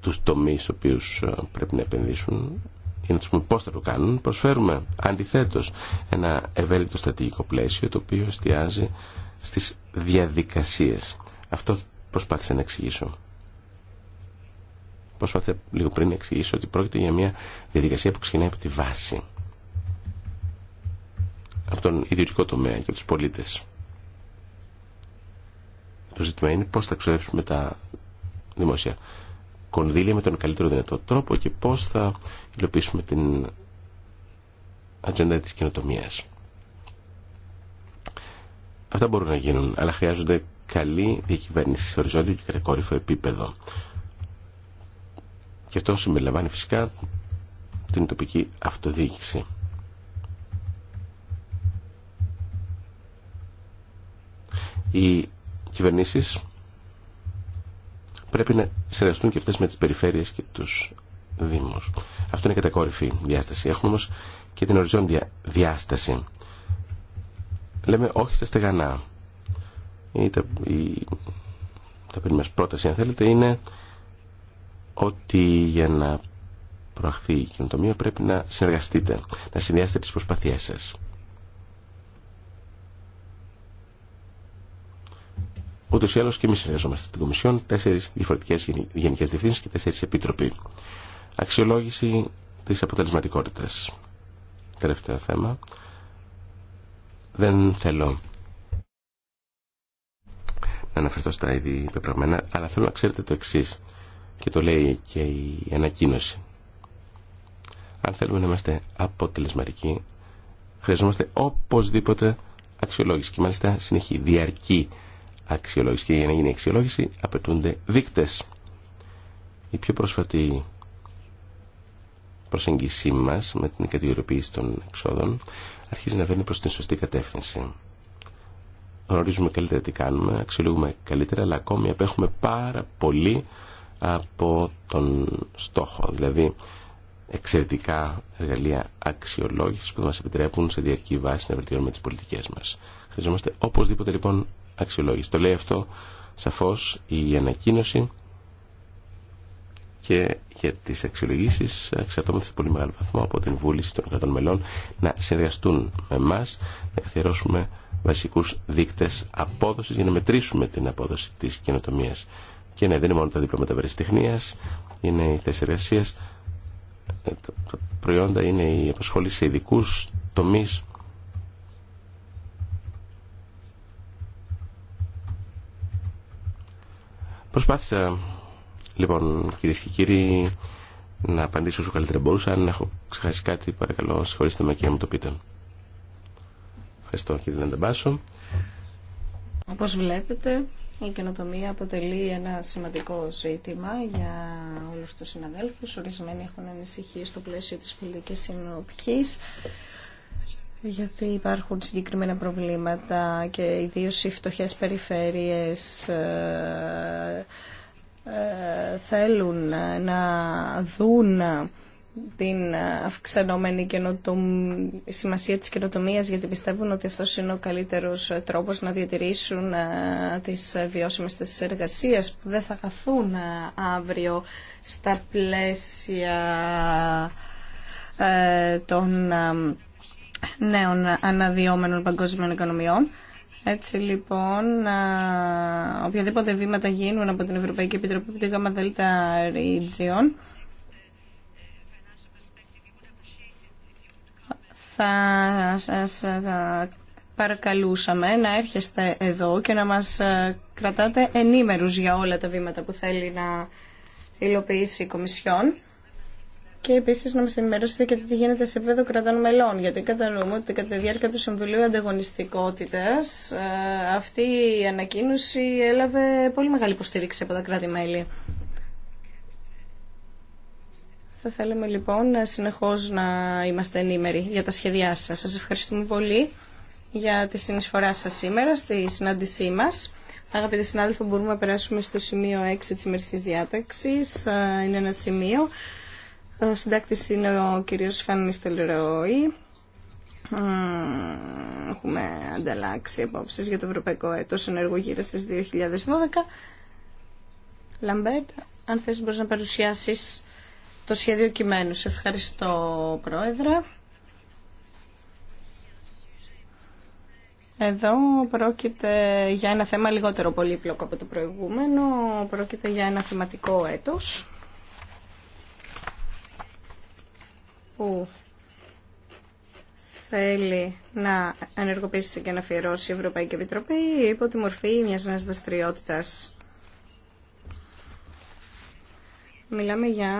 τους τομείς στους οποίους ε, πρέπει να επενδύσουν, για να του πούμε πώ θα το κάνουν, προσφέρουμε αντιθέτω ένα ευέλικτο στρατηγικό πλαίσιο το οποίο εστιάζει στι διαδικασίες. Αυτό προσπάθησα να εξηγήσω. Προσπάθησα λίγο πριν να εξηγήσω ότι πρόκειται για μια διαδικασία που ξεκινάει από τη βάση. Από τον ιδιωτικό τομέα και από τους πολίτες. Το ζήτημα είναι πώς θα ξοδέψουμε τα δημόσια κονδύλια με τον καλύτερο δυνατό τρόπο και πώς θα υλοποιήσουμε την ατζέντα της καινοτομίας. Αυτά μπορούν να γίνουν, αλλά χρειάζονται καλή διακυβέρνηση σε οριζόντιο και κατακόρυφο επίπεδο. Και αυτό συμπεριλαμβάνει φυσικά την τοπική αυτοδιοίκηση. Οι κυβερνήσει πρέπει να συνεργαστούν και αυτές με τις περιφέρειες και τους δήμους. Αυτό είναι η κατακόρυφη διάσταση. Έχουμε όμω και την οριζόντια διάσταση λέμε όχι στα στεγανά. Ή τα, η, μας πρόταση, αν θέλετε, είναι ότι για να προαχθεί η κοινοτομία πρέπει να συνεργαστείτε, να συνδυάσετε τις προσπαθίες σας. Ούτω ή άλλω και εμεί συνεργαζόμαστε στην Κομισιόν, τέσσερι διαφορετικέ γενικέ διευθύνσει και τέσσερι επίτροποι. Αξιολόγηση τη αποτελεσματικότητα. Τελευταίο θέμα. Δεν θέλω να αναφερθώ στα ήδη πεπραγμένα, αλλά θέλω να ξέρετε το εξή και το λέει και η ανακοίνωση. Αν θέλουμε να είμαστε αποτελεσματικοί, χρειαζόμαστε οπωσδήποτε αξιολόγηση και μάλιστα συνεχή διαρκή αξιολόγηση. Και για να γίνει αξιολόγηση απαιτούνται δείκτες. Η πιο πρόσφατη προσέγγιση μας με την κατηγοριοποίηση των εξόδων αρχίζει να βαίνει προς την σωστή κατεύθυνση. Γνωρίζουμε καλύτερα τι κάνουμε, αξιολογούμε καλύτερα, αλλά ακόμη απέχουμε πάρα πολύ από τον στόχο. Δηλαδή, εξαιρετικά εργαλεία αξιολόγησης που μας επιτρέπουν σε διαρκή βάση να βελτιώνουμε τις πολιτικές μας. Χρειαζόμαστε οπωσδήποτε λοιπόν αξιολόγηση. Το λέει αυτό σαφώς η ανακοίνωση και για τις αξιολογήσεις εξαρτώμεθα σε πολύ μεγάλο βαθμό από την βούληση των κρατών μελών να συνεργαστούν με εμά, να καθιερώσουμε βασικούς δείκτε απόδοση για να μετρήσουμε την απόδοση της καινοτομία. Και ναι, δεν είναι μόνο τα διπλώματα είναι οι θέσει εργασία, ε, τα προϊόντα είναι η απασχόληση σε ειδικού τομεί. Προσπάθησα Λοιπόν, κυρίε και κύριοι, να απαντήσω όσο καλύτερα μπορούσα. Αν έχω ξεχάσει κάτι, παρακαλώ, συγχωρήστε με και να μου το πείτε. Ευχαριστώ, κύριε Νταμπάσο. Όπω βλέπετε, η καινοτομία αποτελεί ένα σημαντικό ζήτημα για όλου του συναδέλφου. Ορισμένοι έχουν ανησυχίε στο πλαίσιο τη πολιτική συνοπτικής γιατί υπάρχουν συγκεκριμένα προβλήματα και ιδίως οι φτωχές περιφέρειες ε, ε, θέλουν να δουν την αυξανόμενη σημασία της καινοτομίας γιατί πιστεύουν ότι αυτός είναι ο καλύτερος τρόπος να διατηρήσουν ε, τις βιώσιμες θέσεις εργασίας που δεν θα χαθούν ε, αύριο στα πλαίσια των νέων αναδυόμενων παγκόσμιων οικονομιών. Έτσι λοιπόν, οποιαδήποτε βήματα γίνουν από την Ευρωπαϊκή Επιτροπή τη ΓΑΜΑ Region, θα σας θα παρακαλούσαμε να έρχεστε εδώ και να μας κρατάτε ενήμερους για όλα τα βήματα που θέλει να υλοποιήσει η Κομισιόν και επίση να μα ενημερώσετε και τι γίνεται σε επίπεδο κρατών μελών. Γιατί κατανοούμε ότι κατά τη διάρκεια του Συμβουλίου Ανταγωνιστικότητα ε, αυτή η ανακοίνωση έλαβε πολύ μεγάλη υποστήριξη από τα κράτη-μέλη. Θα θέλαμε λοιπόν συνεχώ να είμαστε ενήμεροι για τα σχέδιά σα. Σα ευχαριστούμε πολύ για τη συνεισφορά σα σήμερα στη συνάντησή μας. Αγαπητοί συνάδελφοι, μπορούμε να περάσουμε στο σημείο 6 τη ημερικής διάταξη. Ε, είναι ένα σημείο ο είναι ο κύριος Φανής Τελρόη. Έχουμε ανταλλάξει απόψεις για το Ευρωπαϊκό Έτος της 2012. Λαμπέρ, αν θες μπορείς να παρουσιάσεις το σχέδιο κειμένου. Σε ευχαριστώ, Πρόεδρε. Εδώ πρόκειται για ένα θέμα λιγότερο πολύπλοκο από το προηγούμενο. Πρόκειται για ένα θεματικό έτος που θέλει να ενεργοποιήσει και να αφιερώσει η Ευρωπαϊκή Επιτροπή υπό τη μορφή μιας νέας δραστηριότητα. Μιλάμε για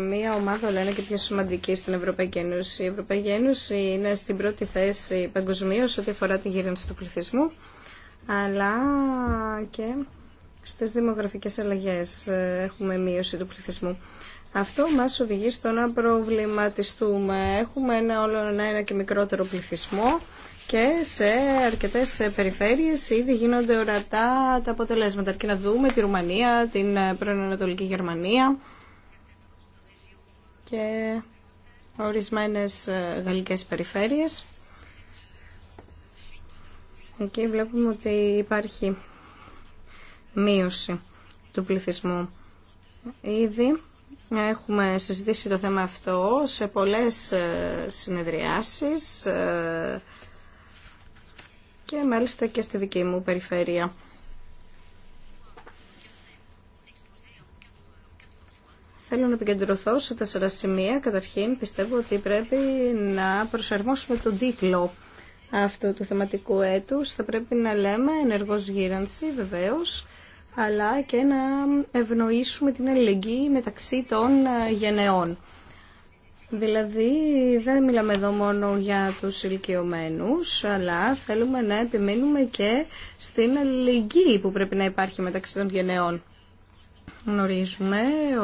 μια ομάδα, λένε, και πιο σημαντική στην Ευρωπαϊκή Ένωση. Η Ευρωπαϊκή Ένωση είναι στην πρώτη θέση παγκοσμίω ό,τι αφορά τη γύρανση του πληθυσμού, αλλά και στις δημογραφικές αλλαγές έχουμε μείωση του πληθυσμού. Αυτό μας οδηγεί στο να προβληματιστούμε. Έχουμε ένα όλο ένα και μικρότερο πληθυσμό και σε αρκετές περιφέρειες ήδη γίνονται ορατά τα αποτελέσματα. Αρκεί να δούμε τη Ρουμανία, την πρώην Ανατολική Γερμανία και ορισμένες ε, γαλλικές περιφέρειες. Εκεί βλέπουμε ότι υπάρχει μείωση του πληθυσμού. Ήδη Έχουμε συζητήσει το θέμα αυτό σε πολλές ε, συνεδριάσεις ε, και μάλιστα και στη δική μου περιφέρεια. Θέλω να επικεντρωθώ σε τέσσερα σημεία. Καταρχήν πιστεύω ότι πρέπει να προσαρμόσουμε τον τίτλο αυτού του θεματικού έτους. Θα πρέπει να λέμε ενεργός γύρανση βεβαίως αλλά και να ευνοήσουμε την αλληλεγγύη μεταξύ των ε, γενεών. Δηλαδή δεν μιλάμε εδώ μόνο για τους ηλικιωμένου, αλλά θέλουμε να επιμείνουμε και στην αλληλεγγύη που πρέπει να υπάρχει μεταξύ των γενεών. Γνωρίζουμε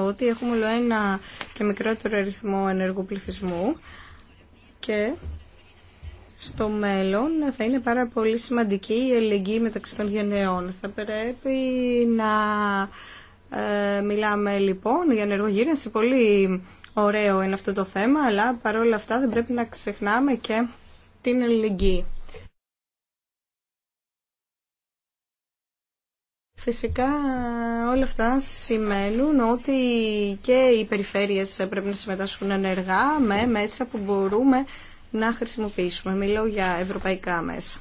ότι έχουμε όλο ένα και μικρότερο αριθμό ενεργού και στο μέλλον θα είναι πάρα πολύ σημαντική η ελεγγύη μεταξύ των γενεών. Θα πρέπει να ε, μιλάμε λοιπόν για ενεργογύρανση. Πολύ ωραίο είναι αυτό το θέμα, αλλά παρόλα αυτά δεν πρέπει να ξεχνάμε και την ελεγγύη. Φυσικά όλα αυτά σημαίνουν ότι και οι περιφέρειες πρέπει να συμμετάσχουν ενεργά με μέσα που μπορούμε να χρησιμοποιήσουμε. Μιλώ για ευρωπαϊκά μέσα.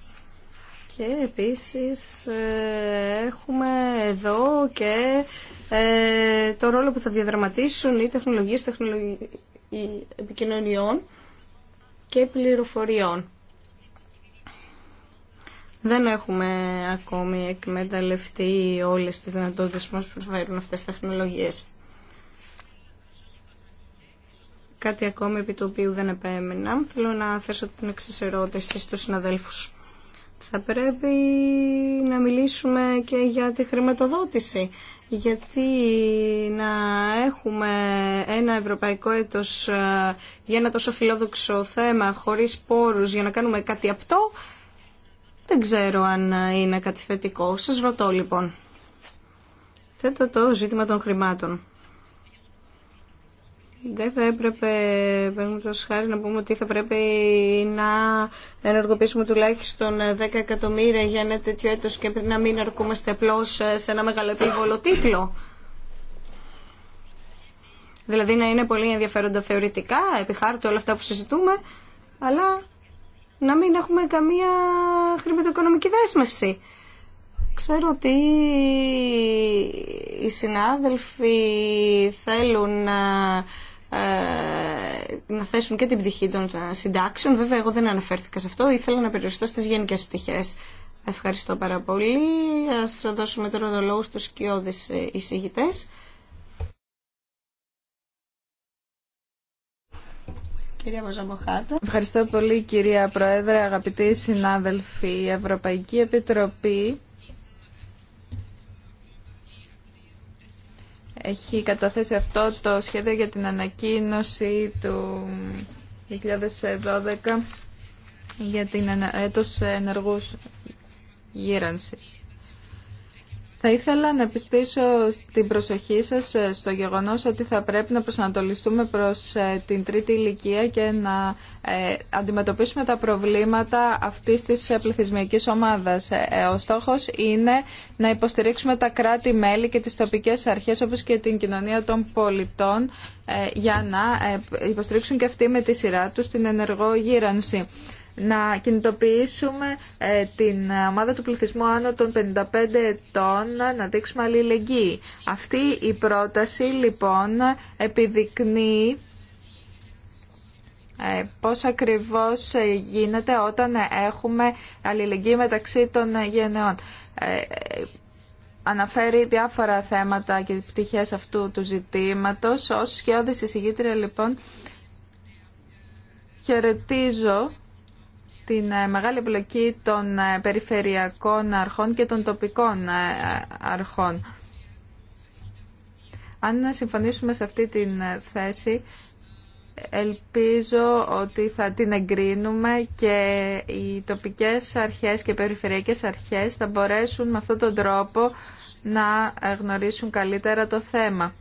Και επίσης ε, έχουμε εδώ και ε, το ρόλο που θα διαδραματίσουν οι τεχνολογίες επικοινωνιών και πληροφοριών. Δεν έχουμε ακόμη εκμεταλλευτεί όλες τις δυνατότητες που μας προσφέρουν αυτές τις τεχνολογίες κάτι ακόμη επί του οποίου δεν επέμενα. Θέλω να θέσω την εξή ερώτηση στους συναδέλφους. Θα πρέπει να μιλήσουμε και για τη χρηματοδότηση. Γιατί να έχουμε ένα ευρωπαϊκό έτος ε, για ένα τόσο φιλόδοξο θέμα χωρίς πόρους για να κάνουμε κάτι απτό, δεν ξέρω αν είναι κάτι θετικό. Σας ρωτώ λοιπόν. Θέτω το ζήτημα των χρημάτων. Δεν θα έπρεπε, το χάρη, να πούμε ότι θα πρέπει να ενεργοποιήσουμε τουλάχιστον 10 εκατομμύρια για ένα τέτοιο έτος και να μην αρκούμαστε απλώ σε ένα μεγάλο επίβολο τίτλο. Δηλαδή να είναι πολύ ενδιαφέροντα θεωρητικά, χάρτη, όλα αυτά που συζητούμε, αλλά να μην έχουμε καμία χρηματοοικονομική δέσμευση. Ξέρω ότι οι συνάδελφοι θέλουν να ε, να θέσουν και την πτυχή των ε, συντάξεων. Βέβαια, εγώ δεν αναφέρθηκα σε αυτό, ήθελα να περιοριστώ στις γενικέ πτυχέ. Ευχαριστώ πάρα πολύ. Α δώσουμε τώρα το λόγο στους σκιώδεις ε, εισηγητέ. Κυρία Ευχαριστώ πολύ κυρία Πρόεδρε, αγαπητοί συνάδελφοι. Η Ευρωπαϊκή Επιτροπή έχει καταθέσει αυτό το σχέδιο για την ανακοίνωση του 2012 για την έτος ενεργούς γύρανσης. Θα ήθελα να επιστήσω την προσοχή σας ε, στο γεγονός ότι θα πρέπει να προσανατολιστούμε προς ε, την τρίτη ηλικία και να ε, αντιμετωπίσουμε τα προβλήματα αυτής της πληθυσμιακής ομάδας. Ο στόχος είναι να υποστηρίξουμε τα κράτη-μέλη και τις τοπικές αρχές όπως και την κοινωνία των πολιτών για να υποστηρίξουν και αυτοί με τη σειρά τους την ενεργό γύρανση να κινητοποιήσουμε ε, την ε, ομάδα του πληθυσμού άνω των 55 ετών να δείξουμε αλληλεγγύη. Αυτή η πρόταση λοιπόν επιδεικνύει ε, πώς ακριβώς γίνεται όταν έχουμε αλληλεγγύη μεταξύ των γενεών. Αναφέρει διάφορα θέματα και πτυχές αυτού του ζητήματος. Ως σχεδόν εισηγήτρια λοιπόν χαιρετίζω την ε, μεγάλη εμπλοκή των ε, περιφερειακών αρχών και των τοπικών ε, αρχών. Αν συμφωνήσουμε σε αυτή την θέση, ελπίζω ότι θα την εγκρίνουμε και οι τοπικές αρχές και οι περιφερειακές αρχές θα μπορέσουν με αυτόν τον τρόπο να γνωρίσουν καλύτερα το θέμα.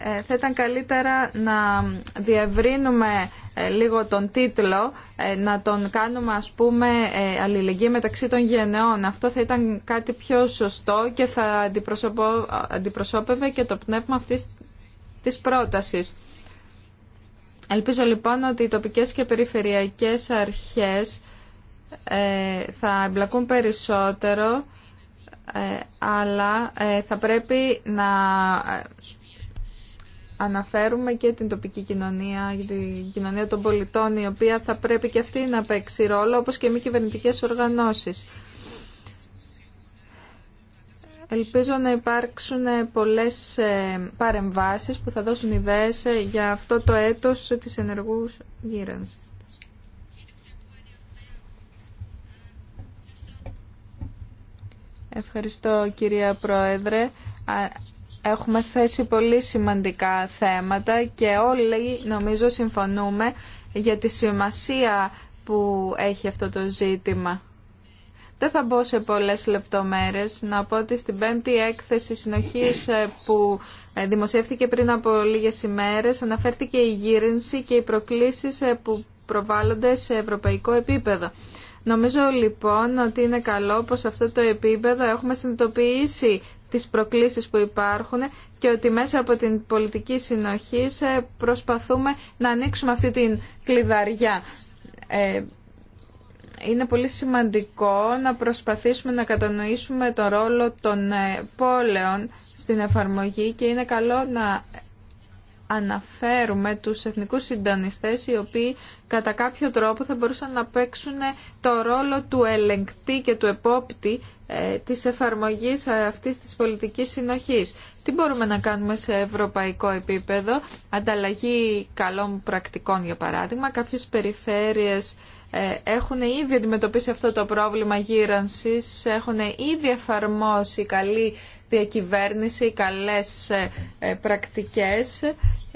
Ε, θα ήταν καλύτερα να διευρύνουμε ε, λίγο τον τίτλο, ε, να τον κάνουμε ας πούμε αλληλεγγύη μεταξύ των γενεών. Αυτό θα ήταν κάτι πιο σωστό και θα αντιπροσώπευε και το πνεύμα αυτής της πρότασης. Ελπίζω λοιπόν ότι οι τοπικές και περιφερειακές αρχές θα εμπλακούν περισσότερο αλλά θα πρέπει να αναφέρουμε και την τοπική κοινωνία, την κοινωνία των πολιτών, η οποία θα πρέπει και αυτή να παίξει ρόλο, όπως και μη κυβερνητικέ οργανώσεις. Ελπίζω να υπάρξουν πολλές ε, παρεμβάσεις που θα δώσουν ιδέες ε, για αυτό το έτος της ενεργούς γύρανσης. Ευχαριστώ κυρία Πρόεδρε. Έχουμε θέσει πολύ σημαντικά θέματα και όλοι νομίζω συμφωνούμε για τη σημασία που έχει αυτό το ζήτημα. Δεν θα μπω σε πολλές λεπτομέρειες. Να πω ότι στην πέμπτη έκθεση συνοχής ε, που ε, δημοσιεύθηκε πριν από λίγες ημέρες αναφέρθηκε η γύρινση και οι προκλήσεις ε, που προβάλλονται σε ευρωπαϊκό επίπεδο. Νομίζω λοιπόν ότι είναι καλό πως σε αυτό το επίπεδο έχουμε συνειδητοποιήσει τις προκλήσεις που υπάρχουν και ότι μέσα από την πολιτική συνοχή ε, προσπαθούμε να ανοίξουμε αυτή την κλειδαριά. Ε, είναι πολύ σημαντικό να προσπαθήσουμε να κατανοήσουμε το ρόλο των ε, πόλεων στην εφαρμογή και είναι καλό να αναφέρουμε τους εθνικούς συντονιστές οι οποίοι κατά κάποιο τρόπο θα μπορούσαν να παίξουν το ρόλο του ελεγκτή και του επόπτη ε, της εφαρμογής αυτής της πολιτικής συνοχής. Τι μπορούμε να κάνουμε σε ευρωπαϊκό επίπεδο, ανταλλαγή καλών πρακτικών για παράδειγμα, κάποιες περιφέρειες ε, έχουν ήδη αντιμετωπίσει αυτό το πρόβλημα γύρανσης, έχουν ήδη εφαρμόσει καλή διακυβέρνηση, καλές ε, πρακτικές.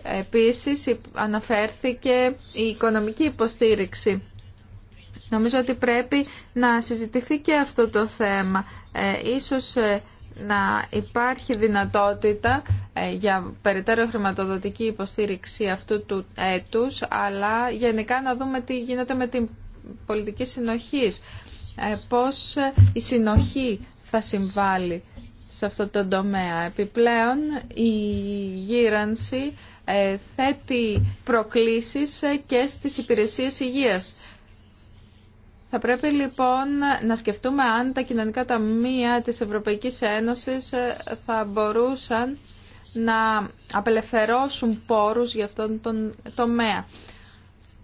Επίσης αναφέρθηκε η οικονομική υποστήριξη. Νομίζω ότι πρέπει να συζητηθεί και αυτό το θέμα. Ε, ίσως ε, να υπάρχει δυνατότητα ε, για περαιτέρω χρηματοδοτική υποστήριξη αυτού του έτους, αλλά γενικά να δούμε τι γίνεται με την πολιτική συνοχής. Πώς η συνοχή θα συμβάλλει σε αυτό το τομέα. Επιπλέον, η γύρανση θέτει προκλήσεις και στις υπηρεσίες υγείας. Θα πρέπει λοιπόν να σκεφτούμε αν τα κοινωνικά ταμεία της Ευρωπαϊκής Ένωσης ε, θα μπορούσαν να απελευθερώσουν πόρους για αυτόν τον τομέα.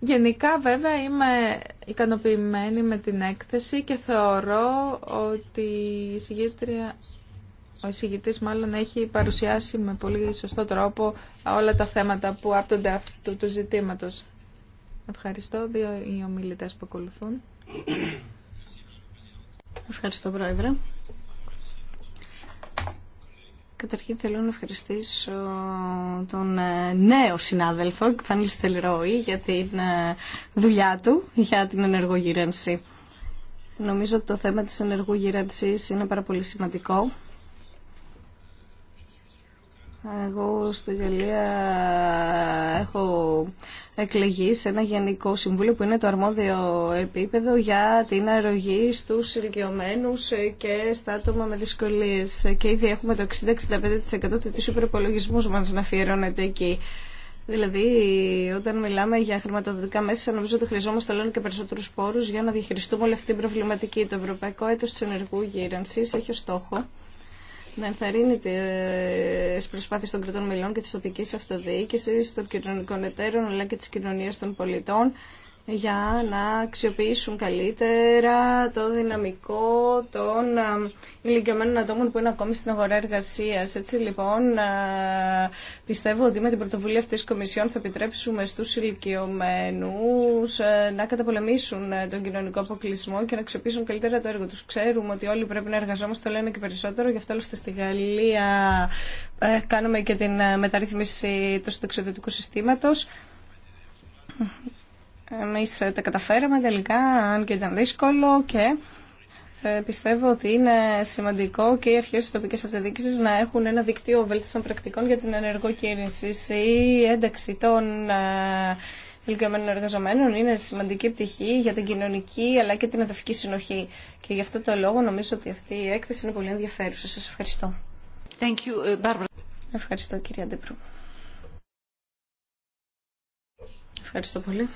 Γενικά βέβαια είμαι ικανοποιημένη με την έκθεση και θεωρώ ότι η συγγήτρια, ο εισηγητής μάλλον έχει παρουσιάσει με πολύ σωστό τρόπο όλα τα θέματα που άπτονται αυτού του ζητήματος. Ευχαριστώ δύο οι ομιλητές που ακολουθούν. Ευχαριστώ, Πρόεδρε. Καταρχήν θέλω να ευχαριστήσω τον ε, νέο συνάδελφο, Φανίλη Στελρόη, για την ε, δουλειά του, για την ενεργογύρανση. Νομίζω ότι το θέμα της ενεργογύρενσης είναι πάρα πολύ σημαντικό εγώ στη Γαλλία έχω εκλεγεί σε ένα γενικό συμβούλιο που είναι το αρμόδιο επίπεδο για την αρρωγή στους ηλικιωμένους και στα άτομα με δυσκολίες. Και ήδη έχουμε το 60-65% του τίσου υπερπολογισμού μας να αφιερώνεται εκεί. Δηλαδή, όταν μιλάμε για χρηματοδοτικά μέσα, νομίζω ότι χρειαζόμαστε όλο και περισσότερου πόρου για να διαχειριστούμε όλη αυτή την προβληματική. Το Ευρωπαϊκό Έτο τη Ενεργού Γύρανση έχει ως στόχο να ενθαρρύνει τις προσπάθειε των κρατών μελών και τη τοπική αυτοδιοίκηση, των κοινωνικών εταίρων αλλά και τη κοινωνία των πολιτών για να αξιοποιήσουν καλύτερα το δυναμικό των ε, ηλικιωμένων ατόμων που είναι ακόμη στην αγορά εργασία. Έτσι λοιπόν ε, πιστεύω ότι με την πρωτοβουλία αυτή τη Κομισιόν θα επιτρέψουμε στου ηλικιωμένου ε, να καταπολεμήσουν τον κοινωνικό αποκλεισμό και να αξιοποιήσουν καλύτερα το έργο Του Ξέρουμε ότι όλοι πρέπει να εργαζόμαστε, το λένε και περισσότερο, γι' αυτό άλλωστε στη Γαλλία κάνουμε και την μεταρρύθμιση του εξωτερικού συστήματο. Εμείς ε, τα καταφέραμε τελικά, αν και ήταν δύσκολο και πιστεύω ότι είναι σημαντικό και οι αρχές της τοπικής αυτοδιοίκησης να έχουν ένα δικτύο βέλτιστων πρακτικών για την ενεργοκίνηση. Η ένταξη των ε, ηλικιωμένων εργαζομένων είναι σημαντική πτυχή για την κοινωνική αλλά και την εδαφική συνοχή. Και γι' αυτό το λόγο νομίζω ότι αυτή η έκθεση είναι πολύ ενδιαφέρουσα. Σας ευχαριστώ. Thank you, ε, Ευχαριστώ κυρία Αντιπρού. Ευχαριστώ πολύ.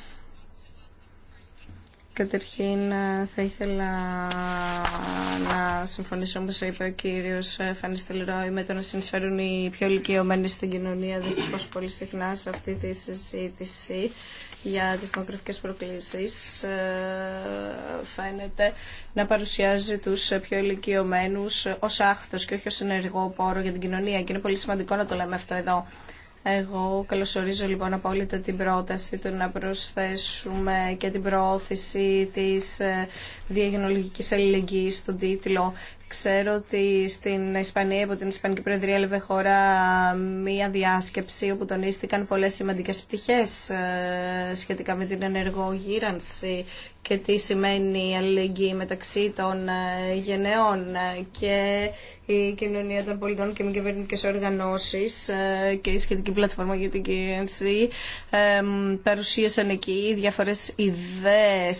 Καταρχήν ε, θα ήθελα να συμφωνήσω όπως είπε ο κύριος ε, Φανής Τελρόη με το να συνεισφέρουν οι πιο ηλικιωμένοι στην κοινωνία δυστυχώς πολύ συχνά σε αυτή τη συζήτηση για τις δημοκρατικές προκλήσεις ε, φαίνεται να παρουσιάζει τους πιο ηλικιωμένους ως άχθος και όχι ως ενεργό πόρο για την κοινωνία και είναι πολύ σημαντικό να το λέμε αυτό εδώ. Εγώ καλωσορίζω λοιπόν απόλυτα την πρόταση του να προσθέσουμε και την προώθηση της ε, διαγενολογικής αλληλεγγύης στον τίτλο Ξέρω ότι στην Ισπανία, από την Ισπανική Προεδρία, έλαβε χώρα μία διάσκεψη όπου τονίστηκαν πολλές σημαντικές πτυχές ε, σχετικά με την ενεργογύρανση και τι σημαίνει η αλληλεγγύη μεταξύ των ε, γενεών και η κοινωνία των πολιτών και μη κυβερνητικέ οργανώσει ε, και η σχετική πλατφόρμα για την κυβέρνηση παρουσίασαν εκεί διάφορες ιδέε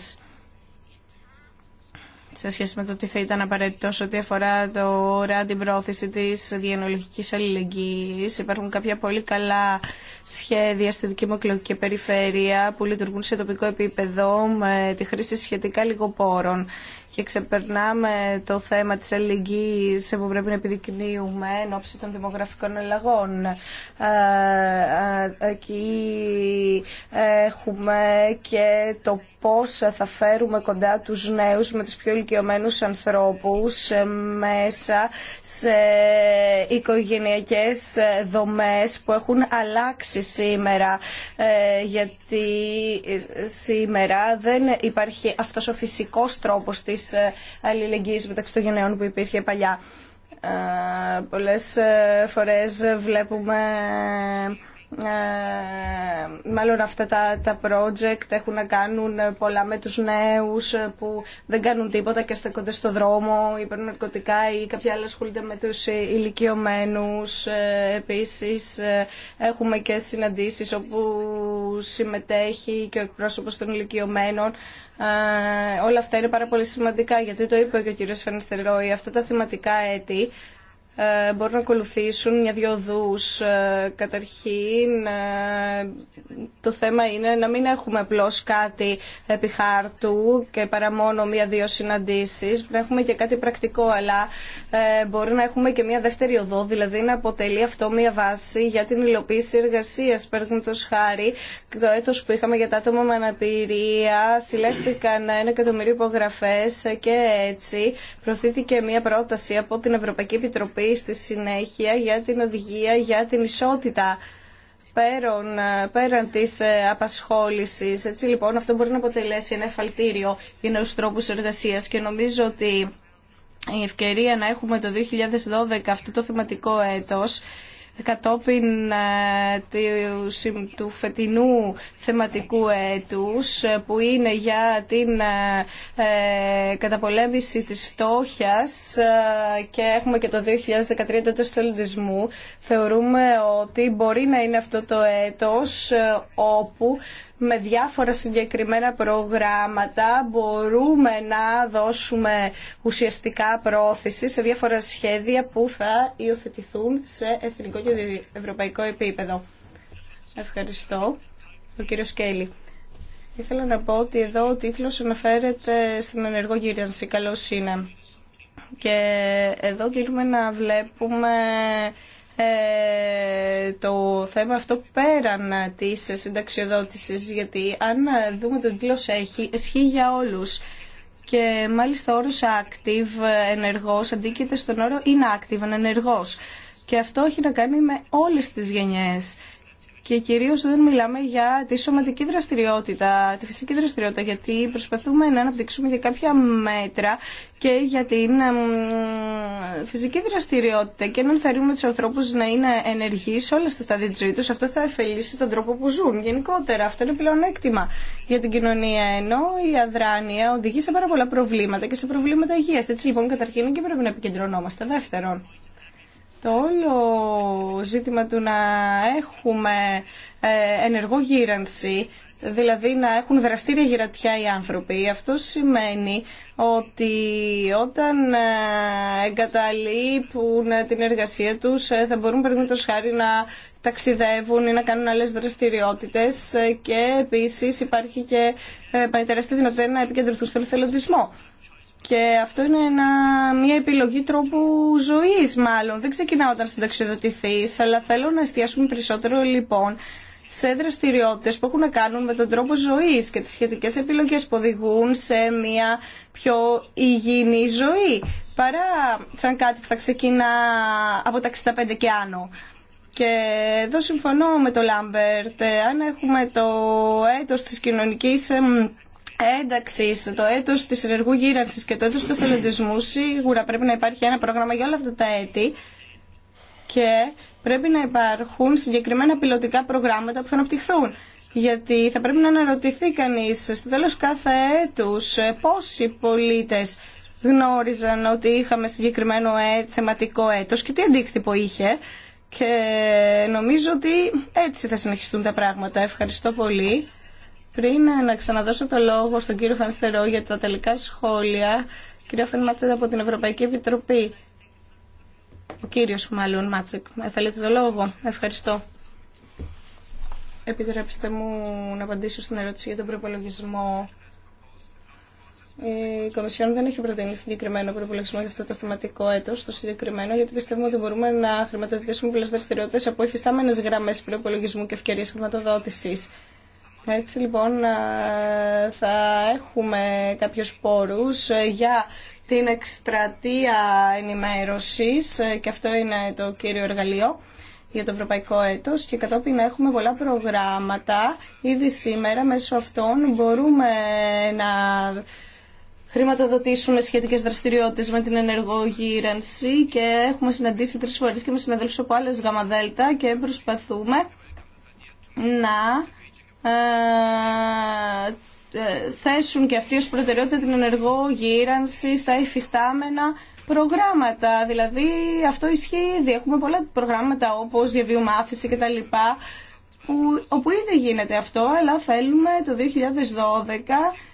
σε σχέση με το τι θα ήταν απαραίτητο σε ό,τι αφορά τώρα την πρόθεση της διανολογική αλληλεγγύη. Υπάρχουν κάποια πολύ καλά σχέδια στη δική μου εκλογική περιφέρεια που λειτουργούν σε τοπικό επίπεδο με τη χρήση σχετικά λιγοπόρων και ξεπερνάμε το θέμα της αλληλεγγύης που πρέπει να επιδεικνύουμε εν ώψη των δημογραφικών ελλαγών. Εκεί έχουμε και το πώς θα φέρουμε κοντά τους νέους με τους πιο ηλικιωμένους ανθρώπους μέσα σε οικογενειακές δομές που έχουν αλλάξει σήμερα ε, γιατί σήμερα δεν υπάρχει αυτός ο φυσικός τρόπος της της ε, αλληλεγγύης μεταξύ των γενναιών που υπήρχε παλιά. Ε, πολλές ε, φορές βλέπουμε ε, μάλλον αυτά τα, τα project έχουν να κάνουν πολλά με τους νέους που δεν κάνουν τίποτα και στεκόνται στο δρόμο ή παίρνουν ή κάποια άλλα ασχολούνται με τους ηλικιωμένους. Ε, επίσης ε, έχουμε και συναντήσεις όπου συμμετέχει και ο εκπρόσωπος των ηλικιωμένων. όλα αυτά είναι πάρα πολύ σημαντικά γιατί το είπε και ο κ. Φενιστερόη. Αυτά τα θεματικά έτη ε, μπορούν να ακολουθήσουν μια-δυο οδούς. Ε, καταρχήν, ε, το θέμα είναι να μην έχουμε απλώς κάτι επί χάρτου και παρά μόνο μια-δύο συναντήσεις. Να έχουμε και κάτι πρακτικό, αλλά μπορεί να έχουμε και μια δεύτερη οδό, δηλαδή να αποτελεί αυτό μια βάση για την υλοποίηση εργασίας. Παίρνουμε το χάρη, το έτος που είχαμε για τα άτομα με αναπηρία, συλλέχθηκαν ένα εκατομμύριο υπογραφές και έτσι προωθήθηκε μια πρόταση από την Ευρωπαϊκή Επιτροπή στη συνέχεια για την οδηγία για την ισότητα πέραν, πέραν της ε, απασχόλησης. Έτσι λοιπόν αυτό μπορεί να αποτελέσει ένα εφαλτήριο για νέους τρόπους εργασίας και νομίζω ότι η ευκαιρία να έχουμε το 2012 αυτό το θεματικό έτος κατόπιν ε, του φετινού θεματικού έτους ε, που είναι για την ε, καταπολέμηση της φτώχειας και έχουμε και το 2013 το έτος του ελληνισμού θεωρούμε ότι μπορεί να είναι αυτό το έτος όπου με διάφορα συγκεκριμένα προγράμματα μπορούμε να δώσουμε ουσιαστικά πρόθεση σε διάφορα σχέδια που θα υιοθετηθούν σε εθνικό και ευρωπαϊκό επίπεδο. Ευχαριστώ. Ο κύριος Κέλλη. Ήθελα να πω ότι εδώ ο τίτλος αναφέρεται στην ενεργό γύρανση. Καλώς είναι. Και εδώ τείνουμε να βλέπουμε ε, το θέμα αυτό πέραν της συνταξιοδότησης γιατί αν δούμε τον τίτλο έχει, ισχύει για όλους και μάλιστα ο όρος active ενεργός αντίκειται στον όρο inactive ενεργός και αυτό έχει να κάνει με όλες τις γενιές και κυρίως δεν μιλάμε για τη σωματική δραστηριότητα, τη φυσική δραστηριότητα, γιατί προσπαθούμε να αναπτύξουμε για κάποια μέτρα και για την φυσική δραστηριότητα και να ενθαρρύνουμε τους ανθρώπους να είναι ενεργοί σε όλα τα στάδια της ζωής τους. Αυτό θα εφελίσει τον τρόπο που ζουν γενικότερα. Αυτό είναι πλεονέκτημα για την κοινωνία, ενώ η αδράνεια οδηγεί σε πάρα πολλά προβλήματα και σε προβλήματα υγείας. Έτσι λοιπόν καταρχήν και πρέπει να επικεντρωνόμαστε. Δεύτερον, το όλο ζήτημα του να έχουμε ε, ενεργό γύρανση, δηλαδή να έχουν δραστήρια γυρατιά οι άνθρωποι, αυτό σημαίνει ότι όταν ε, εγκαταλείπουν την εργασία τους ε, θα μπορούν το χάρη να ταξιδεύουν ή να κάνουν άλλες δραστηριότητες και επίσης υπάρχει και πανητεραστή δυνατότητα να επικεντρωθούν στον εθελοντισμό. Και αυτό είναι μια επιλογή τρόπου ζωής μάλλον. Δεν ξεκινάω όταν συνταξιδοτηθεί, αλλά θέλω να εστιάσουμε περισσότερο λοιπόν σε δραστηριότητε που έχουν να κάνουν με τον τρόπο ζωή και τι σχετικέ επιλογέ που οδηγούν σε μια πιο υγιεινή ζωή, παρά σαν κάτι που θα ξεκινά από τα 65 και άνω. Και εδώ συμφωνώ με το Λάμπερτ, αν έχουμε το έτος της κοινωνικής ένταξη, το έτος της ενεργού γύρανσης και το έτος του εθελοντισμού σίγουρα πρέπει να υπάρχει ένα πρόγραμμα για όλα αυτά τα έτη και πρέπει να υπάρχουν συγκεκριμένα πιλωτικά προγράμματα που θα αναπτυχθούν. Γιατί θα πρέπει να αναρωτηθεί κανείς στο τέλος κάθε έτους ε, πόσοι πολίτες γνώριζαν ότι είχαμε συγκεκριμένο ε, θεματικό έτος και τι αντίκτυπο είχε. Και νομίζω ότι έτσι θα συνεχιστούν τα πράγματα. Ευχαριστώ πολύ. Πριν να ξαναδώσω το λόγο στον κύριο Φανστερό για τα τελικά σχόλια, κύριο Φανμάτσεκ από την Ευρωπαϊκή Επιτροπή. Ο κύριος μάλλον Μάτσεκ, ε, θέλετε το λόγο. Ευχαριστώ. Επιτρέψτε μου να απαντήσω στην ερώτηση για τον προπολογισμό. Η Κομισιόν δεν έχει προτείνει συγκεκριμένο προπολογισμό για αυτό το θεματικό έτος, το συγκεκριμένο, γιατί πιστεύουμε ότι μπορούμε να χρηματοδοτήσουμε πολλέ δραστηριότητε από υφιστάμενε γραμμέ προπολογισμού και ευκαιρίε χρηματοδότηση. Έτσι λοιπόν θα έχουμε κάποιους πόρους ε, για την εκστρατεία ενημέρωσης ε, και αυτό είναι το κύριο εργαλείο για το ευρωπαϊκό έτος και κατόπιν έχουμε πολλά προγράμματα. Ήδη σήμερα μέσω αυτών μπορούμε να χρηματοδοτήσουμε σχετικές δραστηριότητες με την ενεργό και έχουμε συναντήσει τρεις φορές και με συναδέλφους από άλλες γαμαδέλτα και προσπαθούμε να ε, ε, θέσουν και αυτοί ως προτεραιότητα την ενεργό γύρανση στα υφιστάμενα προγράμματα. Δηλαδή αυτό ισχύει ήδη. Έχουμε πολλά προγράμματα όπως διαβίωμα άθηση κτλ. Που, όπου ήδη γίνεται αυτό, αλλά θέλουμε το 2012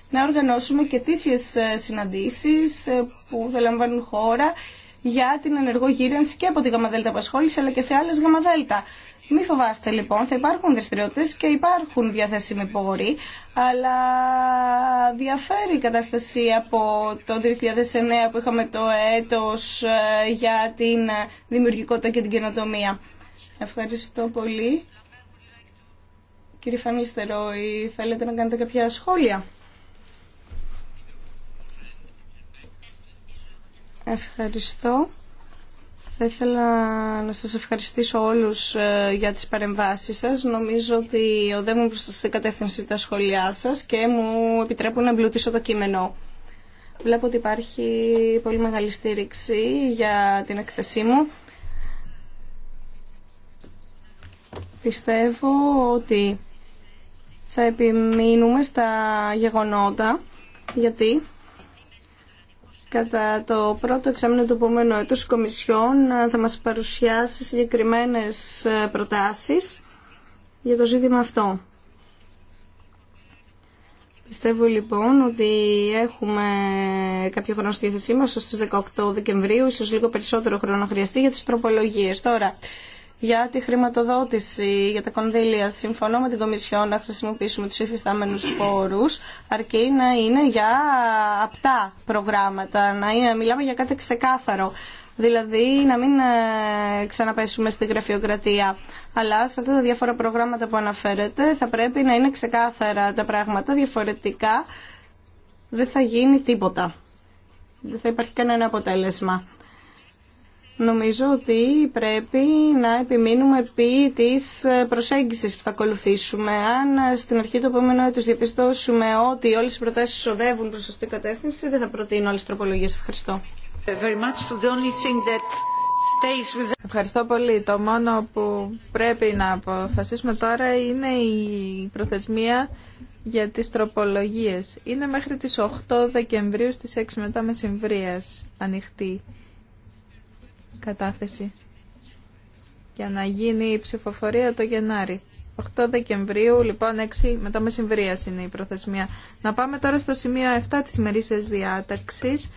να οργανώσουμε και τήσιες ε, συναντήσεις που θα λαμβάνουν χώρα για την ενεργό και από τη ΓΔ απασχόληση αλλά και σε άλλες ΓΔ. Μη φοβάστε λοιπόν, θα υπάρχουν δραστηριότητε και υπάρχουν διαθέσιμοι πόροι, αλλά διαφέρει η κατάσταση από το 2009 που είχαμε το έτος ε, για την δημιουργικότητα και την καινοτομία. Ευχαριστώ πολύ. Κύριε Φανίστερο, θέλετε να κάνετε κάποια σχόλια. Ευχαριστώ. Θα ήθελα να σας ευχαριστήσω όλους ε, για τις παρεμβάσεις σας. Νομίζω ότι οδεύουν προς την κατεύθυνση τα σχόλιά σας και μου επιτρέπουν να εμπλουτίσω το κείμενο. Βλέπω ότι υπάρχει πολύ μεγάλη στήριξη για την εκθεσή μου. Πιστεύω ότι θα επιμείνουμε στα γεγονότα, γιατί Κατά το πρώτο εξάμεινο του επόμενου έτους η Κομισιόν ε, θα μας παρουσιάσει συγκεκριμένες ε, προτάσεις για το ζήτημα αυτό. Πιστεύω λοιπόν ότι έχουμε ε, κάποιο χρόνο στη θέση μας στις 18 Δεκεμβρίου, ίσως λίγο περισσότερο χρόνο χρειαστεί για τις τροπολογίες. Τώρα, για τη χρηματοδότηση, για τα κονδύλια. Συμφωνώ με την Κομισιόν να χρησιμοποιήσουμε τους υφιστάμενους πόρους, αρκεί να είναι για απτά προγράμματα, να είναι, μιλάμε για κάτι ξεκάθαρο. Δηλαδή να μην ε, ξαναπέσουμε στη γραφειοκρατία. Αλλά σε αυτά τα διάφορα προγράμματα που αναφέρετε θα πρέπει να είναι ξεκάθαρα τα πράγματα. Διαφορετικά δεν θα γίνει τίποτα. Δεν θα υπάρχει κανένα αποτέλεσμα. Νομίζω ότι πρέπει να επιμείνουμε επί της προσέγγισης που θα ακολουθήσουμε. Αν στην αρχή του επόμενου έτους διαπιστώσουμε ότι όλες οι προτάσεις οδεύουν προς την κατεύθυνση, δεν θα προτείνω άλλες τροπολογίες. Ευχαριστώ. Ευχαριστώ πολύ. Το μόνο που πρέπει να αποφασίσουμε τώρα είναι η προθεσμία για τις τροπολογίες. Είναι μέχρι τις 8 Δεκεμβρίου στις 6 μετά μεσημβρίας ανοιχτή κατάθεση για να γίνει η ψηφοφορία το Γενάρη. 8 Δεκεμβρίου, λοιπόν, 6 μετά μεσημβρία είναι η προθεσμία. Να πάμε τώρα στο σημείο 7 της ημερήσιας διάταξης.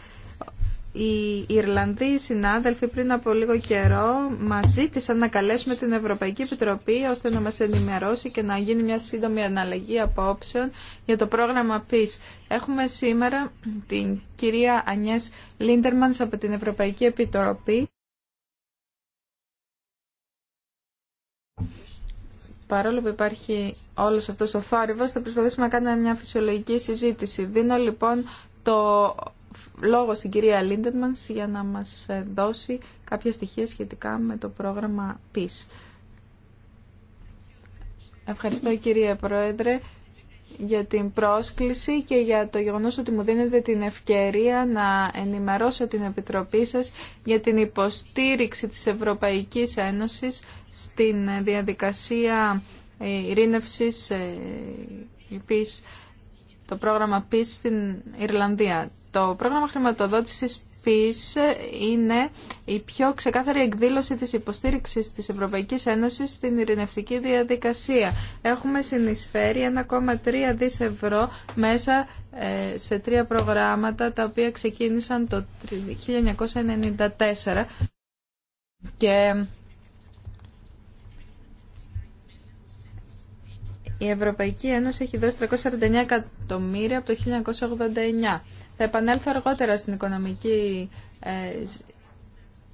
Οι Ιρλανδοί συνάδελφοι πριν από λίγο καιρό μας ζήτησαν να καλέσουμε την Ευρωπαϊκή Επιτροπή ώστε να μας ενημερώσει και να γίνει μια σύντομη αναλλαγή απόψεων για το πρόγραμμα PIS. Έχουμε σήμερα την κυρία Ανιές Λίντερμανς από την Ευρωπαϊκή Επιτροπή. παρόλο που υπάρχει όλο αυτό ο θόρυβο, θα προσπαθήσουμε να κάνουμε μια φυσιολογική συζήτηση. Δίνω λοιπόν το λόγο στην κυρία Λίντερμαν για να μας δώσει κάποια στοιχεία σχετικά με το πρόγραμμα PIS. Ευχαριστώ κυρία Πρόεδρε για την πρόσκληση και για το γεγονός ότι μου δίνετε την ευκαιρία να ενημερώσω την Επιτροπή σας για την υποστήριξη της Ευρωπαϊκής Ένωσης στην διαδικασία ε, ειρήνευσης ε, το πρόγραμμα PIS στην Ιρλανδία. Το πρόγραμμα χρηματοδότησης PIS είναι η πιο ξεκάθαρη εκδήλωση της υποστήριξης της Ευρωπαϊκής Ένωσης στην ειρηνευτική διαδικασία. Έχουμε συνεισφέρει 1,3 δις ευρώ μέσα ε, σε τρία προγράμματα τα οποία ξεκίνησαν το 1994 και Η Ευρωπαϊκή Ένωση έχει δώσει 349 εκατομμύρια από το 1989. Θα επανέλθω αργότερα στην οικονομική ε,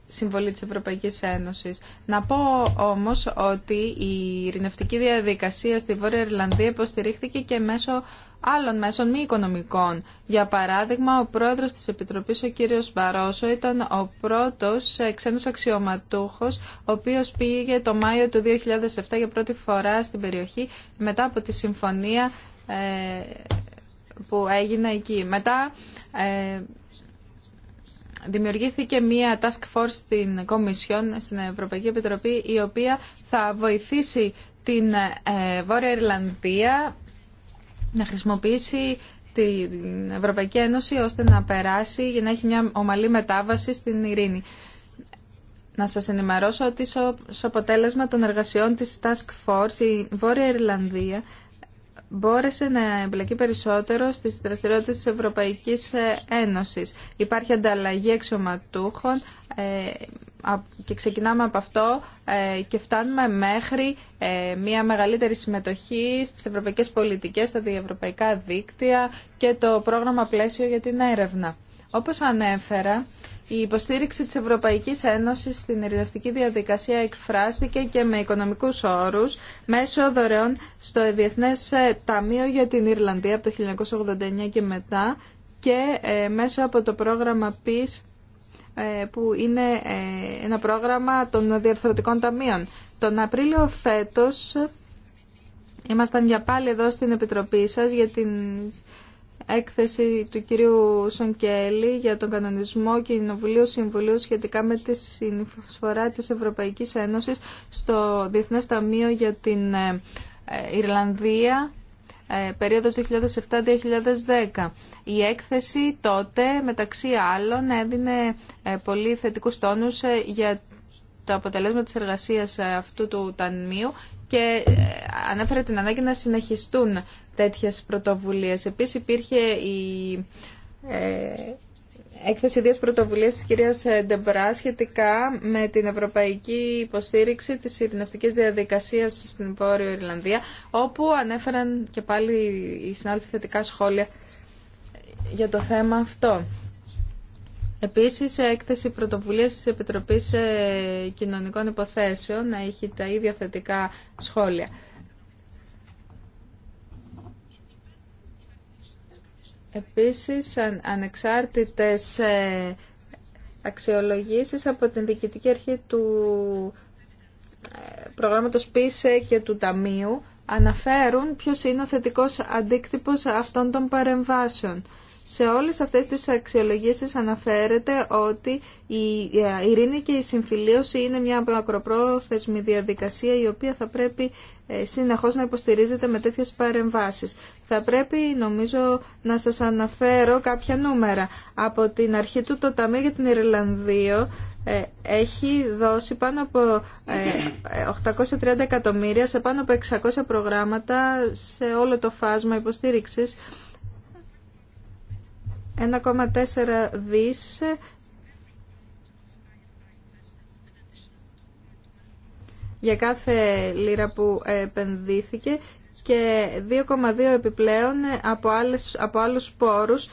συμβολή της Ευρωπαϊκής Ένωσης. Να πω όμως ότι η ειρηνευτική διαδικασία στη Βόρεια Ιρλανδία υποστηρίχθηκε και μέσω άλλων μέσων μη οικονομικών. Για παράδειγμα, ο πρόεδρος της Επιτροπής, ο κύριος Βαρόσο, ήταν ο πρώτος ε, ξένος αξιωματούχος, ο οποίος πήγε το Μάιο του 2007 για πρώτη φορά στην περιοχή, μετά από τη συμφωνία ε, που έγινε εκεί. Μετά ε, δημιουργήθηκε μία task force στην Κομισιόν, στην Ευρωπαϊκή Επιτροπή, η οποία θα βοηθήσει την Βόρεια Ιρλανδία να χρησιμοποιήσει την Ευρωπαϊκή Ένωση ώστε να περάσει για να έχει μια ομαλή μετάβαση στην ειρήνη. Να σας ενημερώσω ότι στο αποτέλεσμα των εργασιών της Task Force η Βόρεια Ιρλανδία μπόρεσε να εμπλακεί περισσότερο στις δραστηριότητες της Ευρωπαϊκής ε, Ένωσης. Υπάρχει ανταλλαγή εξωματούχων, ε, και ξεκινάμε από αυτό ε, και φτάνουμε μέχρι ε, μια μεγαλύτερη συμμετοχή στις ευρωπαϊκές πολιτικές, στα διευρωπαϊκά δίκτυα και το πρόγραμμα πλαίσιο για την έρευνα. Όπως ανέφερα, η υποστήριξη της Ευρωπαϊκής Ένωσης στην ειρηνευτική διαδικασία εκφράστηκε και με οικονομικούς όρους μέσω δωρεών στο Διεθνές ε, Ταμείο για την Ιρλανδία από το 1989 και μετά και μέσω από το πρόγραμμα Peace ε, που είναι ε, ένα πρόγραμμα των διαρθρωτικών ταμείων. Τον Απρίλιο φέτος ήμασταν για πάλι εδώ στην Επιτροπή σας για την έκθεση του κυρίου Σονκέλη για τον κανονισμό Κοινοβουλίου Συμβουλίου σχετικά με τη συνεισφορά της Ευρωπαϊκής Ένωσης στο Διεθνές Ταμείο για την ε, Ιρλανδία ε, περίοδος 2007-2010. Η έκθεση τότε, μεταξύ άλλων, έδινε ε, πολύ θετικούς τόνους ε, για το αποτελέσμα της εργασίας αυτού του ταμείου και ανέφερε την ανάγκη να συνεχιστούν τέτοιες πρωτοβουλίες. Επίσης υπήρχε η έκθεση δύο πρωτοβουλίας τη κυρίας Ντεμπρά σχετικά με την ευρωπαϊκή υποστήριξη της ειρηνευτικής διαδικασίας στην Βόρειο Ιρλανδία, όπου ανέφεραν και πάλι οι συνάδελφοι θετικά σχόλια για το θέμα αυτό. Επίσης, έκθεση πρωτοβουλία τη Επιτροπής ε, Κοινωνικών Υποθέσεων να έχει τα ίδια θετικά σχόλια. Επίσης, ανεξάρτητες ε, αξιολογήσεις από την διοικητική αρχή του ε, προγράμματος ΠΙΣΕ και του Ταμείου αναφέρουν ποιος είναι ο θετικός αντίκτυπος αυτών των παρεμβάσεων. Σε όλες αυτές τις αξιολογήσεις αναφέρεται ότι ε, η ειρήνη και η συμφιλίωση είναι μια μακροπρόθεσμη διαδικασία η οποία θα πρέπει ε, συνεχώς να υποστηρίζεται με τέτοιες παρεμβάσεις. Θα πρέπει νομίζω να σας αναφέρω κάποια νούμερα. Από την αρχή του το Ταμείο για την Ιρλανδία ε, έχει δώσει πάνω από 830 εκατομμύρια σε πάνω από 600 προγράμματα σε όλο το φάσμα υποστήριξης 1,4 δις για κάθε λίρα που επενδύθηκε και 2,2 επιπλέον από, άλλες, από άλλους πόρους.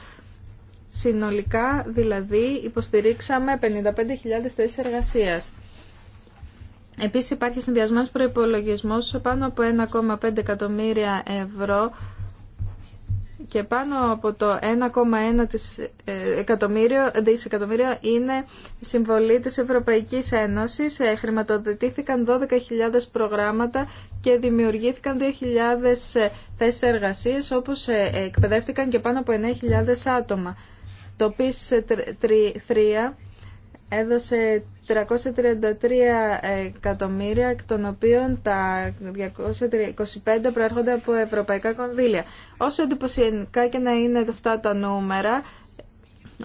Συνολικά δηλαδή υποστηρίξαμε 55.000 θέσεις εργασίας. Επίσης υπάρχει συνδυασμένος προϋπολογισμός πάνω από 1,5 εκατομμύρια ευρώ και πάνω από το 1,1 ε, εκατομμύριο, δισεκατομμύριο είναι συμβολή της Ευρωπαϊκής Ένωσης. Ε, χρηματοδοτήθηκαν 12.000 προγράμματα και δημιουργήθηκαν 2.000 θέσεις εργασίας όπως ε, εκπαιδεύτηκαν και πάνω από 9.000 άτομα. Το PIS 3 έδωσε 333 εκατομμύρια, εκ των οποίων τα 225 προέρχονται από ευρωπαϊκά κονδύλια. Όσο εντυπωσιακά και να είναι αυτά τα νούμερα,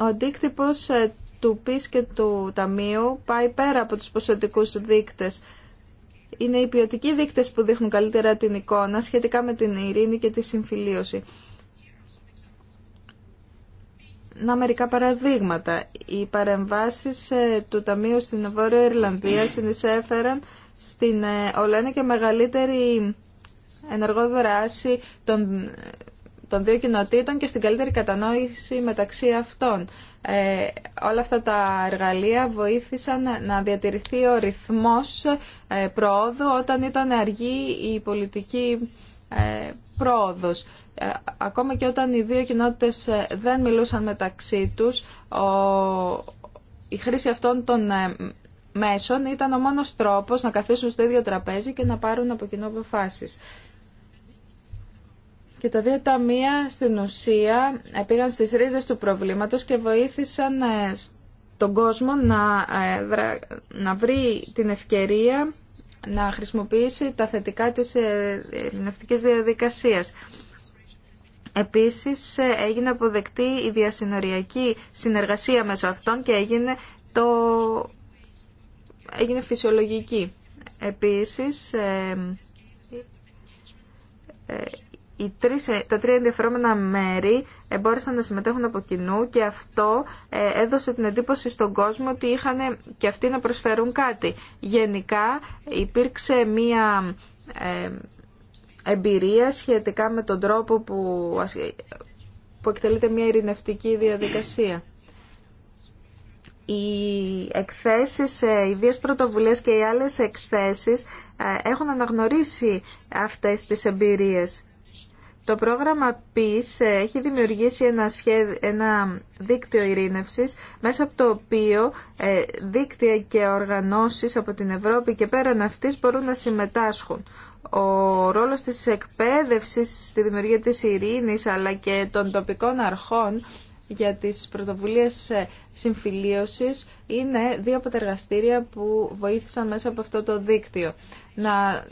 ο αντίκτυπος ε, του ΠΙΣ και του Ταμείου πάει πέρα από τους ποσοτικούς δείκτες. Είναι οι ποιοτικοί δείκτες που δείχνουν καλύτερα την εικόνα σχετικά με την ειρήνη και τη συμφιλίωση να μερικά παραδείγματα. Οι παρεμβάσεις ε, του Ταμείου στην Βόρεια Ιρλανδία συνεισέφεραν στην ε, ολένα και μεγαλύτερη ενεργό δράση των, των δύο κοινοτήτων και στην καλύτερη κατανόηση μεταξύ αυτών. Ε, όλα αυτά τα εργαλεία βοήθησαν να διατηρηθεί ο ρυθμός ε, προόδου όταν ήταν αργή η πολιτική ε, πρόοδος. Ε, ακόμα και όταν οι δύο κοινότητες ε, δεν μιλούσαν μεταξύ τους, η χρήση αυτών των μέσων ήταν ο μόνος τρόπος να καθίσουν στο ίδιο τραπέζι και να πάρουν από κοινό αποφάσεις. Και τα δύο ταμεία στην ουσία πήγαν στις ρίζες του προβλήματος και βοήθησαν τον κόσμο να, να βρει την ευκαιρία να χρησιμοποιήσει τα θετικά της ε, ειρηνευτικής διαδικασίας. Επίσης ε, έγινε αποδεκτή η διασυνοριακή συνεργασία μέσω αυτών και έγινε, το... έγινε φυσιολογική. Επίσης, ε, οι τρεις, τα τρία ενδιαφερόμενα μέρη εμπόρεσαν να συμμετέχουν από κοινού και αυτό ε, έδωσε την εντύπωση στον κόσμο ότι είχαν και αυτοί να προσφέρουν κάτι. Γενικά υπήρξε μία ε, εμπειρία σχετικά με τον τρόπο που, που εκτελείται μία ειρηνευτική διαδικασία. Οι εκθέσεις, ε, οι δύο πρωτοβουλίες και οι άλλες εκθέσεις έχουν αναγνωρίσει αυτές τις εμπειρίες. Το πρόγραμμα PEACE ε, έχει δημιουργήσει ένα, ένα δίκτυο ειρήνευσης μέσα από το οποίο ε, δίκτυα και οργανώσεις από την Ευρώπη και πέραν αυτής μπορούν να συμμετάσχουν. Ο ρόλος της εκπαίδευσης στη δημιουργία της ειρήνης αλλά και των τοπικών αρχών για τις πρωτοβουλίες ε, συμφιλίωσης είναι δύο από τα εργαστήρια που βοήθησαν μέσα από αυτό το δίκτυο. Να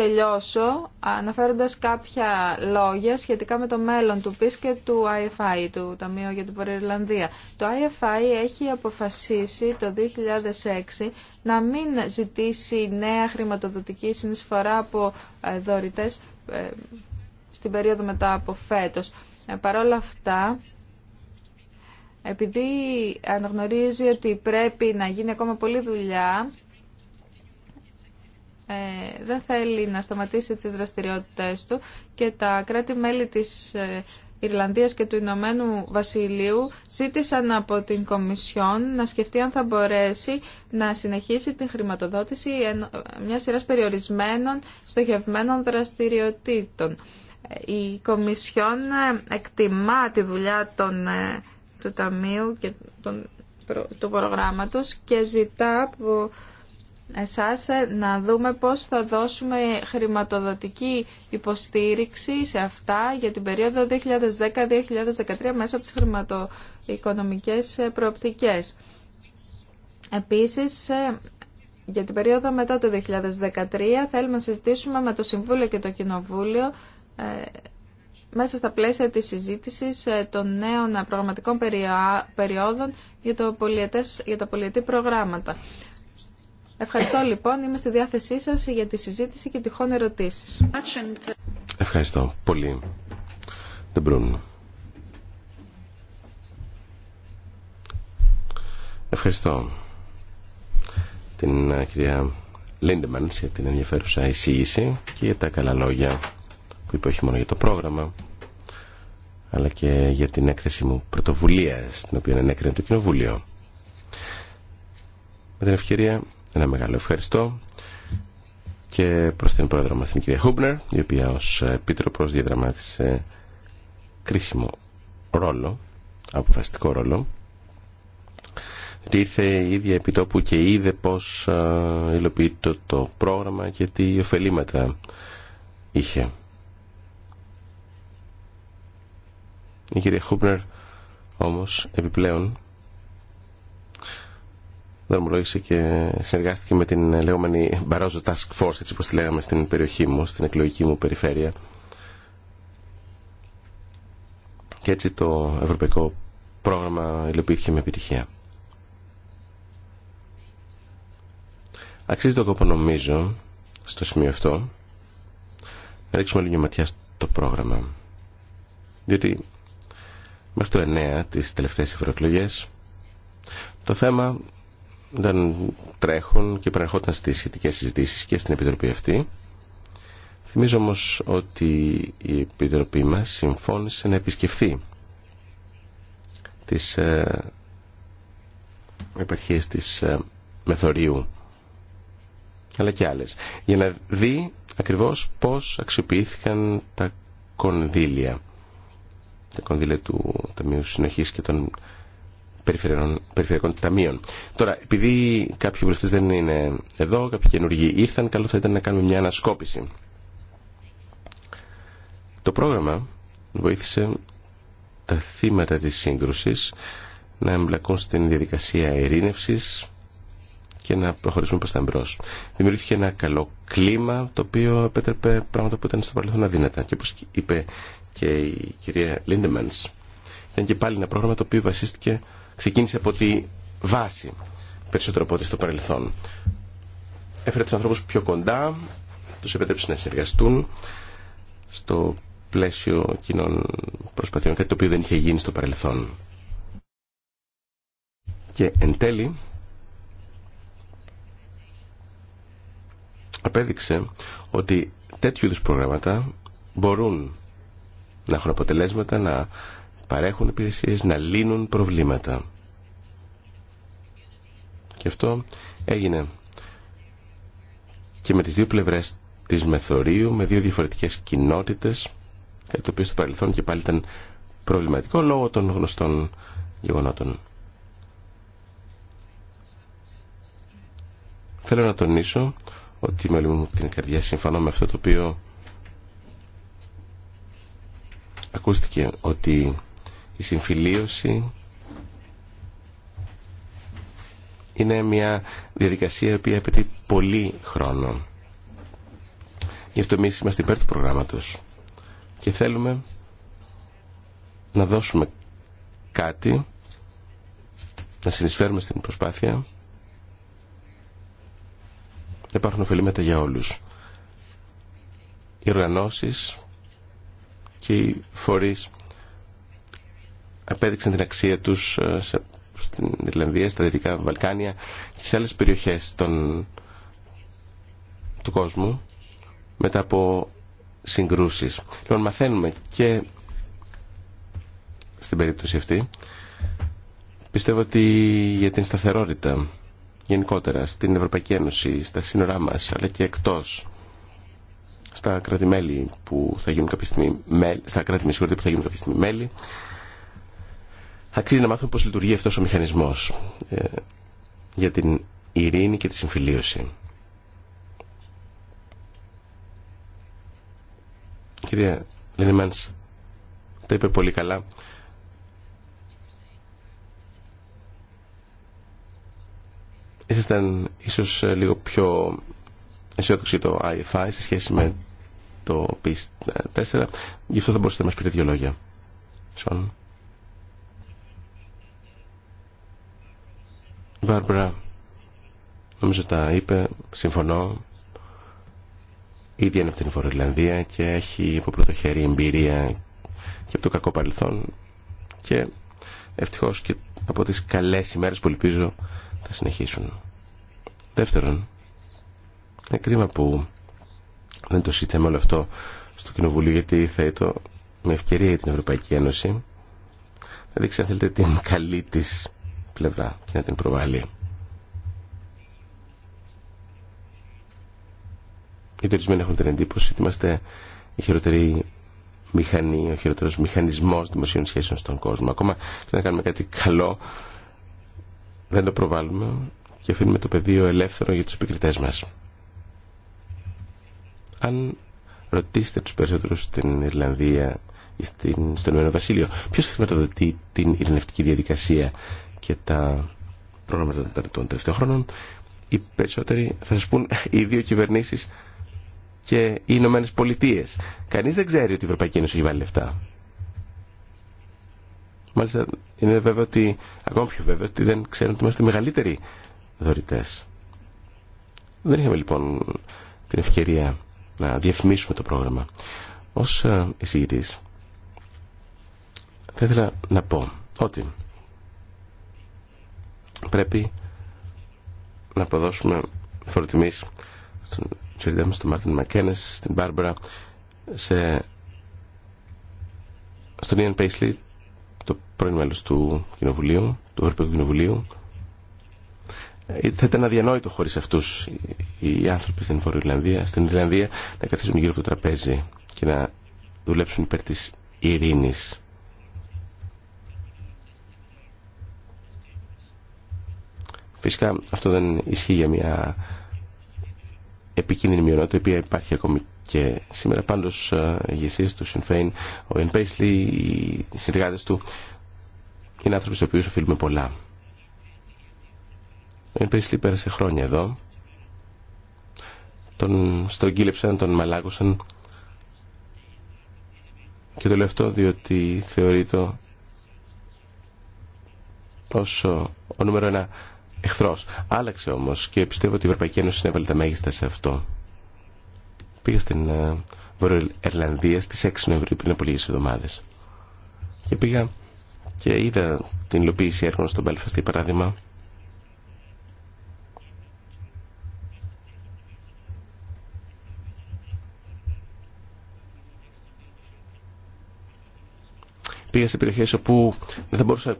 τελειώσω αναφέροντας κάποια λόγια σχετικά με το μέλλον του ΠΙΣ και του IFI, του Ταμείου για την Πορειρλανδία. Το IFI έχει αποφασίσει το 2006 να μην ζητήσει νέα χρηματοδοτική συνεισφορά από ε, δωρητές ε, στην περίοδο μετά από φέτος. Ε, Παρ' όλα αυτά, επειδή αναγνωρίζει ότι πρέπει να γίνει ακόμα πολλή δουλειά, ε, δεν θέλει να σταματήσει τις δραστηριότητες του και τα κράτη-μέλη της ε, Ιρλανδίας και του Ηνωμένου Βασιλείου ζήτησαν από την Κομισιόν να σκεφτεί αν θα μπορέσει να συνεχίσει την χρηματοδότηση μια σειράς περιορισμένων στοχευμένων δραστηριοτήτων. Ε, η Κομισιόν εκτιμά τη δουλειά των, του Ταμείου και του προγράμματος και ζητά από εσάς ε, να δούμε πώς θα δώσουμε χρηματοδοτική υποστήριξη σε αυτά για την περίοδο 2010-2013 μέσα από τις χρηματοοικονομικές ε, προοπτικές. Επίσης, ε, για την περίοδο μετά το 2013 θέλουμε να συζητήσουμε με το Συμβούλιο και το Κοινοβούλιο μέσα στα πλαίσια της συζήτησης των νέων προγραμματικών περιόδων για, το για τα πολιετή προγράμματα. Ευχαριστώ λοιπόν, είμαι στη διάθεσή σας για τη συζήτηση και τυχόν ερωτήσεις. Ευχαριστώ πολύ. μπορούμε. Ευχαριστώ την ε, κυρία Λίντεμαν για την ενδιαφέρουσα εισήγηση και για τα καλά λόγια που είπε όχι μόνο για το πρόγραμμα αλλά και για την έκθεση μου πρωτοβουλία στην οποία ενέκρινε το Κοινοβούλιο. Με την ευκαιρία ένα μεγάλο ευχαριστώ και προς την πρόεδρο μας την κυρία Χούμπνερ η οποία ως επίτροπος διαδραμάτισε κρίσιμο ρόλο αποφασιστικό ρόλο ήρθε η ίδια επιτόπου και είδε πως υλοποιείται το πρόγραμμα και τι ωφελήματα είχε η κυρία Χούμπνερ όμως επιπλέον δρομολόγησε και συνεργάστηκε με την λεγόμενη Barroso Task Force, έτσι όπως τη λέγαμε στην περιοχή μου, στην εκλογική μου περιφέρεια. Και έτσι το ευρωπαϊκό πρόγραμμα υλοποιήθηκε με επιτυχία. Αξίζει το κόπο νομίζω στο σημείο αυτό να ρίξουμε λίγο ματιά στο πρόγραμμα. Διότι μέχρι το 9 τις τελευταίες ευρωεκλογές το θέμα όταν τρέχουν και παρερχόταν στις σχετικές συζητήσεις και στην Επιτροπή αυτή. Θυμίζω όμω ότι η Επιτροπή μας συμφώνησε να επισκεφθεί τις ε, επαρχίες της ε, Μεθορίου αλλά και άλλες για να δει ακριβώς πώς αξιοποιήθηκαν τα κονδύλια τα κονδύλια του Ταμείου Συνοχής και των περιφερειακών ταμείων. Τώρα, επειδή κάποιοι βουλευτέ δεν είναι εδώ, κάποιοι καινούργοι ήρθαν, καλό θα ήταν να κάνουμε μια ανασκόπηση. Το πρόγραμμα βοήθησε τα θύματα της σύγκρουσης να εμπλακούν στην διαδικασία ειρήνευσης και να προχωρήσουν προς τα μπρος. Δημιουργήθηκε ένα καλό κλίμα το οποίο επέτρεπε πράγματα που ήταν στο παρελθόν αδύνατα και όπως είπε και η κυρία Λίντεμανς ήταν και πάλι ένα πρόγραμμα το οποίο βασίστηκε ξεκίνησε από τη βάση περισσότερο από ό,τι στο παρελθόν. Έφερε τους ανθρώπους πιο κοντά, τους επέτρεψε να συνεργαστούν στο πλαίσιο κοινών προσπαθειών, κάτι το οποίο δεν είχε γίνει στο παρελθόν. Και εν τέλει απέδειξε ότι τέτοιου είδους προγράμματα μπορούν να έχουν αποτελέσματα, να παρέχουν υπηρεσίες, να λύνουν προβλήματα. Και αυτό έγινε και με τις δύο πλευρές της Μεθορίου, με δύο διαφορετικές κοινότητες, κάτι το οποίο στο παρελθόν και πάλι ήταν προβληματικό λόγω των γνωστών γεγονότων. Θέλω να τονίσω ότι με όλη μου την καρδιά συμφωνώ με αυτό το οποίο ακούστηκε ότι η συμφιλίωση είναι μια διαδικασία η οποία απαιτεί πολύ χρόνο. Γι' αυτό εμεί είμαστε υπέρ του προγράμματος και θέλουμε να δώσουμε κάτι, να συνεισφέρουμε στην προσπάθεια, να υπάρχουν ωφελήματα για όλους. Οι οργανώσεις και οι φορείς απέδειξαν την αξία τους ε, στην Ιρλανδία, στα Δυτικά Βαλκάνια και σε άλλες περιοχές του κόσμου μετά από συγκρούσεις. Λοιπόν, μαθαίνουμε και στην περίπτωση αυτή πιστεύω ότι για την σταθερότητα γενικότερα στην Ευρωπαϊκή Ένωση, στα σύνορά μας αλλά και εκτός στα κράτη-μέλη που θα γίνουν κάποια στιγμή στα κράτη που θα γίνουν κάποια στιγμή μέλη θα Αξίζει να μάθουμε πώς λειτουργεί αυτός ο μηχανισμός ε, για την ειρήνη και τη συμφιλίωση. Κυρία Λενιμάνς, τα είπε πολύ καλά. Ήσασταν ίσως ε, λίγο πιο αισιόδοξοι το IFI σε σχέση με το PIS 4. Γι' αυτό θα μπορούσατε να μας πείτε δύο λόγια. Σον. Μπάρμπρα, νομίζω τα είπε, συμφωνώ. Ήδη είναι από την και έχει από πρώτο χέρι εμπειρία και από το κακό παρελθόν και ευτυχώς και από τις καλές ημέρες που ελπίζω θα συνεχίσουν. Δεύτερον, είναι κρίμα που δεν το συζητάμε όλο αυτό στο Κοινοβούλιο γιατί θα το με ευκαιρία για την Ευρωπαϊκή Ένωση να δείξει αν θέλετε την καλή της πλευρά και να την προβάλλει. Οι ορισμένοι έχουν την εντύπωση ότι είμαστε η χειροτερή μηχανή, ο χειροτερός μηχανισμός δημοσίων σχέσεων στον κόσμο. Ακόμα και να κάνουμε κάτι καλό, δεν το προβάλλουμε και αφήνουμε το πεδίο ελεύθερο για τους επικριτές μας. Αν ρωτήσετε τους περισσότερους στην Ιρλανδία ή στον Ηνωμένο Βασίλειο, ποιος χρηματοδοτεί την ειρηνευτική διαδικασία και τα πρόγραμματα των τελευταίων χρόνων, οι περισσότεροι θα σας πούν οι δύο κυβερνήσεις και οι Ηνωμένε Πολιτείε. Κανείς δεν ξέρει ότι η Ευρωπαϊκή Ένωση έχει βάλει λεφτά. Μάλιστα είναι βέβαιο ότι, ακόμα πιο βέβαιο, ότι δεν ξέρουν ότι είμαστε μεγαλύτεροι δωρητέ. Δεν είχαμε λοιπόν την ευκαιρία να διαφημίσουμε το πρόγραμμα. Ως ε, εισηγητής θα ήθελα να πω ότι πρέπει να αποδώσουμε φοροτιμής στον Τσιριδέ στον Μάρτιν Μακένες, στην Μπάρμπαρα, σε... στον Ιαν Πέισλι, το πρώην μέλο του Κοινοβουλίου, του Ευρωπαϊκού Κοινοβουλίου. Ε, θα ήταν αδιανόητο χωρί αυτούς οι άνθρωποι στην Ιρλανδία, στην Ιρλανδία, να καθίσουν γύρω από το τραπέζι και να δουλέψουν υπέρ της ειρήνης. Φυσικά αυτό δεν ισχύει για μια επικίνδυνη μειονότητα, η οποία υπάρχει ακόμη και σήμερα. Πάντω η ε, ηγεσίε του Σινφέιν, ο Εν Πέισλι, οι συνεργάτε του, είναι άνθρωποι στου οποίου οφείλουμε πολλά. Ο Εν Πέισλι πέρασε χρόνια εδώ. Τον στρογγύλεψαν, τον μαλάκωσαν. Και το λέω αυτό διότι θεωρείται πόσο ο νούμερο ένα Εχθρό. Άλλαξε όμω και πιστεύω ότι η Ευρωπαϊκή Ένωση συνέβαλε τα μέγιστα σε αυτό. Πήγα στην ε, Βόρεια Ιρλανδία στις 6 Νοεμβρίου πριν από λίγε εβδομάδες. Και πήγα και είδα την υλοποίηση έργων στον Belfast, παράδειγμα, πήγα σε περιοχέ όπου δεν θα μπορούσα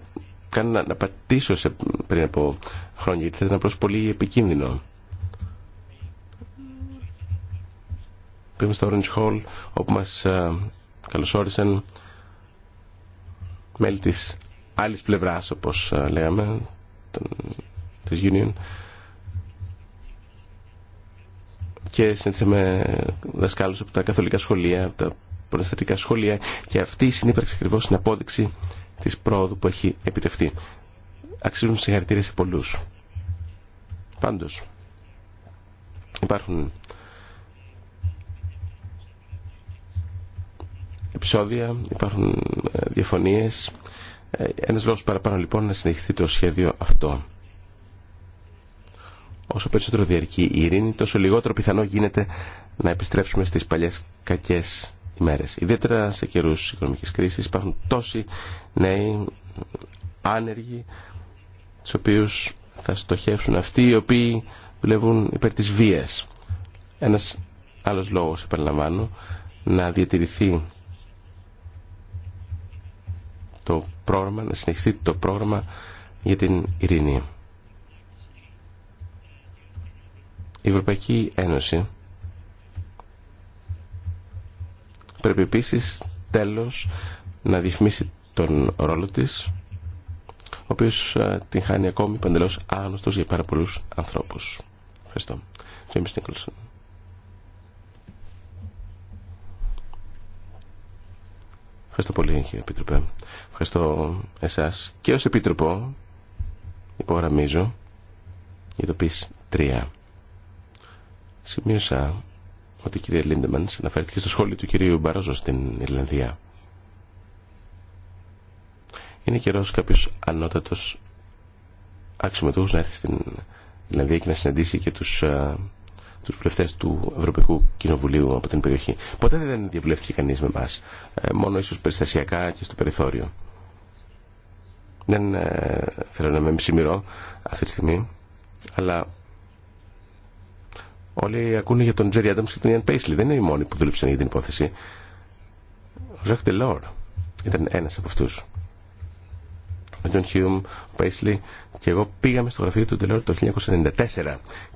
κάνει να, να πατήσω σε, πριν από χρόνια γιατί θα ήταν απλώς πολύ επικίνδυνο. Πήγαμε στο Orange Hall όπου μας α, ε, καλωσόρισαν μέλη της άλλης πλευράς όπως α, ε, λέγαμε τον, της Union και συνήθισα με δασκάλους από τα καθολικά σχολεία, από τα Προστατικά σχόλια και αυτή η συνύπαρξη ακριβώ είναι απόδειξη τη πρόοδου που έχει επιτευχθεί. Αξίζουν συγχαρητήρια σε πολλού. Πάντω, υπάρχουν επεισόδια, υπάρχουν ε, διαφωνίε. Ε, Ένα λόγο παραπάνω λοιπόν να συνεχιστεί το σχέδιο αυτό. Όσο περισσότερο διαρκεί η ειρήνη, τόσο λιγότερο πιθανό γίνεται να επιστρέψουμε στις παλιές κακές ημέρες. Ιδιαίτερα σε καιρούς οικονομικής κρίσης υπάρχουν τόσοι νέοι άνεργοι τους οποίους θα στοχεύσουν αυτοί οι οποίοι δουλεύουν υπέρ της βίας. Ένας άλλος λόγος, επαναλαμβάνω, να διατηρηθεί το πρόγραμμα, να συνεχιστεί το πρόγραμμα για την ειρήνη. Η Ευρωπαϊκή Ένωση Πρέπει επίση τέλος να διαφημίσει τον ρόλο της ο οποίο ε, την χάνει ακόμη παντελώ άγνωστο για πάρα πολλούς ανθρώπους. Ευχαριστώ. James Nicholson. Ευχαριστώ πολύ κύριε Επίτροπε. Ευχαριστώ εσάς και ως Επίτροπο υπογραμμίζω για το πει 3. Σημείωσα ότι η κυρία Λίντεμαν αναφέρθηκε στο σχόλιο του κυρίου Μπαρόζο στην Ιρλανδία. Είναι καιρό κάποιο ανώτατο αξιωματούχο να έρθει στην Ιρλανδία και να συναντήσει και του ε, τους βουλευτές του Ευρωπαϊκού Κοινοβουλίου από την περιοχή. Ποτέ δεν διαβουλεύτηκε κανεί με εμά. Ε, μόνο ίσω περιστασιακά και στο περιθώριο. Δεν ε, θέλω να με μισημερώ αυτή τη στιγμή, αλλά Όλοι ακούνε για τον Τζέρι Adams και τον Ιαν Πέισλι. Δεν είναι οι μόνοι που δούλεψαν για την υπόθεση. Ο Ζακ Τελόρ ήταν ένας από αυτούς. Ο Τζον Χιούμ, ο Πέισλι και εγώ πήγαμε στο γραφείο του Τελόρ το 1994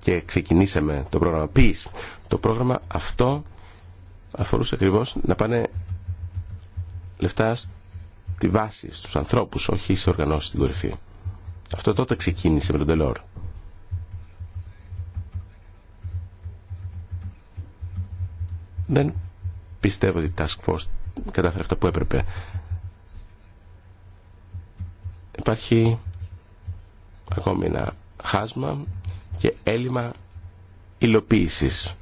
και ξεκινήσαμε το πρόγραμμα Peace. Το πρόγραμμα αυτό αφορούσε ακριβώ να πάνε λεφτά στη βάση, στους ανθρώπους, όχι σε οργανώσει στην κορυφή. Αυτό τότε ξεκίνησε με τον Τελόρ. Δεν πιστεύω ότι η Task Force κατάφερε αυτό που έπρεπε. Υπάρχει ακόμη ένα χάσμα και έλλειμμα υλοποίησης.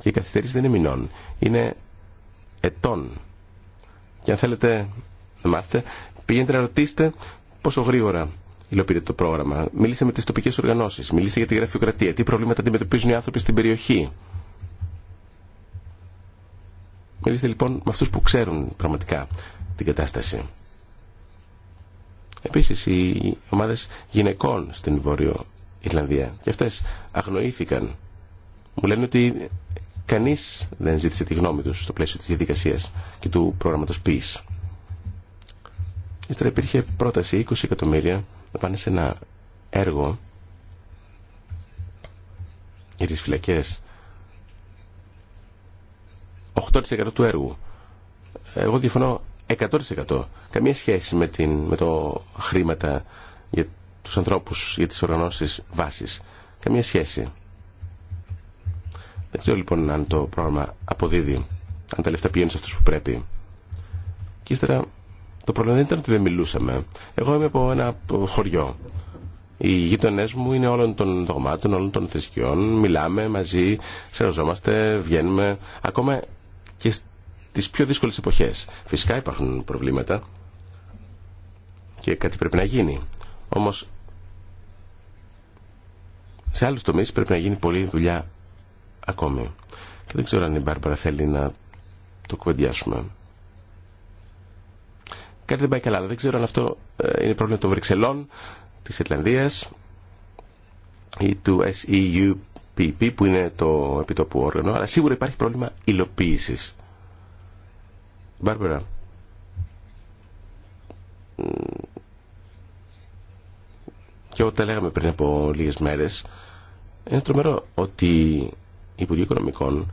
Και η καθυστέρηση δεν είναι μηνών, είναι ετών. Και αν θέλετε να μάθετε, πηγαίνετε να ρωτήσετε πόσο γρήγορα υλοποιείτε το πρόγραμμα. Μιλήστε με τι τοπικέ οργανώσει, μιλήστε για τη γραφειοκρατία, τι προβλήματα αντιμετωπίζουν οι άνθρωποι στην περιοχή. Μιλήστε λοιπόν με αυτού που ξέρουν πραγματικά την κατάσταση. Επίση, οι ομάδε γυναικών στην Βόρειο Ιρλανδία. Και αυτέ αγνοήθηκαν. Μου λένε ότι κανεί δεν ζήτησε τη γνώμη του στο πλαίσιο τη διαδικασία και του πρόγραμματο ποιης. Ύστερα υπήρχε πρόταση 20 εκατομμύρια θα πάνε σε ένα έργο για τις φυλακές 8% του έργου. Εγώ διαφωνώ 100%. Καμία σχέση με, την, με το χρήματα για τους ανθρώπους, για τις οργανώσεις βάσης. Καμία σχέση. Δεν ξέρω λοιπόν αν το πρόγραμμα αποδίδει, αν τα λεφτά πηγαίνουν σε αυτούς που πρέπει. Και ύστερα το πρόβλημα δεν ήταν ότι δεν μιλούσαμε. Εγώ είμαι από ένα χωριό. Οι γείτονέ μου είναι όλων των δογμάτων, όλων των θρησκειών. Μιλάμε μαζί, ξεροζόμαστε, βγαίνουμε. Ακόμα και στι πιο δύσκολε εποχέ. Φυσικά υπάρχουν προβλήματα και κάτι πρέπει να γίνει. Όμω σε άλλου τομεί πρέπει να γίνει πολλή δουλειά ακόμη. Και δεν ξέρω αν η Μπάρμπαρα θέλει να το κουβεντιάσουμε κάτι δεν πάει καλά. Δεν ξέρω αν αυτό ε, είναι πρόβλημα των Βρυξελών, τη Ιρλανδία ή του SEUPP που είναι το επιτόπου όργανο, αλλά σίγουρα υπάρχει πρόβλημα υλοποίηση. Μπάρμπερα, και όταν λέγαμε πριν από λίγε μέρε είναι τρομερό ότι οι Υπουργοί Οικονομικών,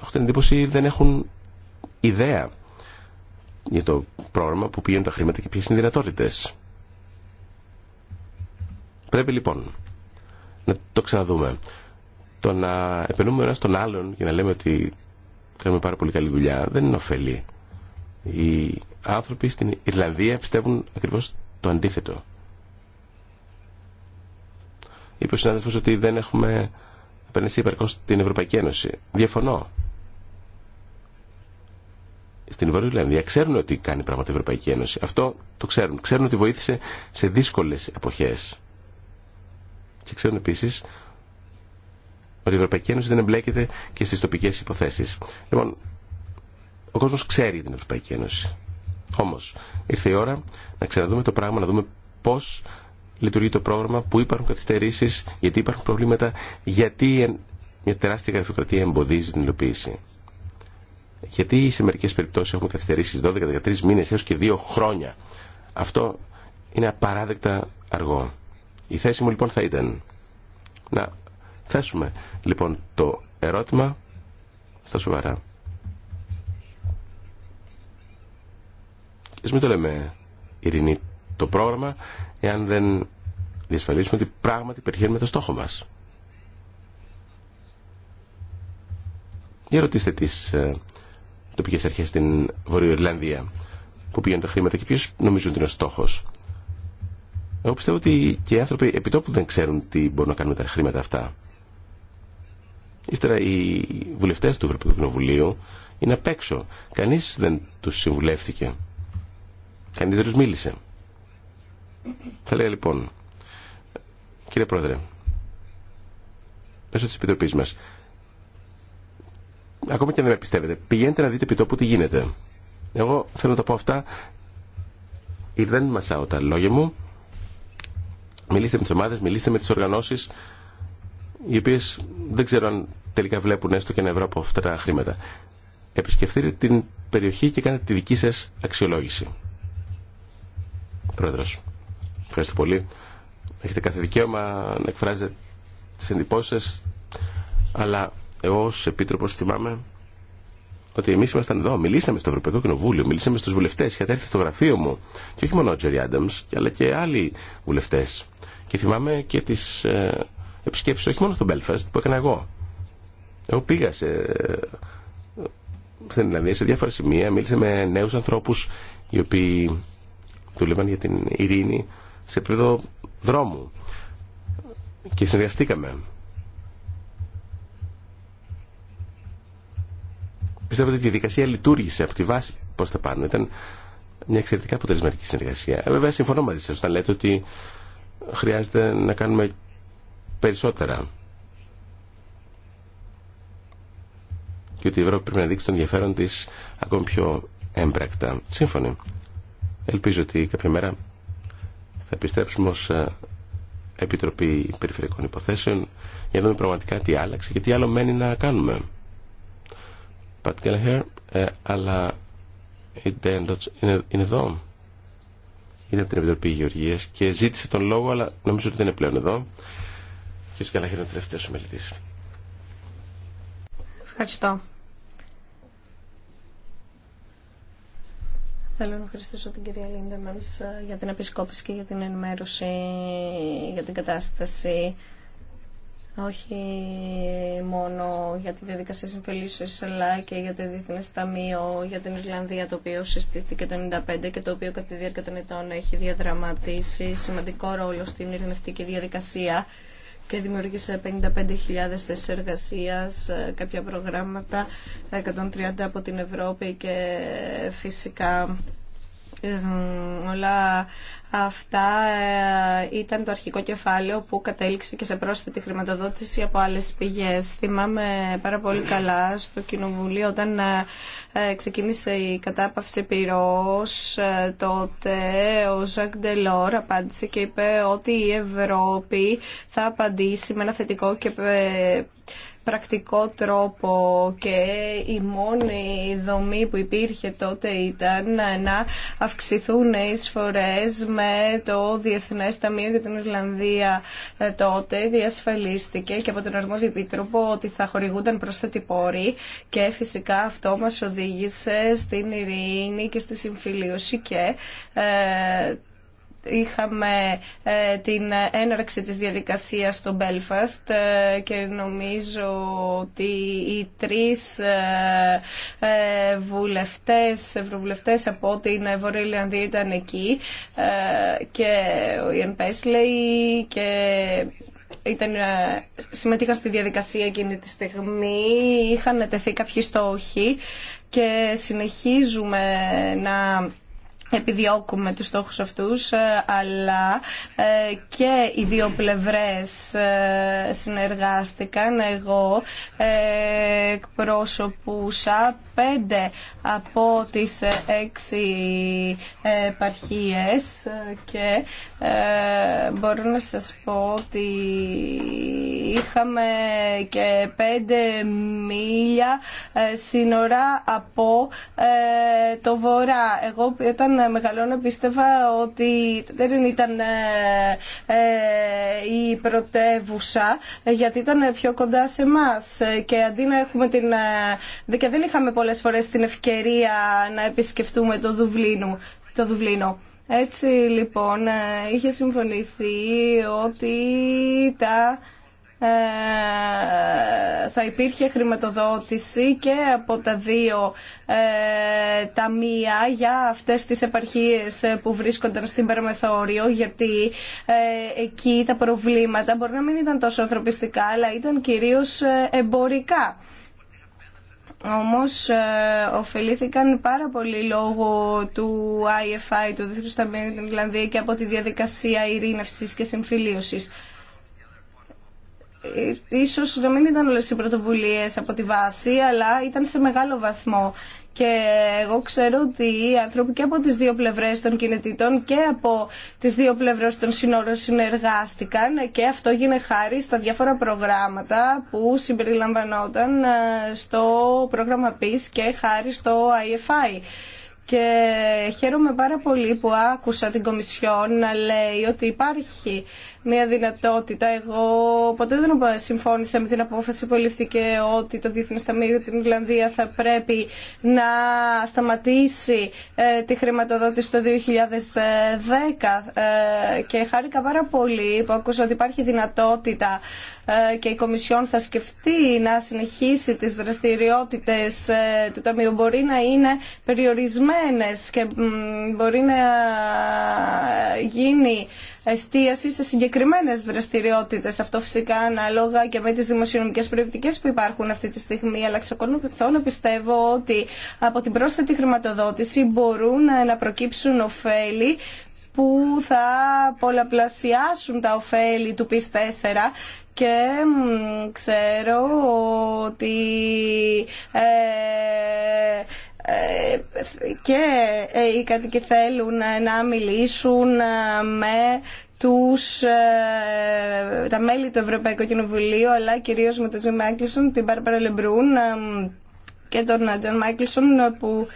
έχω την εντύπωση, δεν έχουν ιδέα για το πρόγραμμα που πηγαίνουν τα χρήματα και ποιες είναι οι δυνατότητες. Πρέπει λοιπόν να το ξαναδούμε. Το να επενούμε ένα τον άλλον και να λέμε ότι κάνουμε πάρα πολύ καλή δουλειά δεν είναι ωφελή. Οι άνθρωποι στην Ιρλανδία πιστεύουν ακριβώς το αντίθετο. Είπε ο συνάδελφος ότι δεν έχουμε επενδύσει υπερκώς την Ευρωπαϊκή Ένωση. Διαφωνώ στην Βόρεια Ιρλανδία ξέρουν ότι κάνει πράγματα η Ευρωπαϊκή Ένωση. Αυτό το ξέρουν. Ξέρουν ότι βοήθησε σε δύσκολε εποχέ. Και ξέρουν επίση ότι η Ευρωπαϊκή Ένωση δεν εμπλέκεται και στι τοπικέ υποθέσει. Λοιπόν, ο κόσμο ξέρει την Ευρωπαϊκή Ένωση. Όμω, ήρθε η ώρα να ξαναδούμε το πράγμα, να δούμε πώ λειτουργεί το πρόγραμμα, πού υπάρχουν καθυστερήσει, γιατί υπάρχουν προβλήματα, γιατί μια τεράστια γραφειοκρατία εμποδίζει την υλοποίηση γιατί σε μερικές περιπτώσεις έχουμε καθυστερήσει 12-13 μήνες έως και 2 χρόνια. Αυτό είναι απαράδεκτα αργό. Η θέση μου λοιπόν θα ήταν να θέσουμε λοιπόν το ερώτημα στα σοβαρά. Ας μην το λέμε ειρηνή το πρόγραμμα εάν δεν διασφαλίσουμε ότι πράγματι πετυχαίνουμε το στόχο μας. Για ρωτήστε τις ε, τοπικέ αρχέ στην Ιρλανδία, που πήγαν τα χρήματα και ποιο νομίζουν ότι είναι ο στόχο, Εγώ πιστεύω ότι και οι άνθρωποι επιτόπου δεν ξέρουν τι μπορούν να κάνουν με τα χρήματα αυτά. Ύστερα οι βουλευτές του Ευρωπαϊκού Κοινοβουλίου είναι απ' έξω. Κανείς δεν τους συμβουλεύτηκε. Κανείς δεν του μίλησε. Θα λέγα λοιπόν, κύριε Πρόεδρε, μέσω τη Επιτροπή μα, Ακόμα και αν δεν με πιστεύετε, πηγαίνετε να δείτε επιτόπου τι γίνεται. Εγώ θέλω να τα πω αυτά. Ή δεν μασάω τα λόγια μου. Μιλήστε με τι ομάδε, μιλήστε με τι οργανώσει, οι οποίε δεν ξέρω αν τελικά βλέπουν έστω και ένα ευρώ από αυτά τα χρήματα. Επισκεφτείτε την περιοχή και κάνετε τη δική σας αξιολόγηση. Πρόεδρος, ευχαριστώ πολύ. Έχετε κάθε δικαίωμα να εκφράζετε τις εντυπώσεις σας, αλλά εγώ ω επίτροπο θυμάμαι ότι εμεί ήμασταν εδώ, μιλήσαμε στο Ευρωπαϊκό Κοινοβούλιο, μιλήσαμε στου βουλευτέ. Είχατε έρθει στο γραφείο μου και όχι μόνο ο Τζέρι Άνταμ, αλλά και άλλοι βουλευτέ. Και θυμάμαι και τι ε, επισκέψει, όχι μόνο στο Μπέλφαστ που έκανα εγώ. Εγώ πήγα σε, ε, στην σε διάφορα σημεία, μίλησα με νέου ανθρώπου οι οποίοι δούλευαν για την ειρήνη σε επίπεδο δρόμου. Και συνεργαστήκαμε. Πιστεύω ότι η διαδικασία λειτουργήσε από τη βάση πώ τα πάνω. Ήταν μια εξαιρετικά αποτελεσματική συνεργασία. Ε, βέβαια, συμφωνώ μαζί σα όταν λέτε ότι χρειάζεται να κάνουμε περισσότερα. Και ότι η Ευρώπη πρέπει να δείξει τον ενδιαφέρον τη ακόμη πιο έμπρακτα. Σύμφωνοι. Ελπίζω ότι κάποια μέρα θα επιστρέψουμε ω ε, Επιτροπή Περιφερειακών Υποθέσεων για να δούμε πραγματικά τι άλλαξε και τι άλλο μένει να κάνουμε. Πατ ε, αλλά η είναι, είναι εδώ. Είναι από την Επιτροπή Γεωργία και ζήτησε τον λόγο, αλλά νομίζω ότι δεν είναι πλέον εδώ. Και ο είναι ο ο ομιλητής. Ευχαριστώ. Θέλω να ευχαριστήσω την κυρία Λίντεμανς ε, για την επισκόπηση και για την ενημέρωση για την κατάσταση όχι μόνο για τη διαδικασία συμφελήσεως αλλά και για το Διεθνέ Ταμείο για την Ιρλανδία το οποίο συστήθηκε το 1995 και το οποίο κατά τη διάρκεια των ετών έχει διαδραματίσει σημαντικό ρόλο στην ειρηνευτική διαδικασία και δημιούργησε 55.000 θέσει εργασία, κάποια προγράμματα, 130 από την Ευρώπη και φυσικά ε, όλα Αυτά ε, ήταν το αρχικό κεφάλαιο που κατέληξε και σε πρόσθετη χρηματοδότηση από άλλες πηγές. Θυμάμαι πάρα πολύ καλά στο Κοινοβουλίο όταν ε, ε, ξεκίνησε η κατάπαυση πυρός τότε ο Ζακ Ντελόρ απάντησε και είπε ότι η Ευρώπη θα απαντήσει με ένα θετικό και πρακτικό τρόπο και η μόνη δομή που υπήρχε τότε ήταν να αυξηθούν οι εισφορές με το Διεθνές Ταμείο για την Ιρλανδία ε, τότε διασφαλίστηκε και από τον Αρμόδιο Επίτροπο ότι θα χορηγούνταν πρόσθετοι πόροι και φυσικά αυτό μας οδήγησε στην ειρήνη και στη συμφιλίωση και ε, είχαμε ε, την έναρξη της διαδικασίας στο Belfast ε, και νομίζω ότι οι τρεις ε, βουλευτές, ευρωβουλευτές από την Βορειοελλανδία ήταν εκεί και ο Ιεν και ήταν, συμμετείχαν στη διαδικασία εκείνη τη στιγμή, είχαν τεθεί κάποιοι στόχοι και συνεχίζουμε να επιδιώκουμε τους στόχους αυτούς, ε, αλλά ε, και οι δύο πλευρές ε, συνεργάστηκαν. Εγώ εκπρόσωπούσα πέντε από τις έξι επαρχίες και ε, μπορώ να σας πω ότι είχαμε και πέντε μίλια ε, σύνορα από ε, το βορρά. Εγώ όταν μεγαλώνω πίστευα ότι δεν ήταν η πρωτεύουσα γιατί ήταν πιο κοντά σε εμά και αντί να έχουμε την... και δεν είχαμε πολλές φορές την ευκαιρία να επισκεφτούμε το Δουβλίνο. Το Δουβλίνο. Έτσι λοιπόν ε, είχε συμφωνηθεί ότι ε, θα υπήρχε χρηματοδότηση και από τα δύο ε, ταμεία για αυτές τις επαρχίες ε, που βρίσκονταν στην Περμεθόριο γιατί εκεί τα προβλήματα μπορεί να μην ήταν τόσο ανθρωπιστικά αλλά ήταν κυρίως εμπορικά. Όμως ε, ωφελήθηκαν πάρα πολύ λόγω του IFI, του Διεθνούς Ταμείου την και από τη διαδικασία ειρήνευσης και συμφιλίωσης. Ε, ίσως δεν ήταν όλες οι πρωτοβουλίες από τη βάση, αλλά ήταν σε μεγάλο βαθμό. Και εγώ ξέρω ότι οι άνθρωποι και από τις δύο πλευρές των κινητήτων και από τις δύο πλευρές των συνόρων συνεργάστηκαν και αυτό γίνεται χάρη στα διάφορα προγράμματα που συμπεριλαμβανόταν ε, στο πρόγραμμα PIS και χάρη στο IFI. Και χαίρομαι πάρα πολύ που άκουσα την Κομισιόν να λέει ότι υπάρχει μια δυνατότητα. Εγώ ποτέ δεν συμφώνησα με την απόφαση που ληφθήκε ότι το Διεθνέ Ταμείο για την Ιρλανδία θα πρέπει να σταματήσει ε, τη χρηματοδότηση το 2010 ε, και χάρηκα πάρα πολύ που άκουσα ότι υπάρχει δυνατότητα ε, και η Κομισιόν θα σκεφτεί να συνεχίσει τις δραστηριότητες του Ταμείου μπορεί να είναι περιορισμένες και μπορεί να γίνει εστίαση σε συγκεκριμένες δραστηριότητες. Αυτό φυσικά ανάλογα και με τις δημοσιονομικές προεπτικές που υπάρχουν αυτή τη στιγμή, αλλά ξεκολουθώ να πιστεύω ότι από την πρόσθετη χρηματοδότηση μπορούν να προκύψουν ωφέλη που θα πολλαπλασιάσουν τα ωφέλη του ΠΙΣ 4 και ξέρω ότι ε, ε, και ε, οι κατοικοί θέλουν να μιλήσουν ε, με τους, τα μέλη του Ευρωπαϊκού Κοινοβουλίου αλλά κυρίως με τον Τζιμ Μάικλσον, την Μπάρμπαρα Λεμπρούν και τον Τζον Μάικλσον που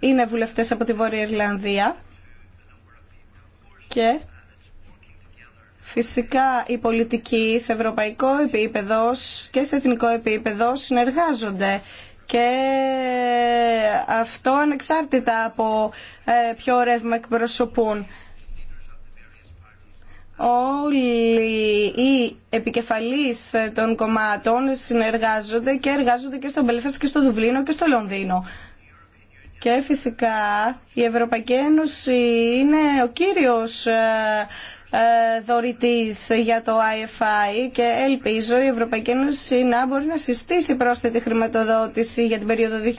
είναι βουλευτές από τη Βόρεια Ιρλανδία και Φυσικά οι πολιτικοί σε ευρωπαϊκό επίπεδο και σε εθνικό επίπεδο συνεργάζονται και αυτό ανεξάρτητα από ε, ποιο ρεύμα εκπροσωπούν. Όλοι οι επικεφαλείς των κομμάτων συνεργάζονται και εργάζονται και στο Μπελφέστ και στο Δουβλίνο και στο Λονδίνο. Και φυσικά η Ευρωπαϊκή Ένωση είναι ο κύριος ε, ε, δωρητής για το IFI και ελπίζω η Ευρωπαϊκή Ένωση να μπορεί να συστήσει πρόσθετη χρηματοδότηση για την περίοδο 2010-2013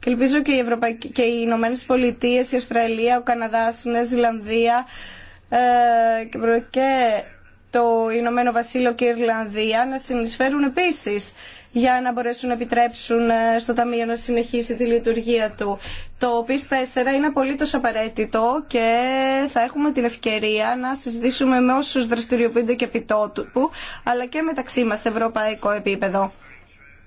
και ελπίζω και, η Ευρωπαϊκή, και οι Ηνωμένε Πολιτείε, η Αυστραλία, ο Καναδάς, η Νέα Ζηλανδία ε, και το Ηνωμένο Βασίλειο και η Ιρλανδία να συνεισφέρουν επίσης για να μπορέσουν να επιτρέψουν ε, στο Ταμείο να συνεχίσει τη λειτουργία του. Το PIS 4 είναι απολύτω απαραίτητο και θα έχουμε την ευκαιρία να συζητήσουμε με όσου δραστηριοποιούνται και επιτόπου, αλλά και μεταξύ μα σε ευρωπαϊκό επίπεδο.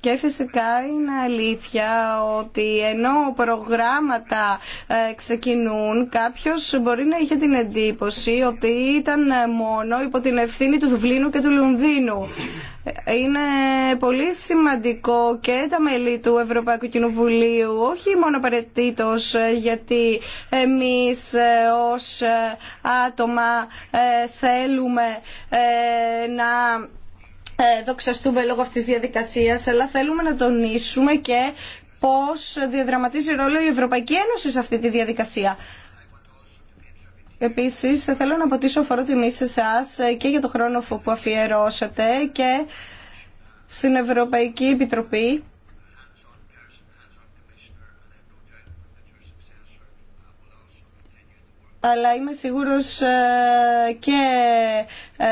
Και φυσικά είναι αλήθεια ότι ενώ προγράμματα ε, ξεκινούν, κάποιος μπορεί να είχε την εντύπωση ότι ήταν ε, μόνο υπό την ευθύνη του Δουβλίνου και του Λονδίνου. Είναι πολύ σημαντικό και τα μέλη του Ευρωπαϊκού Κοινοβουλίου, όχι μόνο απαραίτητο ε, γιατί εμείς ως άτομα θέλουμε να ε, δοξαστούμε λόγω αυτής της διαδικασίας, αλλά θέλουμε να τονίσουμε και πώς διαδραματίζει ρόλο η Ευρωπαϊκή Ένωση σε αυτή τη διαδικασία. Επίσης, θέλω να αποτίσω φορό τιμή σε εσά και για το χρόνο που αφιερώσατε και στην Ευρωπαϊκή Επιτροπή αλλά είμαι σίγουρος ε, και ε,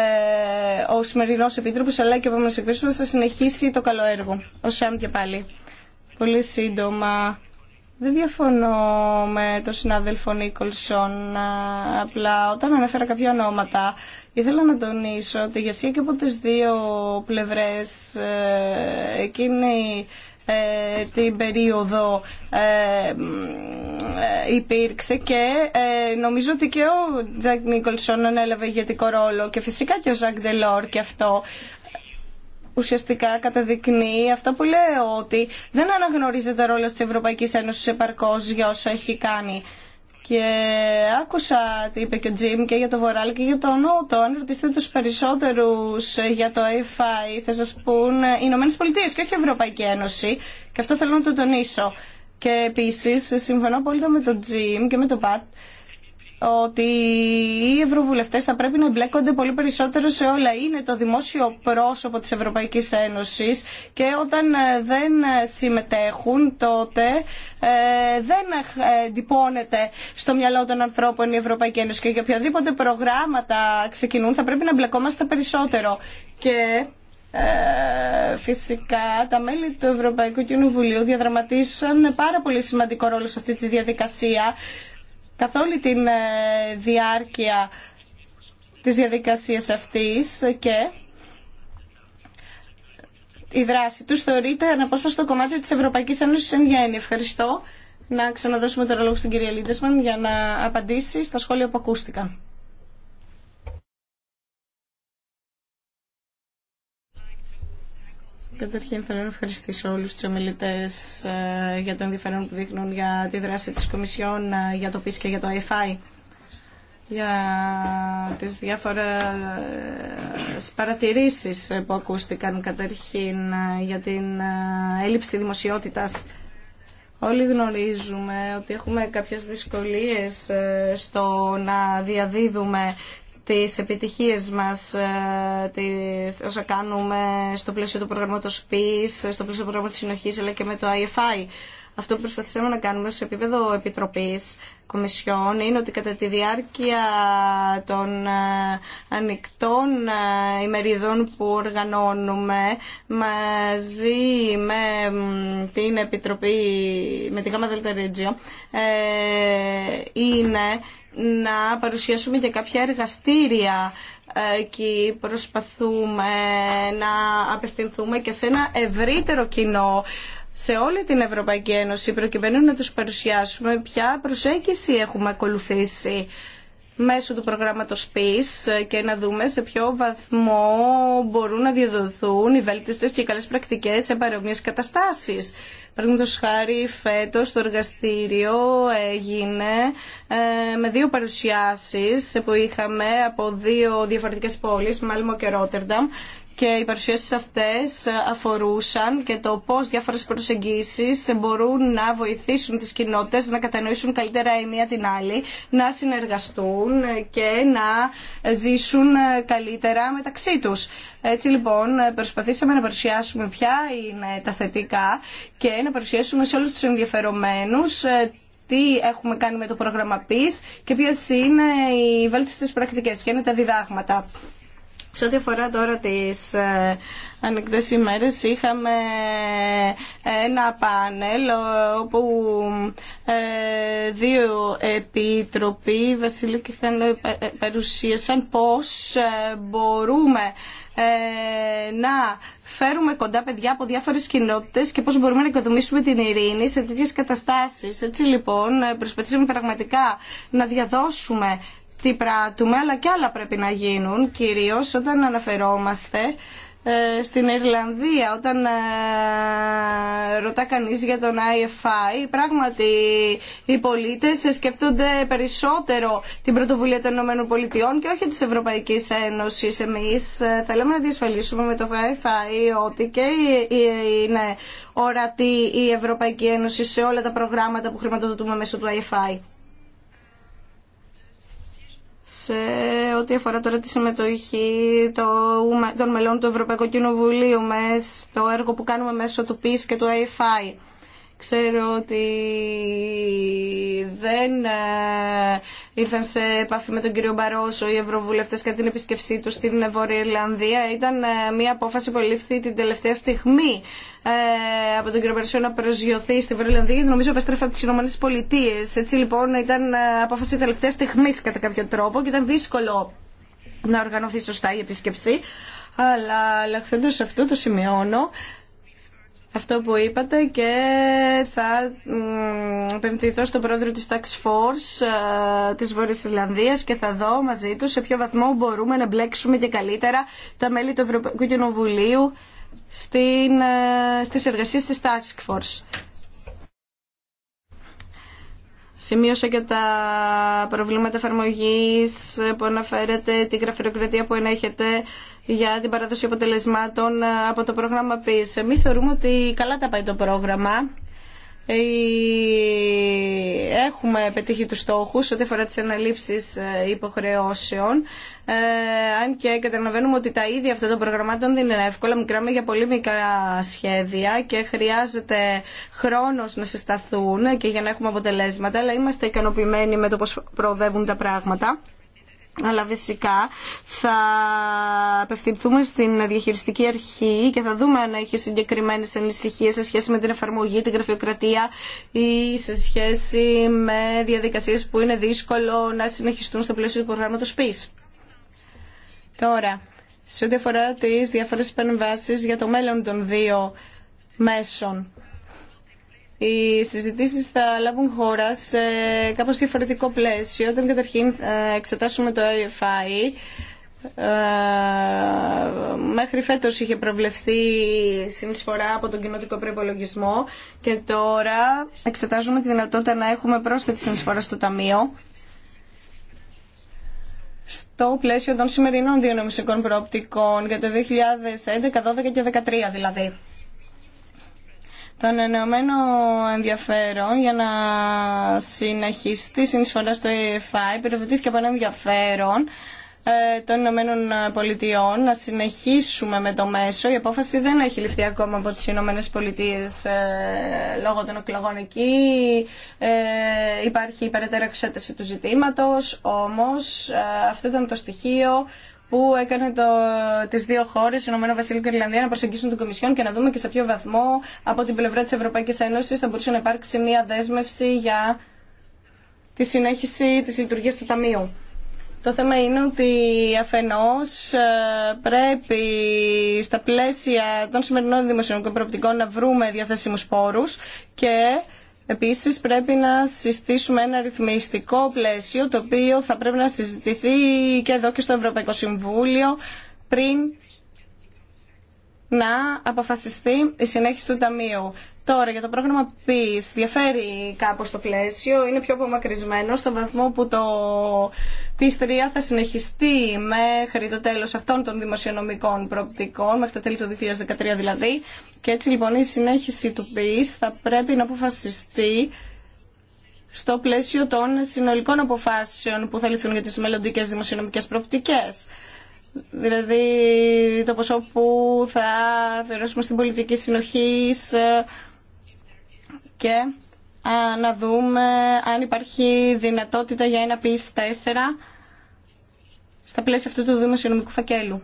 ο σημερινός Επίτροπος αλλά και ο επόμενος Επίτροπος θα συνεχίσει το καλό έργο. Ο ΣΕΜ και πάλι. Πολύ σύντομα. Δεν διαφωνώ με τον συνάδελφο Νίκολσον, απλά όταν αναφέρα κάποια ονόματα ήθελα να τονίσω ότι για εσύ και από τις δύο πλευρές ε, εκείνη ε, την περίοδο ε, ε, υπήρξε και νομίζω ότι και ο Τζακ Νίκολσον ανέλαβε ηγετικό ρόλο και φυσικά και ο Ζακ Ντελόρ και αυτό ουσιαστικά καταδεικνύει αυτό που λέω ότι δεν αναγνωρίζεται ο της Ευρωπαϊκής Ένωσης επαρκώς για όσα έχει κάνει και άκουσα τι είπε και ο Τζιμ και για το Βορράλ και για τον Νότο. Αν ρωτήσετε του περισσότερους ε, για το AFI θα σα πούν ε, οι Ηνωμένε Πολιτείε και όχι η Ευρωπαϊκή Ένωση. Και αυτό θέλω να το τονίσω. Και επίση, ε, συμφωνώ πολύ με τον Τζιμ και με τον Πατ ότι οι Ευρωβουλευτέ θα πρέπει να εμπλέκονται πολύ περισσότερο σε όλα. Είναι το δημόσιο πρόσωπο της Ευρωπαϊκής Ένωσης και όταν ε, δεν συμμετέχουν τότε ε, δεν ε, εντυπώνεται στο μυαλό των ανθρώπων η Ευρωπαϊκή Ένωση και για οποιαδήποτε προγράμματα ξεκινούν θα πρέπει να εμπλεκόμαστε περισσότερο. Και φυσικά τα μέλη του Ευρωπαϊκού Κοινοβουλίου διαδραματίσαν πάρα πολύ σημαντικό ρόλο σε αυτή τη διαδικασία καθ' όλη τη ε, διάρκεια της διαδικασίας αυτής και η δράση τους θεωρείται αναπόσπαστο κομμάτι της Ευρωπαϊκής Ένωσης εν γέννη. Ευχαριστώ. Να ξαναδώσουμε το λόγο στην κυρία Λίντεσμαν για να απαντήσει στα σχόλια που ακούστηκαν. Καταρχήν θέλω να ευχαριστήσω όλους τους ομιλητές ε, για το ενδιαφέρον που δείχνουν για τη δράση της Κομισιόν, ε, για το ΠΙΣ και για το ΑΕΦΑΙ για τις διάφορες παρατηρήσεις ε, που ακούστηκαν καταρχήν για την έλλειψη δημοσιότητας. Όλοι γνωρίζουμε ότι έχουμε κάποιες δυσκολίες στο να διαδίδουμε τις επιτυχίες μας, ε, τις, όσα κάνουμε στο πλαίσιο του προγράμματος ΠΙΣ στο πλαίσιο του προγράμματος συνοχής, αλλά και με το IFI. Αυτό που προσπαθήσαμε να κάνουμε σε επίπεδο Επιτροπής Κομισιών είναι ότι κατά τη διάρκεια των ε, ανοιχτών ε, ημεριδών που οργανώνουμε μαζί με την Επιτροπή, με την ΚΑΜΑ είναι να παρουσιάσουμε και κάποια εργαστήρια ε, και προσπαθούμε να απευθυνθούμε και σε ένα ευρύτερο κοινό σε όλη την Ευρωπαϊκή Ένωση προκειμένου να τους παρουσιάσουμε ποια προσέγγιση έχουμε ακολουθήσει μέσω του προγράμματος PIS και να δούμε σε ποιο βαθμό μπορούν να διαδοθούν οι βέλτιστες και οι καλές πρακτικές σε παρόμοιες καταστάσεις. Παραδείγματο χάρη, φέτο το εργαστήριο έγινε ε, με δύο παρουσιάσει που είχαμε από δύο διαφορετικέ πόλει, Μάλμο και Ρότερνταμ, και οι παρουσιάσεις αυτές αφορούσαν και το πώς διάφορες προσεγγίσεις μπορούν να βοηθήσουν τις κοινότητες να κατανοήσουν καλύτερα η μία την άλλη, να συνεργαστούν και να ζήσουν καλύτερα μεταξύ τους. Έτσι λοιπόν προσπαθήσαμε να παρουσιάσουμε ποια είναι τα θετικά και να παρουσιάσουμε σε όλους τους ενδιαφερομένους ε, τι έχουμε κάνει με το πρόγραμμα PIS και ποιες είναι οι βέλτιστες πρακτικές, ποια είναι τα διδάγματα. Σε ό,τι αφορά τώρα τις ε, ανοιχτές ημέρες είχαμε ένα πάνελ όπου ε, δύο επίτροποι, Βασίλη και Φένο, ε, παρουσίασαν πώς μπορούμε να φέρουμε κοντά παιδιά από διάφορες κοινότητες και πώς μπορούμε να οικοδομήσουμε την ειρήνη σε τέτοιες καταστάσεις. Έτσι λοιπόν προσπαθήσαμε πραγματικά να διαδώσουμε τι πράττουμε, αλλά και άλλα πρέπει να γίνουν, κυρίως όταν αναφερόμαστε ε, στην Ιρλανδία όταν ε, ρωτά κανείς για τον IFI πράγματι οι πολίτες σκεφτούνται περισσότερο την πρωτοβουλία των ΗΠΑ και όχι της Ευρωπαϊκής Ένωσης εμείς ε, θέλαμε να διασφαλίσουμε με το IFI ότι και είναι ορατή η Ευρωπαϊκή Ένωση σε όλα τα προγράμματα που χρηματοδοτούμε μέσω του IFI σε ό,τι αφορά τώρα τη συμμετοχή των μελών του Ευρωπαϊκού Κοινοβουλίου στο έργο που κάνουμε μέσω του PIS και του AFI. Ξέρω ότι δεν ε, ήρθαν σε επαφή με τον κύριο Μπαρόσο οι ευρωβουλευτέ κατά την επισκευσή του στην Βόρεια Ιρλανδία. Ήταν ε, μια απόφαση που λήφθη την τελευταία στιγμή ε, από τον κύριο Μπαρόσο να προσγειωθεί στην Ιρλανδία γιατί νομίζω επέστρεφε από τι ΗΠΑ. Έτσι λοιπόν ήταν απόφαση τελευταία στιγμή κατά κάποιο τρόπο και ήταν δύσκολο να οργανωθεί σωστά η επίσκεψη. Αλλά λαχθέντως αυτό το σημειώνω αυτό που είπατε και θα επενδυθώ στον πρόεδρο της Tax Force ε, της Βόρειας Ιρλανδίας και θα δω μαζί του σε ποιο βαθμό μπορούμε να μπλέξουμε και καλύτερα τα μέλη του Ευρωπαϊκού Κοινοβουλίου στην, ε, στις εργασίες της Task Force. Σημείωσα και τα προβλήματα εφαρμογή που αναφέρετε, τη γραφειοκρατία που ενέχεται για την παράδοση αποτελεσμάτων ε, από το πρόγραμμα PIS. Εμεί θεωρούμε ότι καλά τα πάει το πρόγραμμα. Ε, έχουμε πετύχει τους στόχους ό,τι αφορά τις αναλήψεις ε, υποχρεώσεων ε, αν και καταλαβαίνουμε ότι τα ίδια αυτά των προγραμμάτων δεν είναι εύκολα μικράμε για πολύ μικρά σχέδια και χρειάζεται χρόνος να συσταθούν και για να έχουμε αποτελέσματα αλλά είμαστε ικανοποιημένοι με το πώς προοδεύουν τα πράγματα αλλά φυσικά θα απευθυνθούμε στην διαχειριστική αρχή και θα δούμε αν έχει συγκεκριμένε ανησυχίε σε σχέση με την εφαρμογή, την γραφειοκρατία ή σε σχέση με διαδικασίε που είναι δύσκολο να συνεχιστούν στο πλαίσιο του προγράμματο ΠΙΣ. Τώρα, σε ό,τι αφορά τι διάφορε επεμβάσει για το μέλλον των δύο μέσων οι συζητήσεις θα λάβουν χώρα σε κάπως διαφορετικό πλαίσιο. Όταν καταρχήν ε, εξετάσουμε το IFI, ε, μέχρι φέτος είχε προβλεφθεί συνεισφορά από τον κοινοτικό προπολογισμό και τώρα εξετάζουμε τη δυνατότητα να έχουμε πρόσθετη συνεισφορά στο Ταμείο στο πλαίσιο των σημερινών διανομιστικών προοπτικών για το 2011, 2012 και 2013 δηλαδή το ανανεωμένο ενδιαφέρον για να συνεχιστεί συνεισφορά στο ΕΕΦΑ e πυροδοτήθηκε από ένα ενδιαφέρον ε, των Ηνωμένων Πολιτειών να συνεχίσουμε με το μέσο. Η απόφαση δεν έχει ληφθεί ακόμα από τις Ηνωμένες Πολιτείες ε, λόγω των εκλογών εκεί. Ε, υπάρχει η εξέταση του ζητήματος, όμως αυτό ήταν το στοιχείο που έκανε το, τις δύο χώρες, Ηνωμένο Βασίλειο και Ιρλανδία, να προσεγγίσουν την Κομισιόν και να δούμε και σε ποιο βαθμό από την πλευρά της Ευρωπαϊκής Ένωσης θα μπορούσε να υπάρξει μια δέσμευση για τη συνέχιση της λειτουργίας του Ταμείου. Το θέμα είναι ότι αφενός ε, πρέπει στα πλαίσια των σημερινών δημοσιονομικών προοπτικών να βρούμε διαθέσιμους πόρους και Επίσης πρέπει να συστήσουμε ένα ρυθμιστικό πλαίσιο το οποίο θα πρέπει να συζητηθεί και εδώ και στο Ευρωπαϊκό Συμβούλιο πριν να αποφασιστεί η συνέχιση του Ταμείου. Τώρα για το πρόγραμμα PIS διαφέρει κάπως το πλαίσιο, είναι πιο απομακρυσμένο στον βαθμό που το PIS 3 θα συνεχιστεί μέχρι το τέλος αυτών των δημοσιονομικών προοπτικών, μέχρι τα τέλη του 2013 δηλαδή. Και έτσι λοιπόν η συνέχιση του PIS θα πρέπει να αποφασιστεί στο πλαίσιο των συνολικών αποφάσεων που θα ληφθούν για τις μελλοντικές δημοσιονομικές προοπτικές. Δηλαδή το ποσό που θα αφιερώσουμε στην πολιτική συνοχή και να δούμε αν υπάρχει δυνατότητα για ένα ps 4 στα πλαίσια αυτού του δημοσιονομικού φακέλου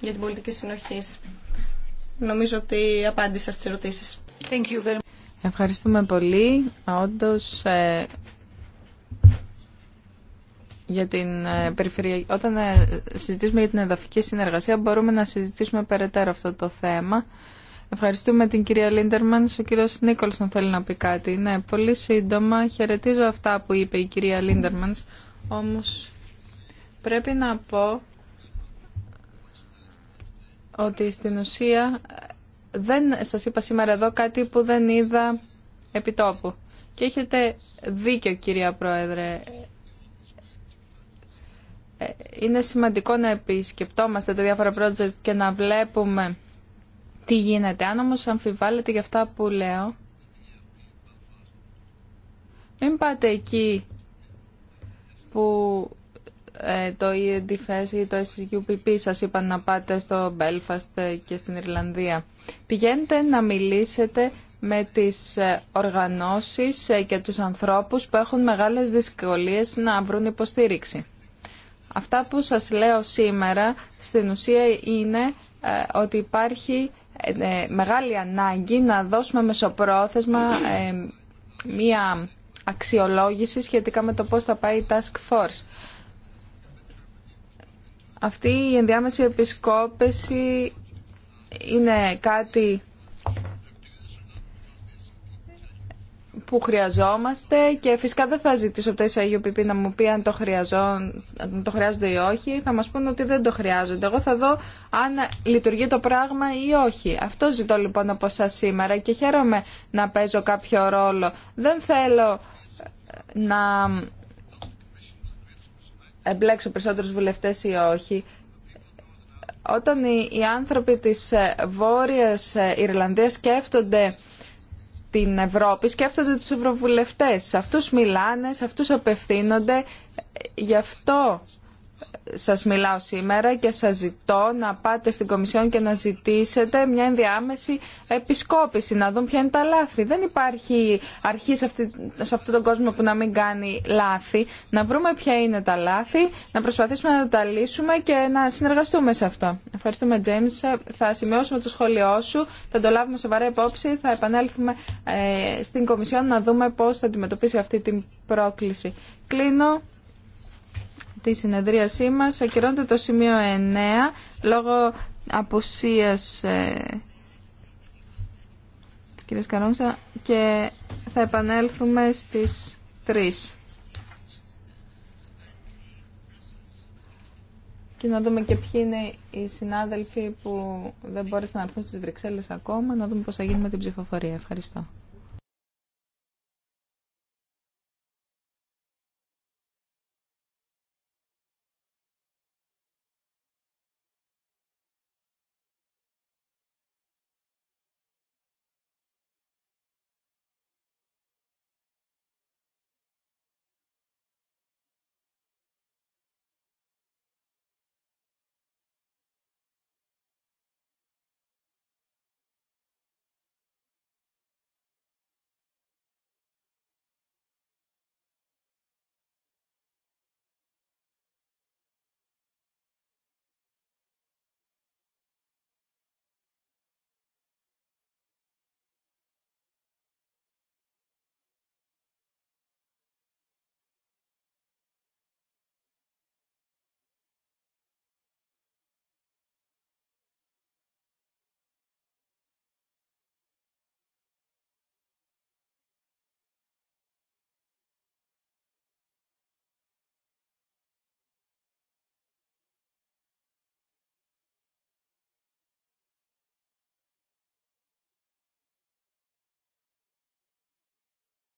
για την πολιτική συνοχή. Νομίζω ότι απάντησα στις ερωτήσεις. Thank you very much. Ευχαριστούμε πολύ. Ε, για την ε, περιφερεια... όταν ε, συζητήσουμε για την εδαφική συνεργασία μπορούμε να συζητήσουμε περαιτέρω αυτό το θέμα. Ευχαριστούμε την κυρία Λίντερμαν. Ο κύριο Νίκολσον θέλει να πει κάτι. Ναι, πολύ σύντομα χαιρετίζω αυτά που είπε η κυρία Λίντερμαν. Όμω πρέπει να πω ότι στην ουσία δεν σας είπα σήμερα εδώ κάτι που δεν είδα επιτόπου. Και έχετε δίκιο κυρία Πρόεδρε. Ε, είναι σημαντικό να επισκεπτόμαστε τα διάφορα project και να βλέπουμε τι γίνεται. Αν όμως αμφιβάλλετε για αυτά που λέω, μην πάτε εκεί που ε, το EDFS ή το SUPP σας είπαν να πάτε στο Belfast και στην Ιρλανδία. Πηγαίνετε να μιλήσετε με τις ε, οργανώσεις ε, και τους ανθρώπους που έχουν μεγάλες δυσκολίες να βρουν υποστήριξη. Αυτά που σας λέω σήμερα στην ουσία είναι ότι υπάρχει ε, ε, μεγάλη ανάγκη να δώσουμε μεσοπρόθεσμα ε, μία αξιολόγηση σχετικά με το πώς θα πάει η Task Force. Αυτή η ενδιάμεση επισκόπηση είναι κάτι που χρειαζόμαστε και φυσικά δεν θα ζητήσω από τα να μου πει αν το, χρειαζόν, το χρειάζονται ή όχι. Θα μας πούνε ότι δεν το χρειάζονται. Εγώ θα δω αν λειτουργεί το πράγμα ή όχι. Αυτό ζητώ λοιπόν από σας σήμερα και χαίρομαι να παίζω κάποιο ρόλο. Δεν θέλω ε, να εμπλέξω περισσότερους βουλευτές ή όχι. Όταν οι άνθρωποι της ε, Βόρειας ε, Ιρλανδίας σκέφτονται την Ευρώπη, σκέφτονται τους ευρωβουλευτές. Σε αυτούς μιλάνε, σε αυτούς απευθύνονται. Γι' αυτό σας μιλάω σήμερα και σας ζητώ να πάτε στην Κομισιόν και να ζητήσετε μια ενδιάμεση επισκόπηση, να δουν ποια είναι τα λάθη. Δεν υπάρχει αρχή σε, αυτή, σε αυτόν τον κόσμο που να μην κάνει λάθη. Να βρούμε ποια είναι τα λάθη, να προσπαθήσουμε να τα λύσουμε και να συνεργαστούμε σε αυτό. Ευχαριστούμε, James. Θα σημειώσουμε το σχόλιο σου, θα το λάβουμε σοβαρά υπόψη, θα επανέλθουμε ε, στην Κομισιόν να δούμε πώς θα αντιμετωπίσει αυτή την πρόκληση. Κλείνω. Η συνεδρίασή μας ακυρώνεται το σημείο 9 λόγω απουσίας ε, της κυρίας Καρόνσα και θα επανέλθουμε στις 3. Και να δούμε και ποιοι είναι οι συνάδελφοι που δεν μπόρεσαν να έρθουν στις Βρυξέλλες ακόμα, να δούμε πώς θα γίνει με την ψηφοφορία. Ευχαριστώ.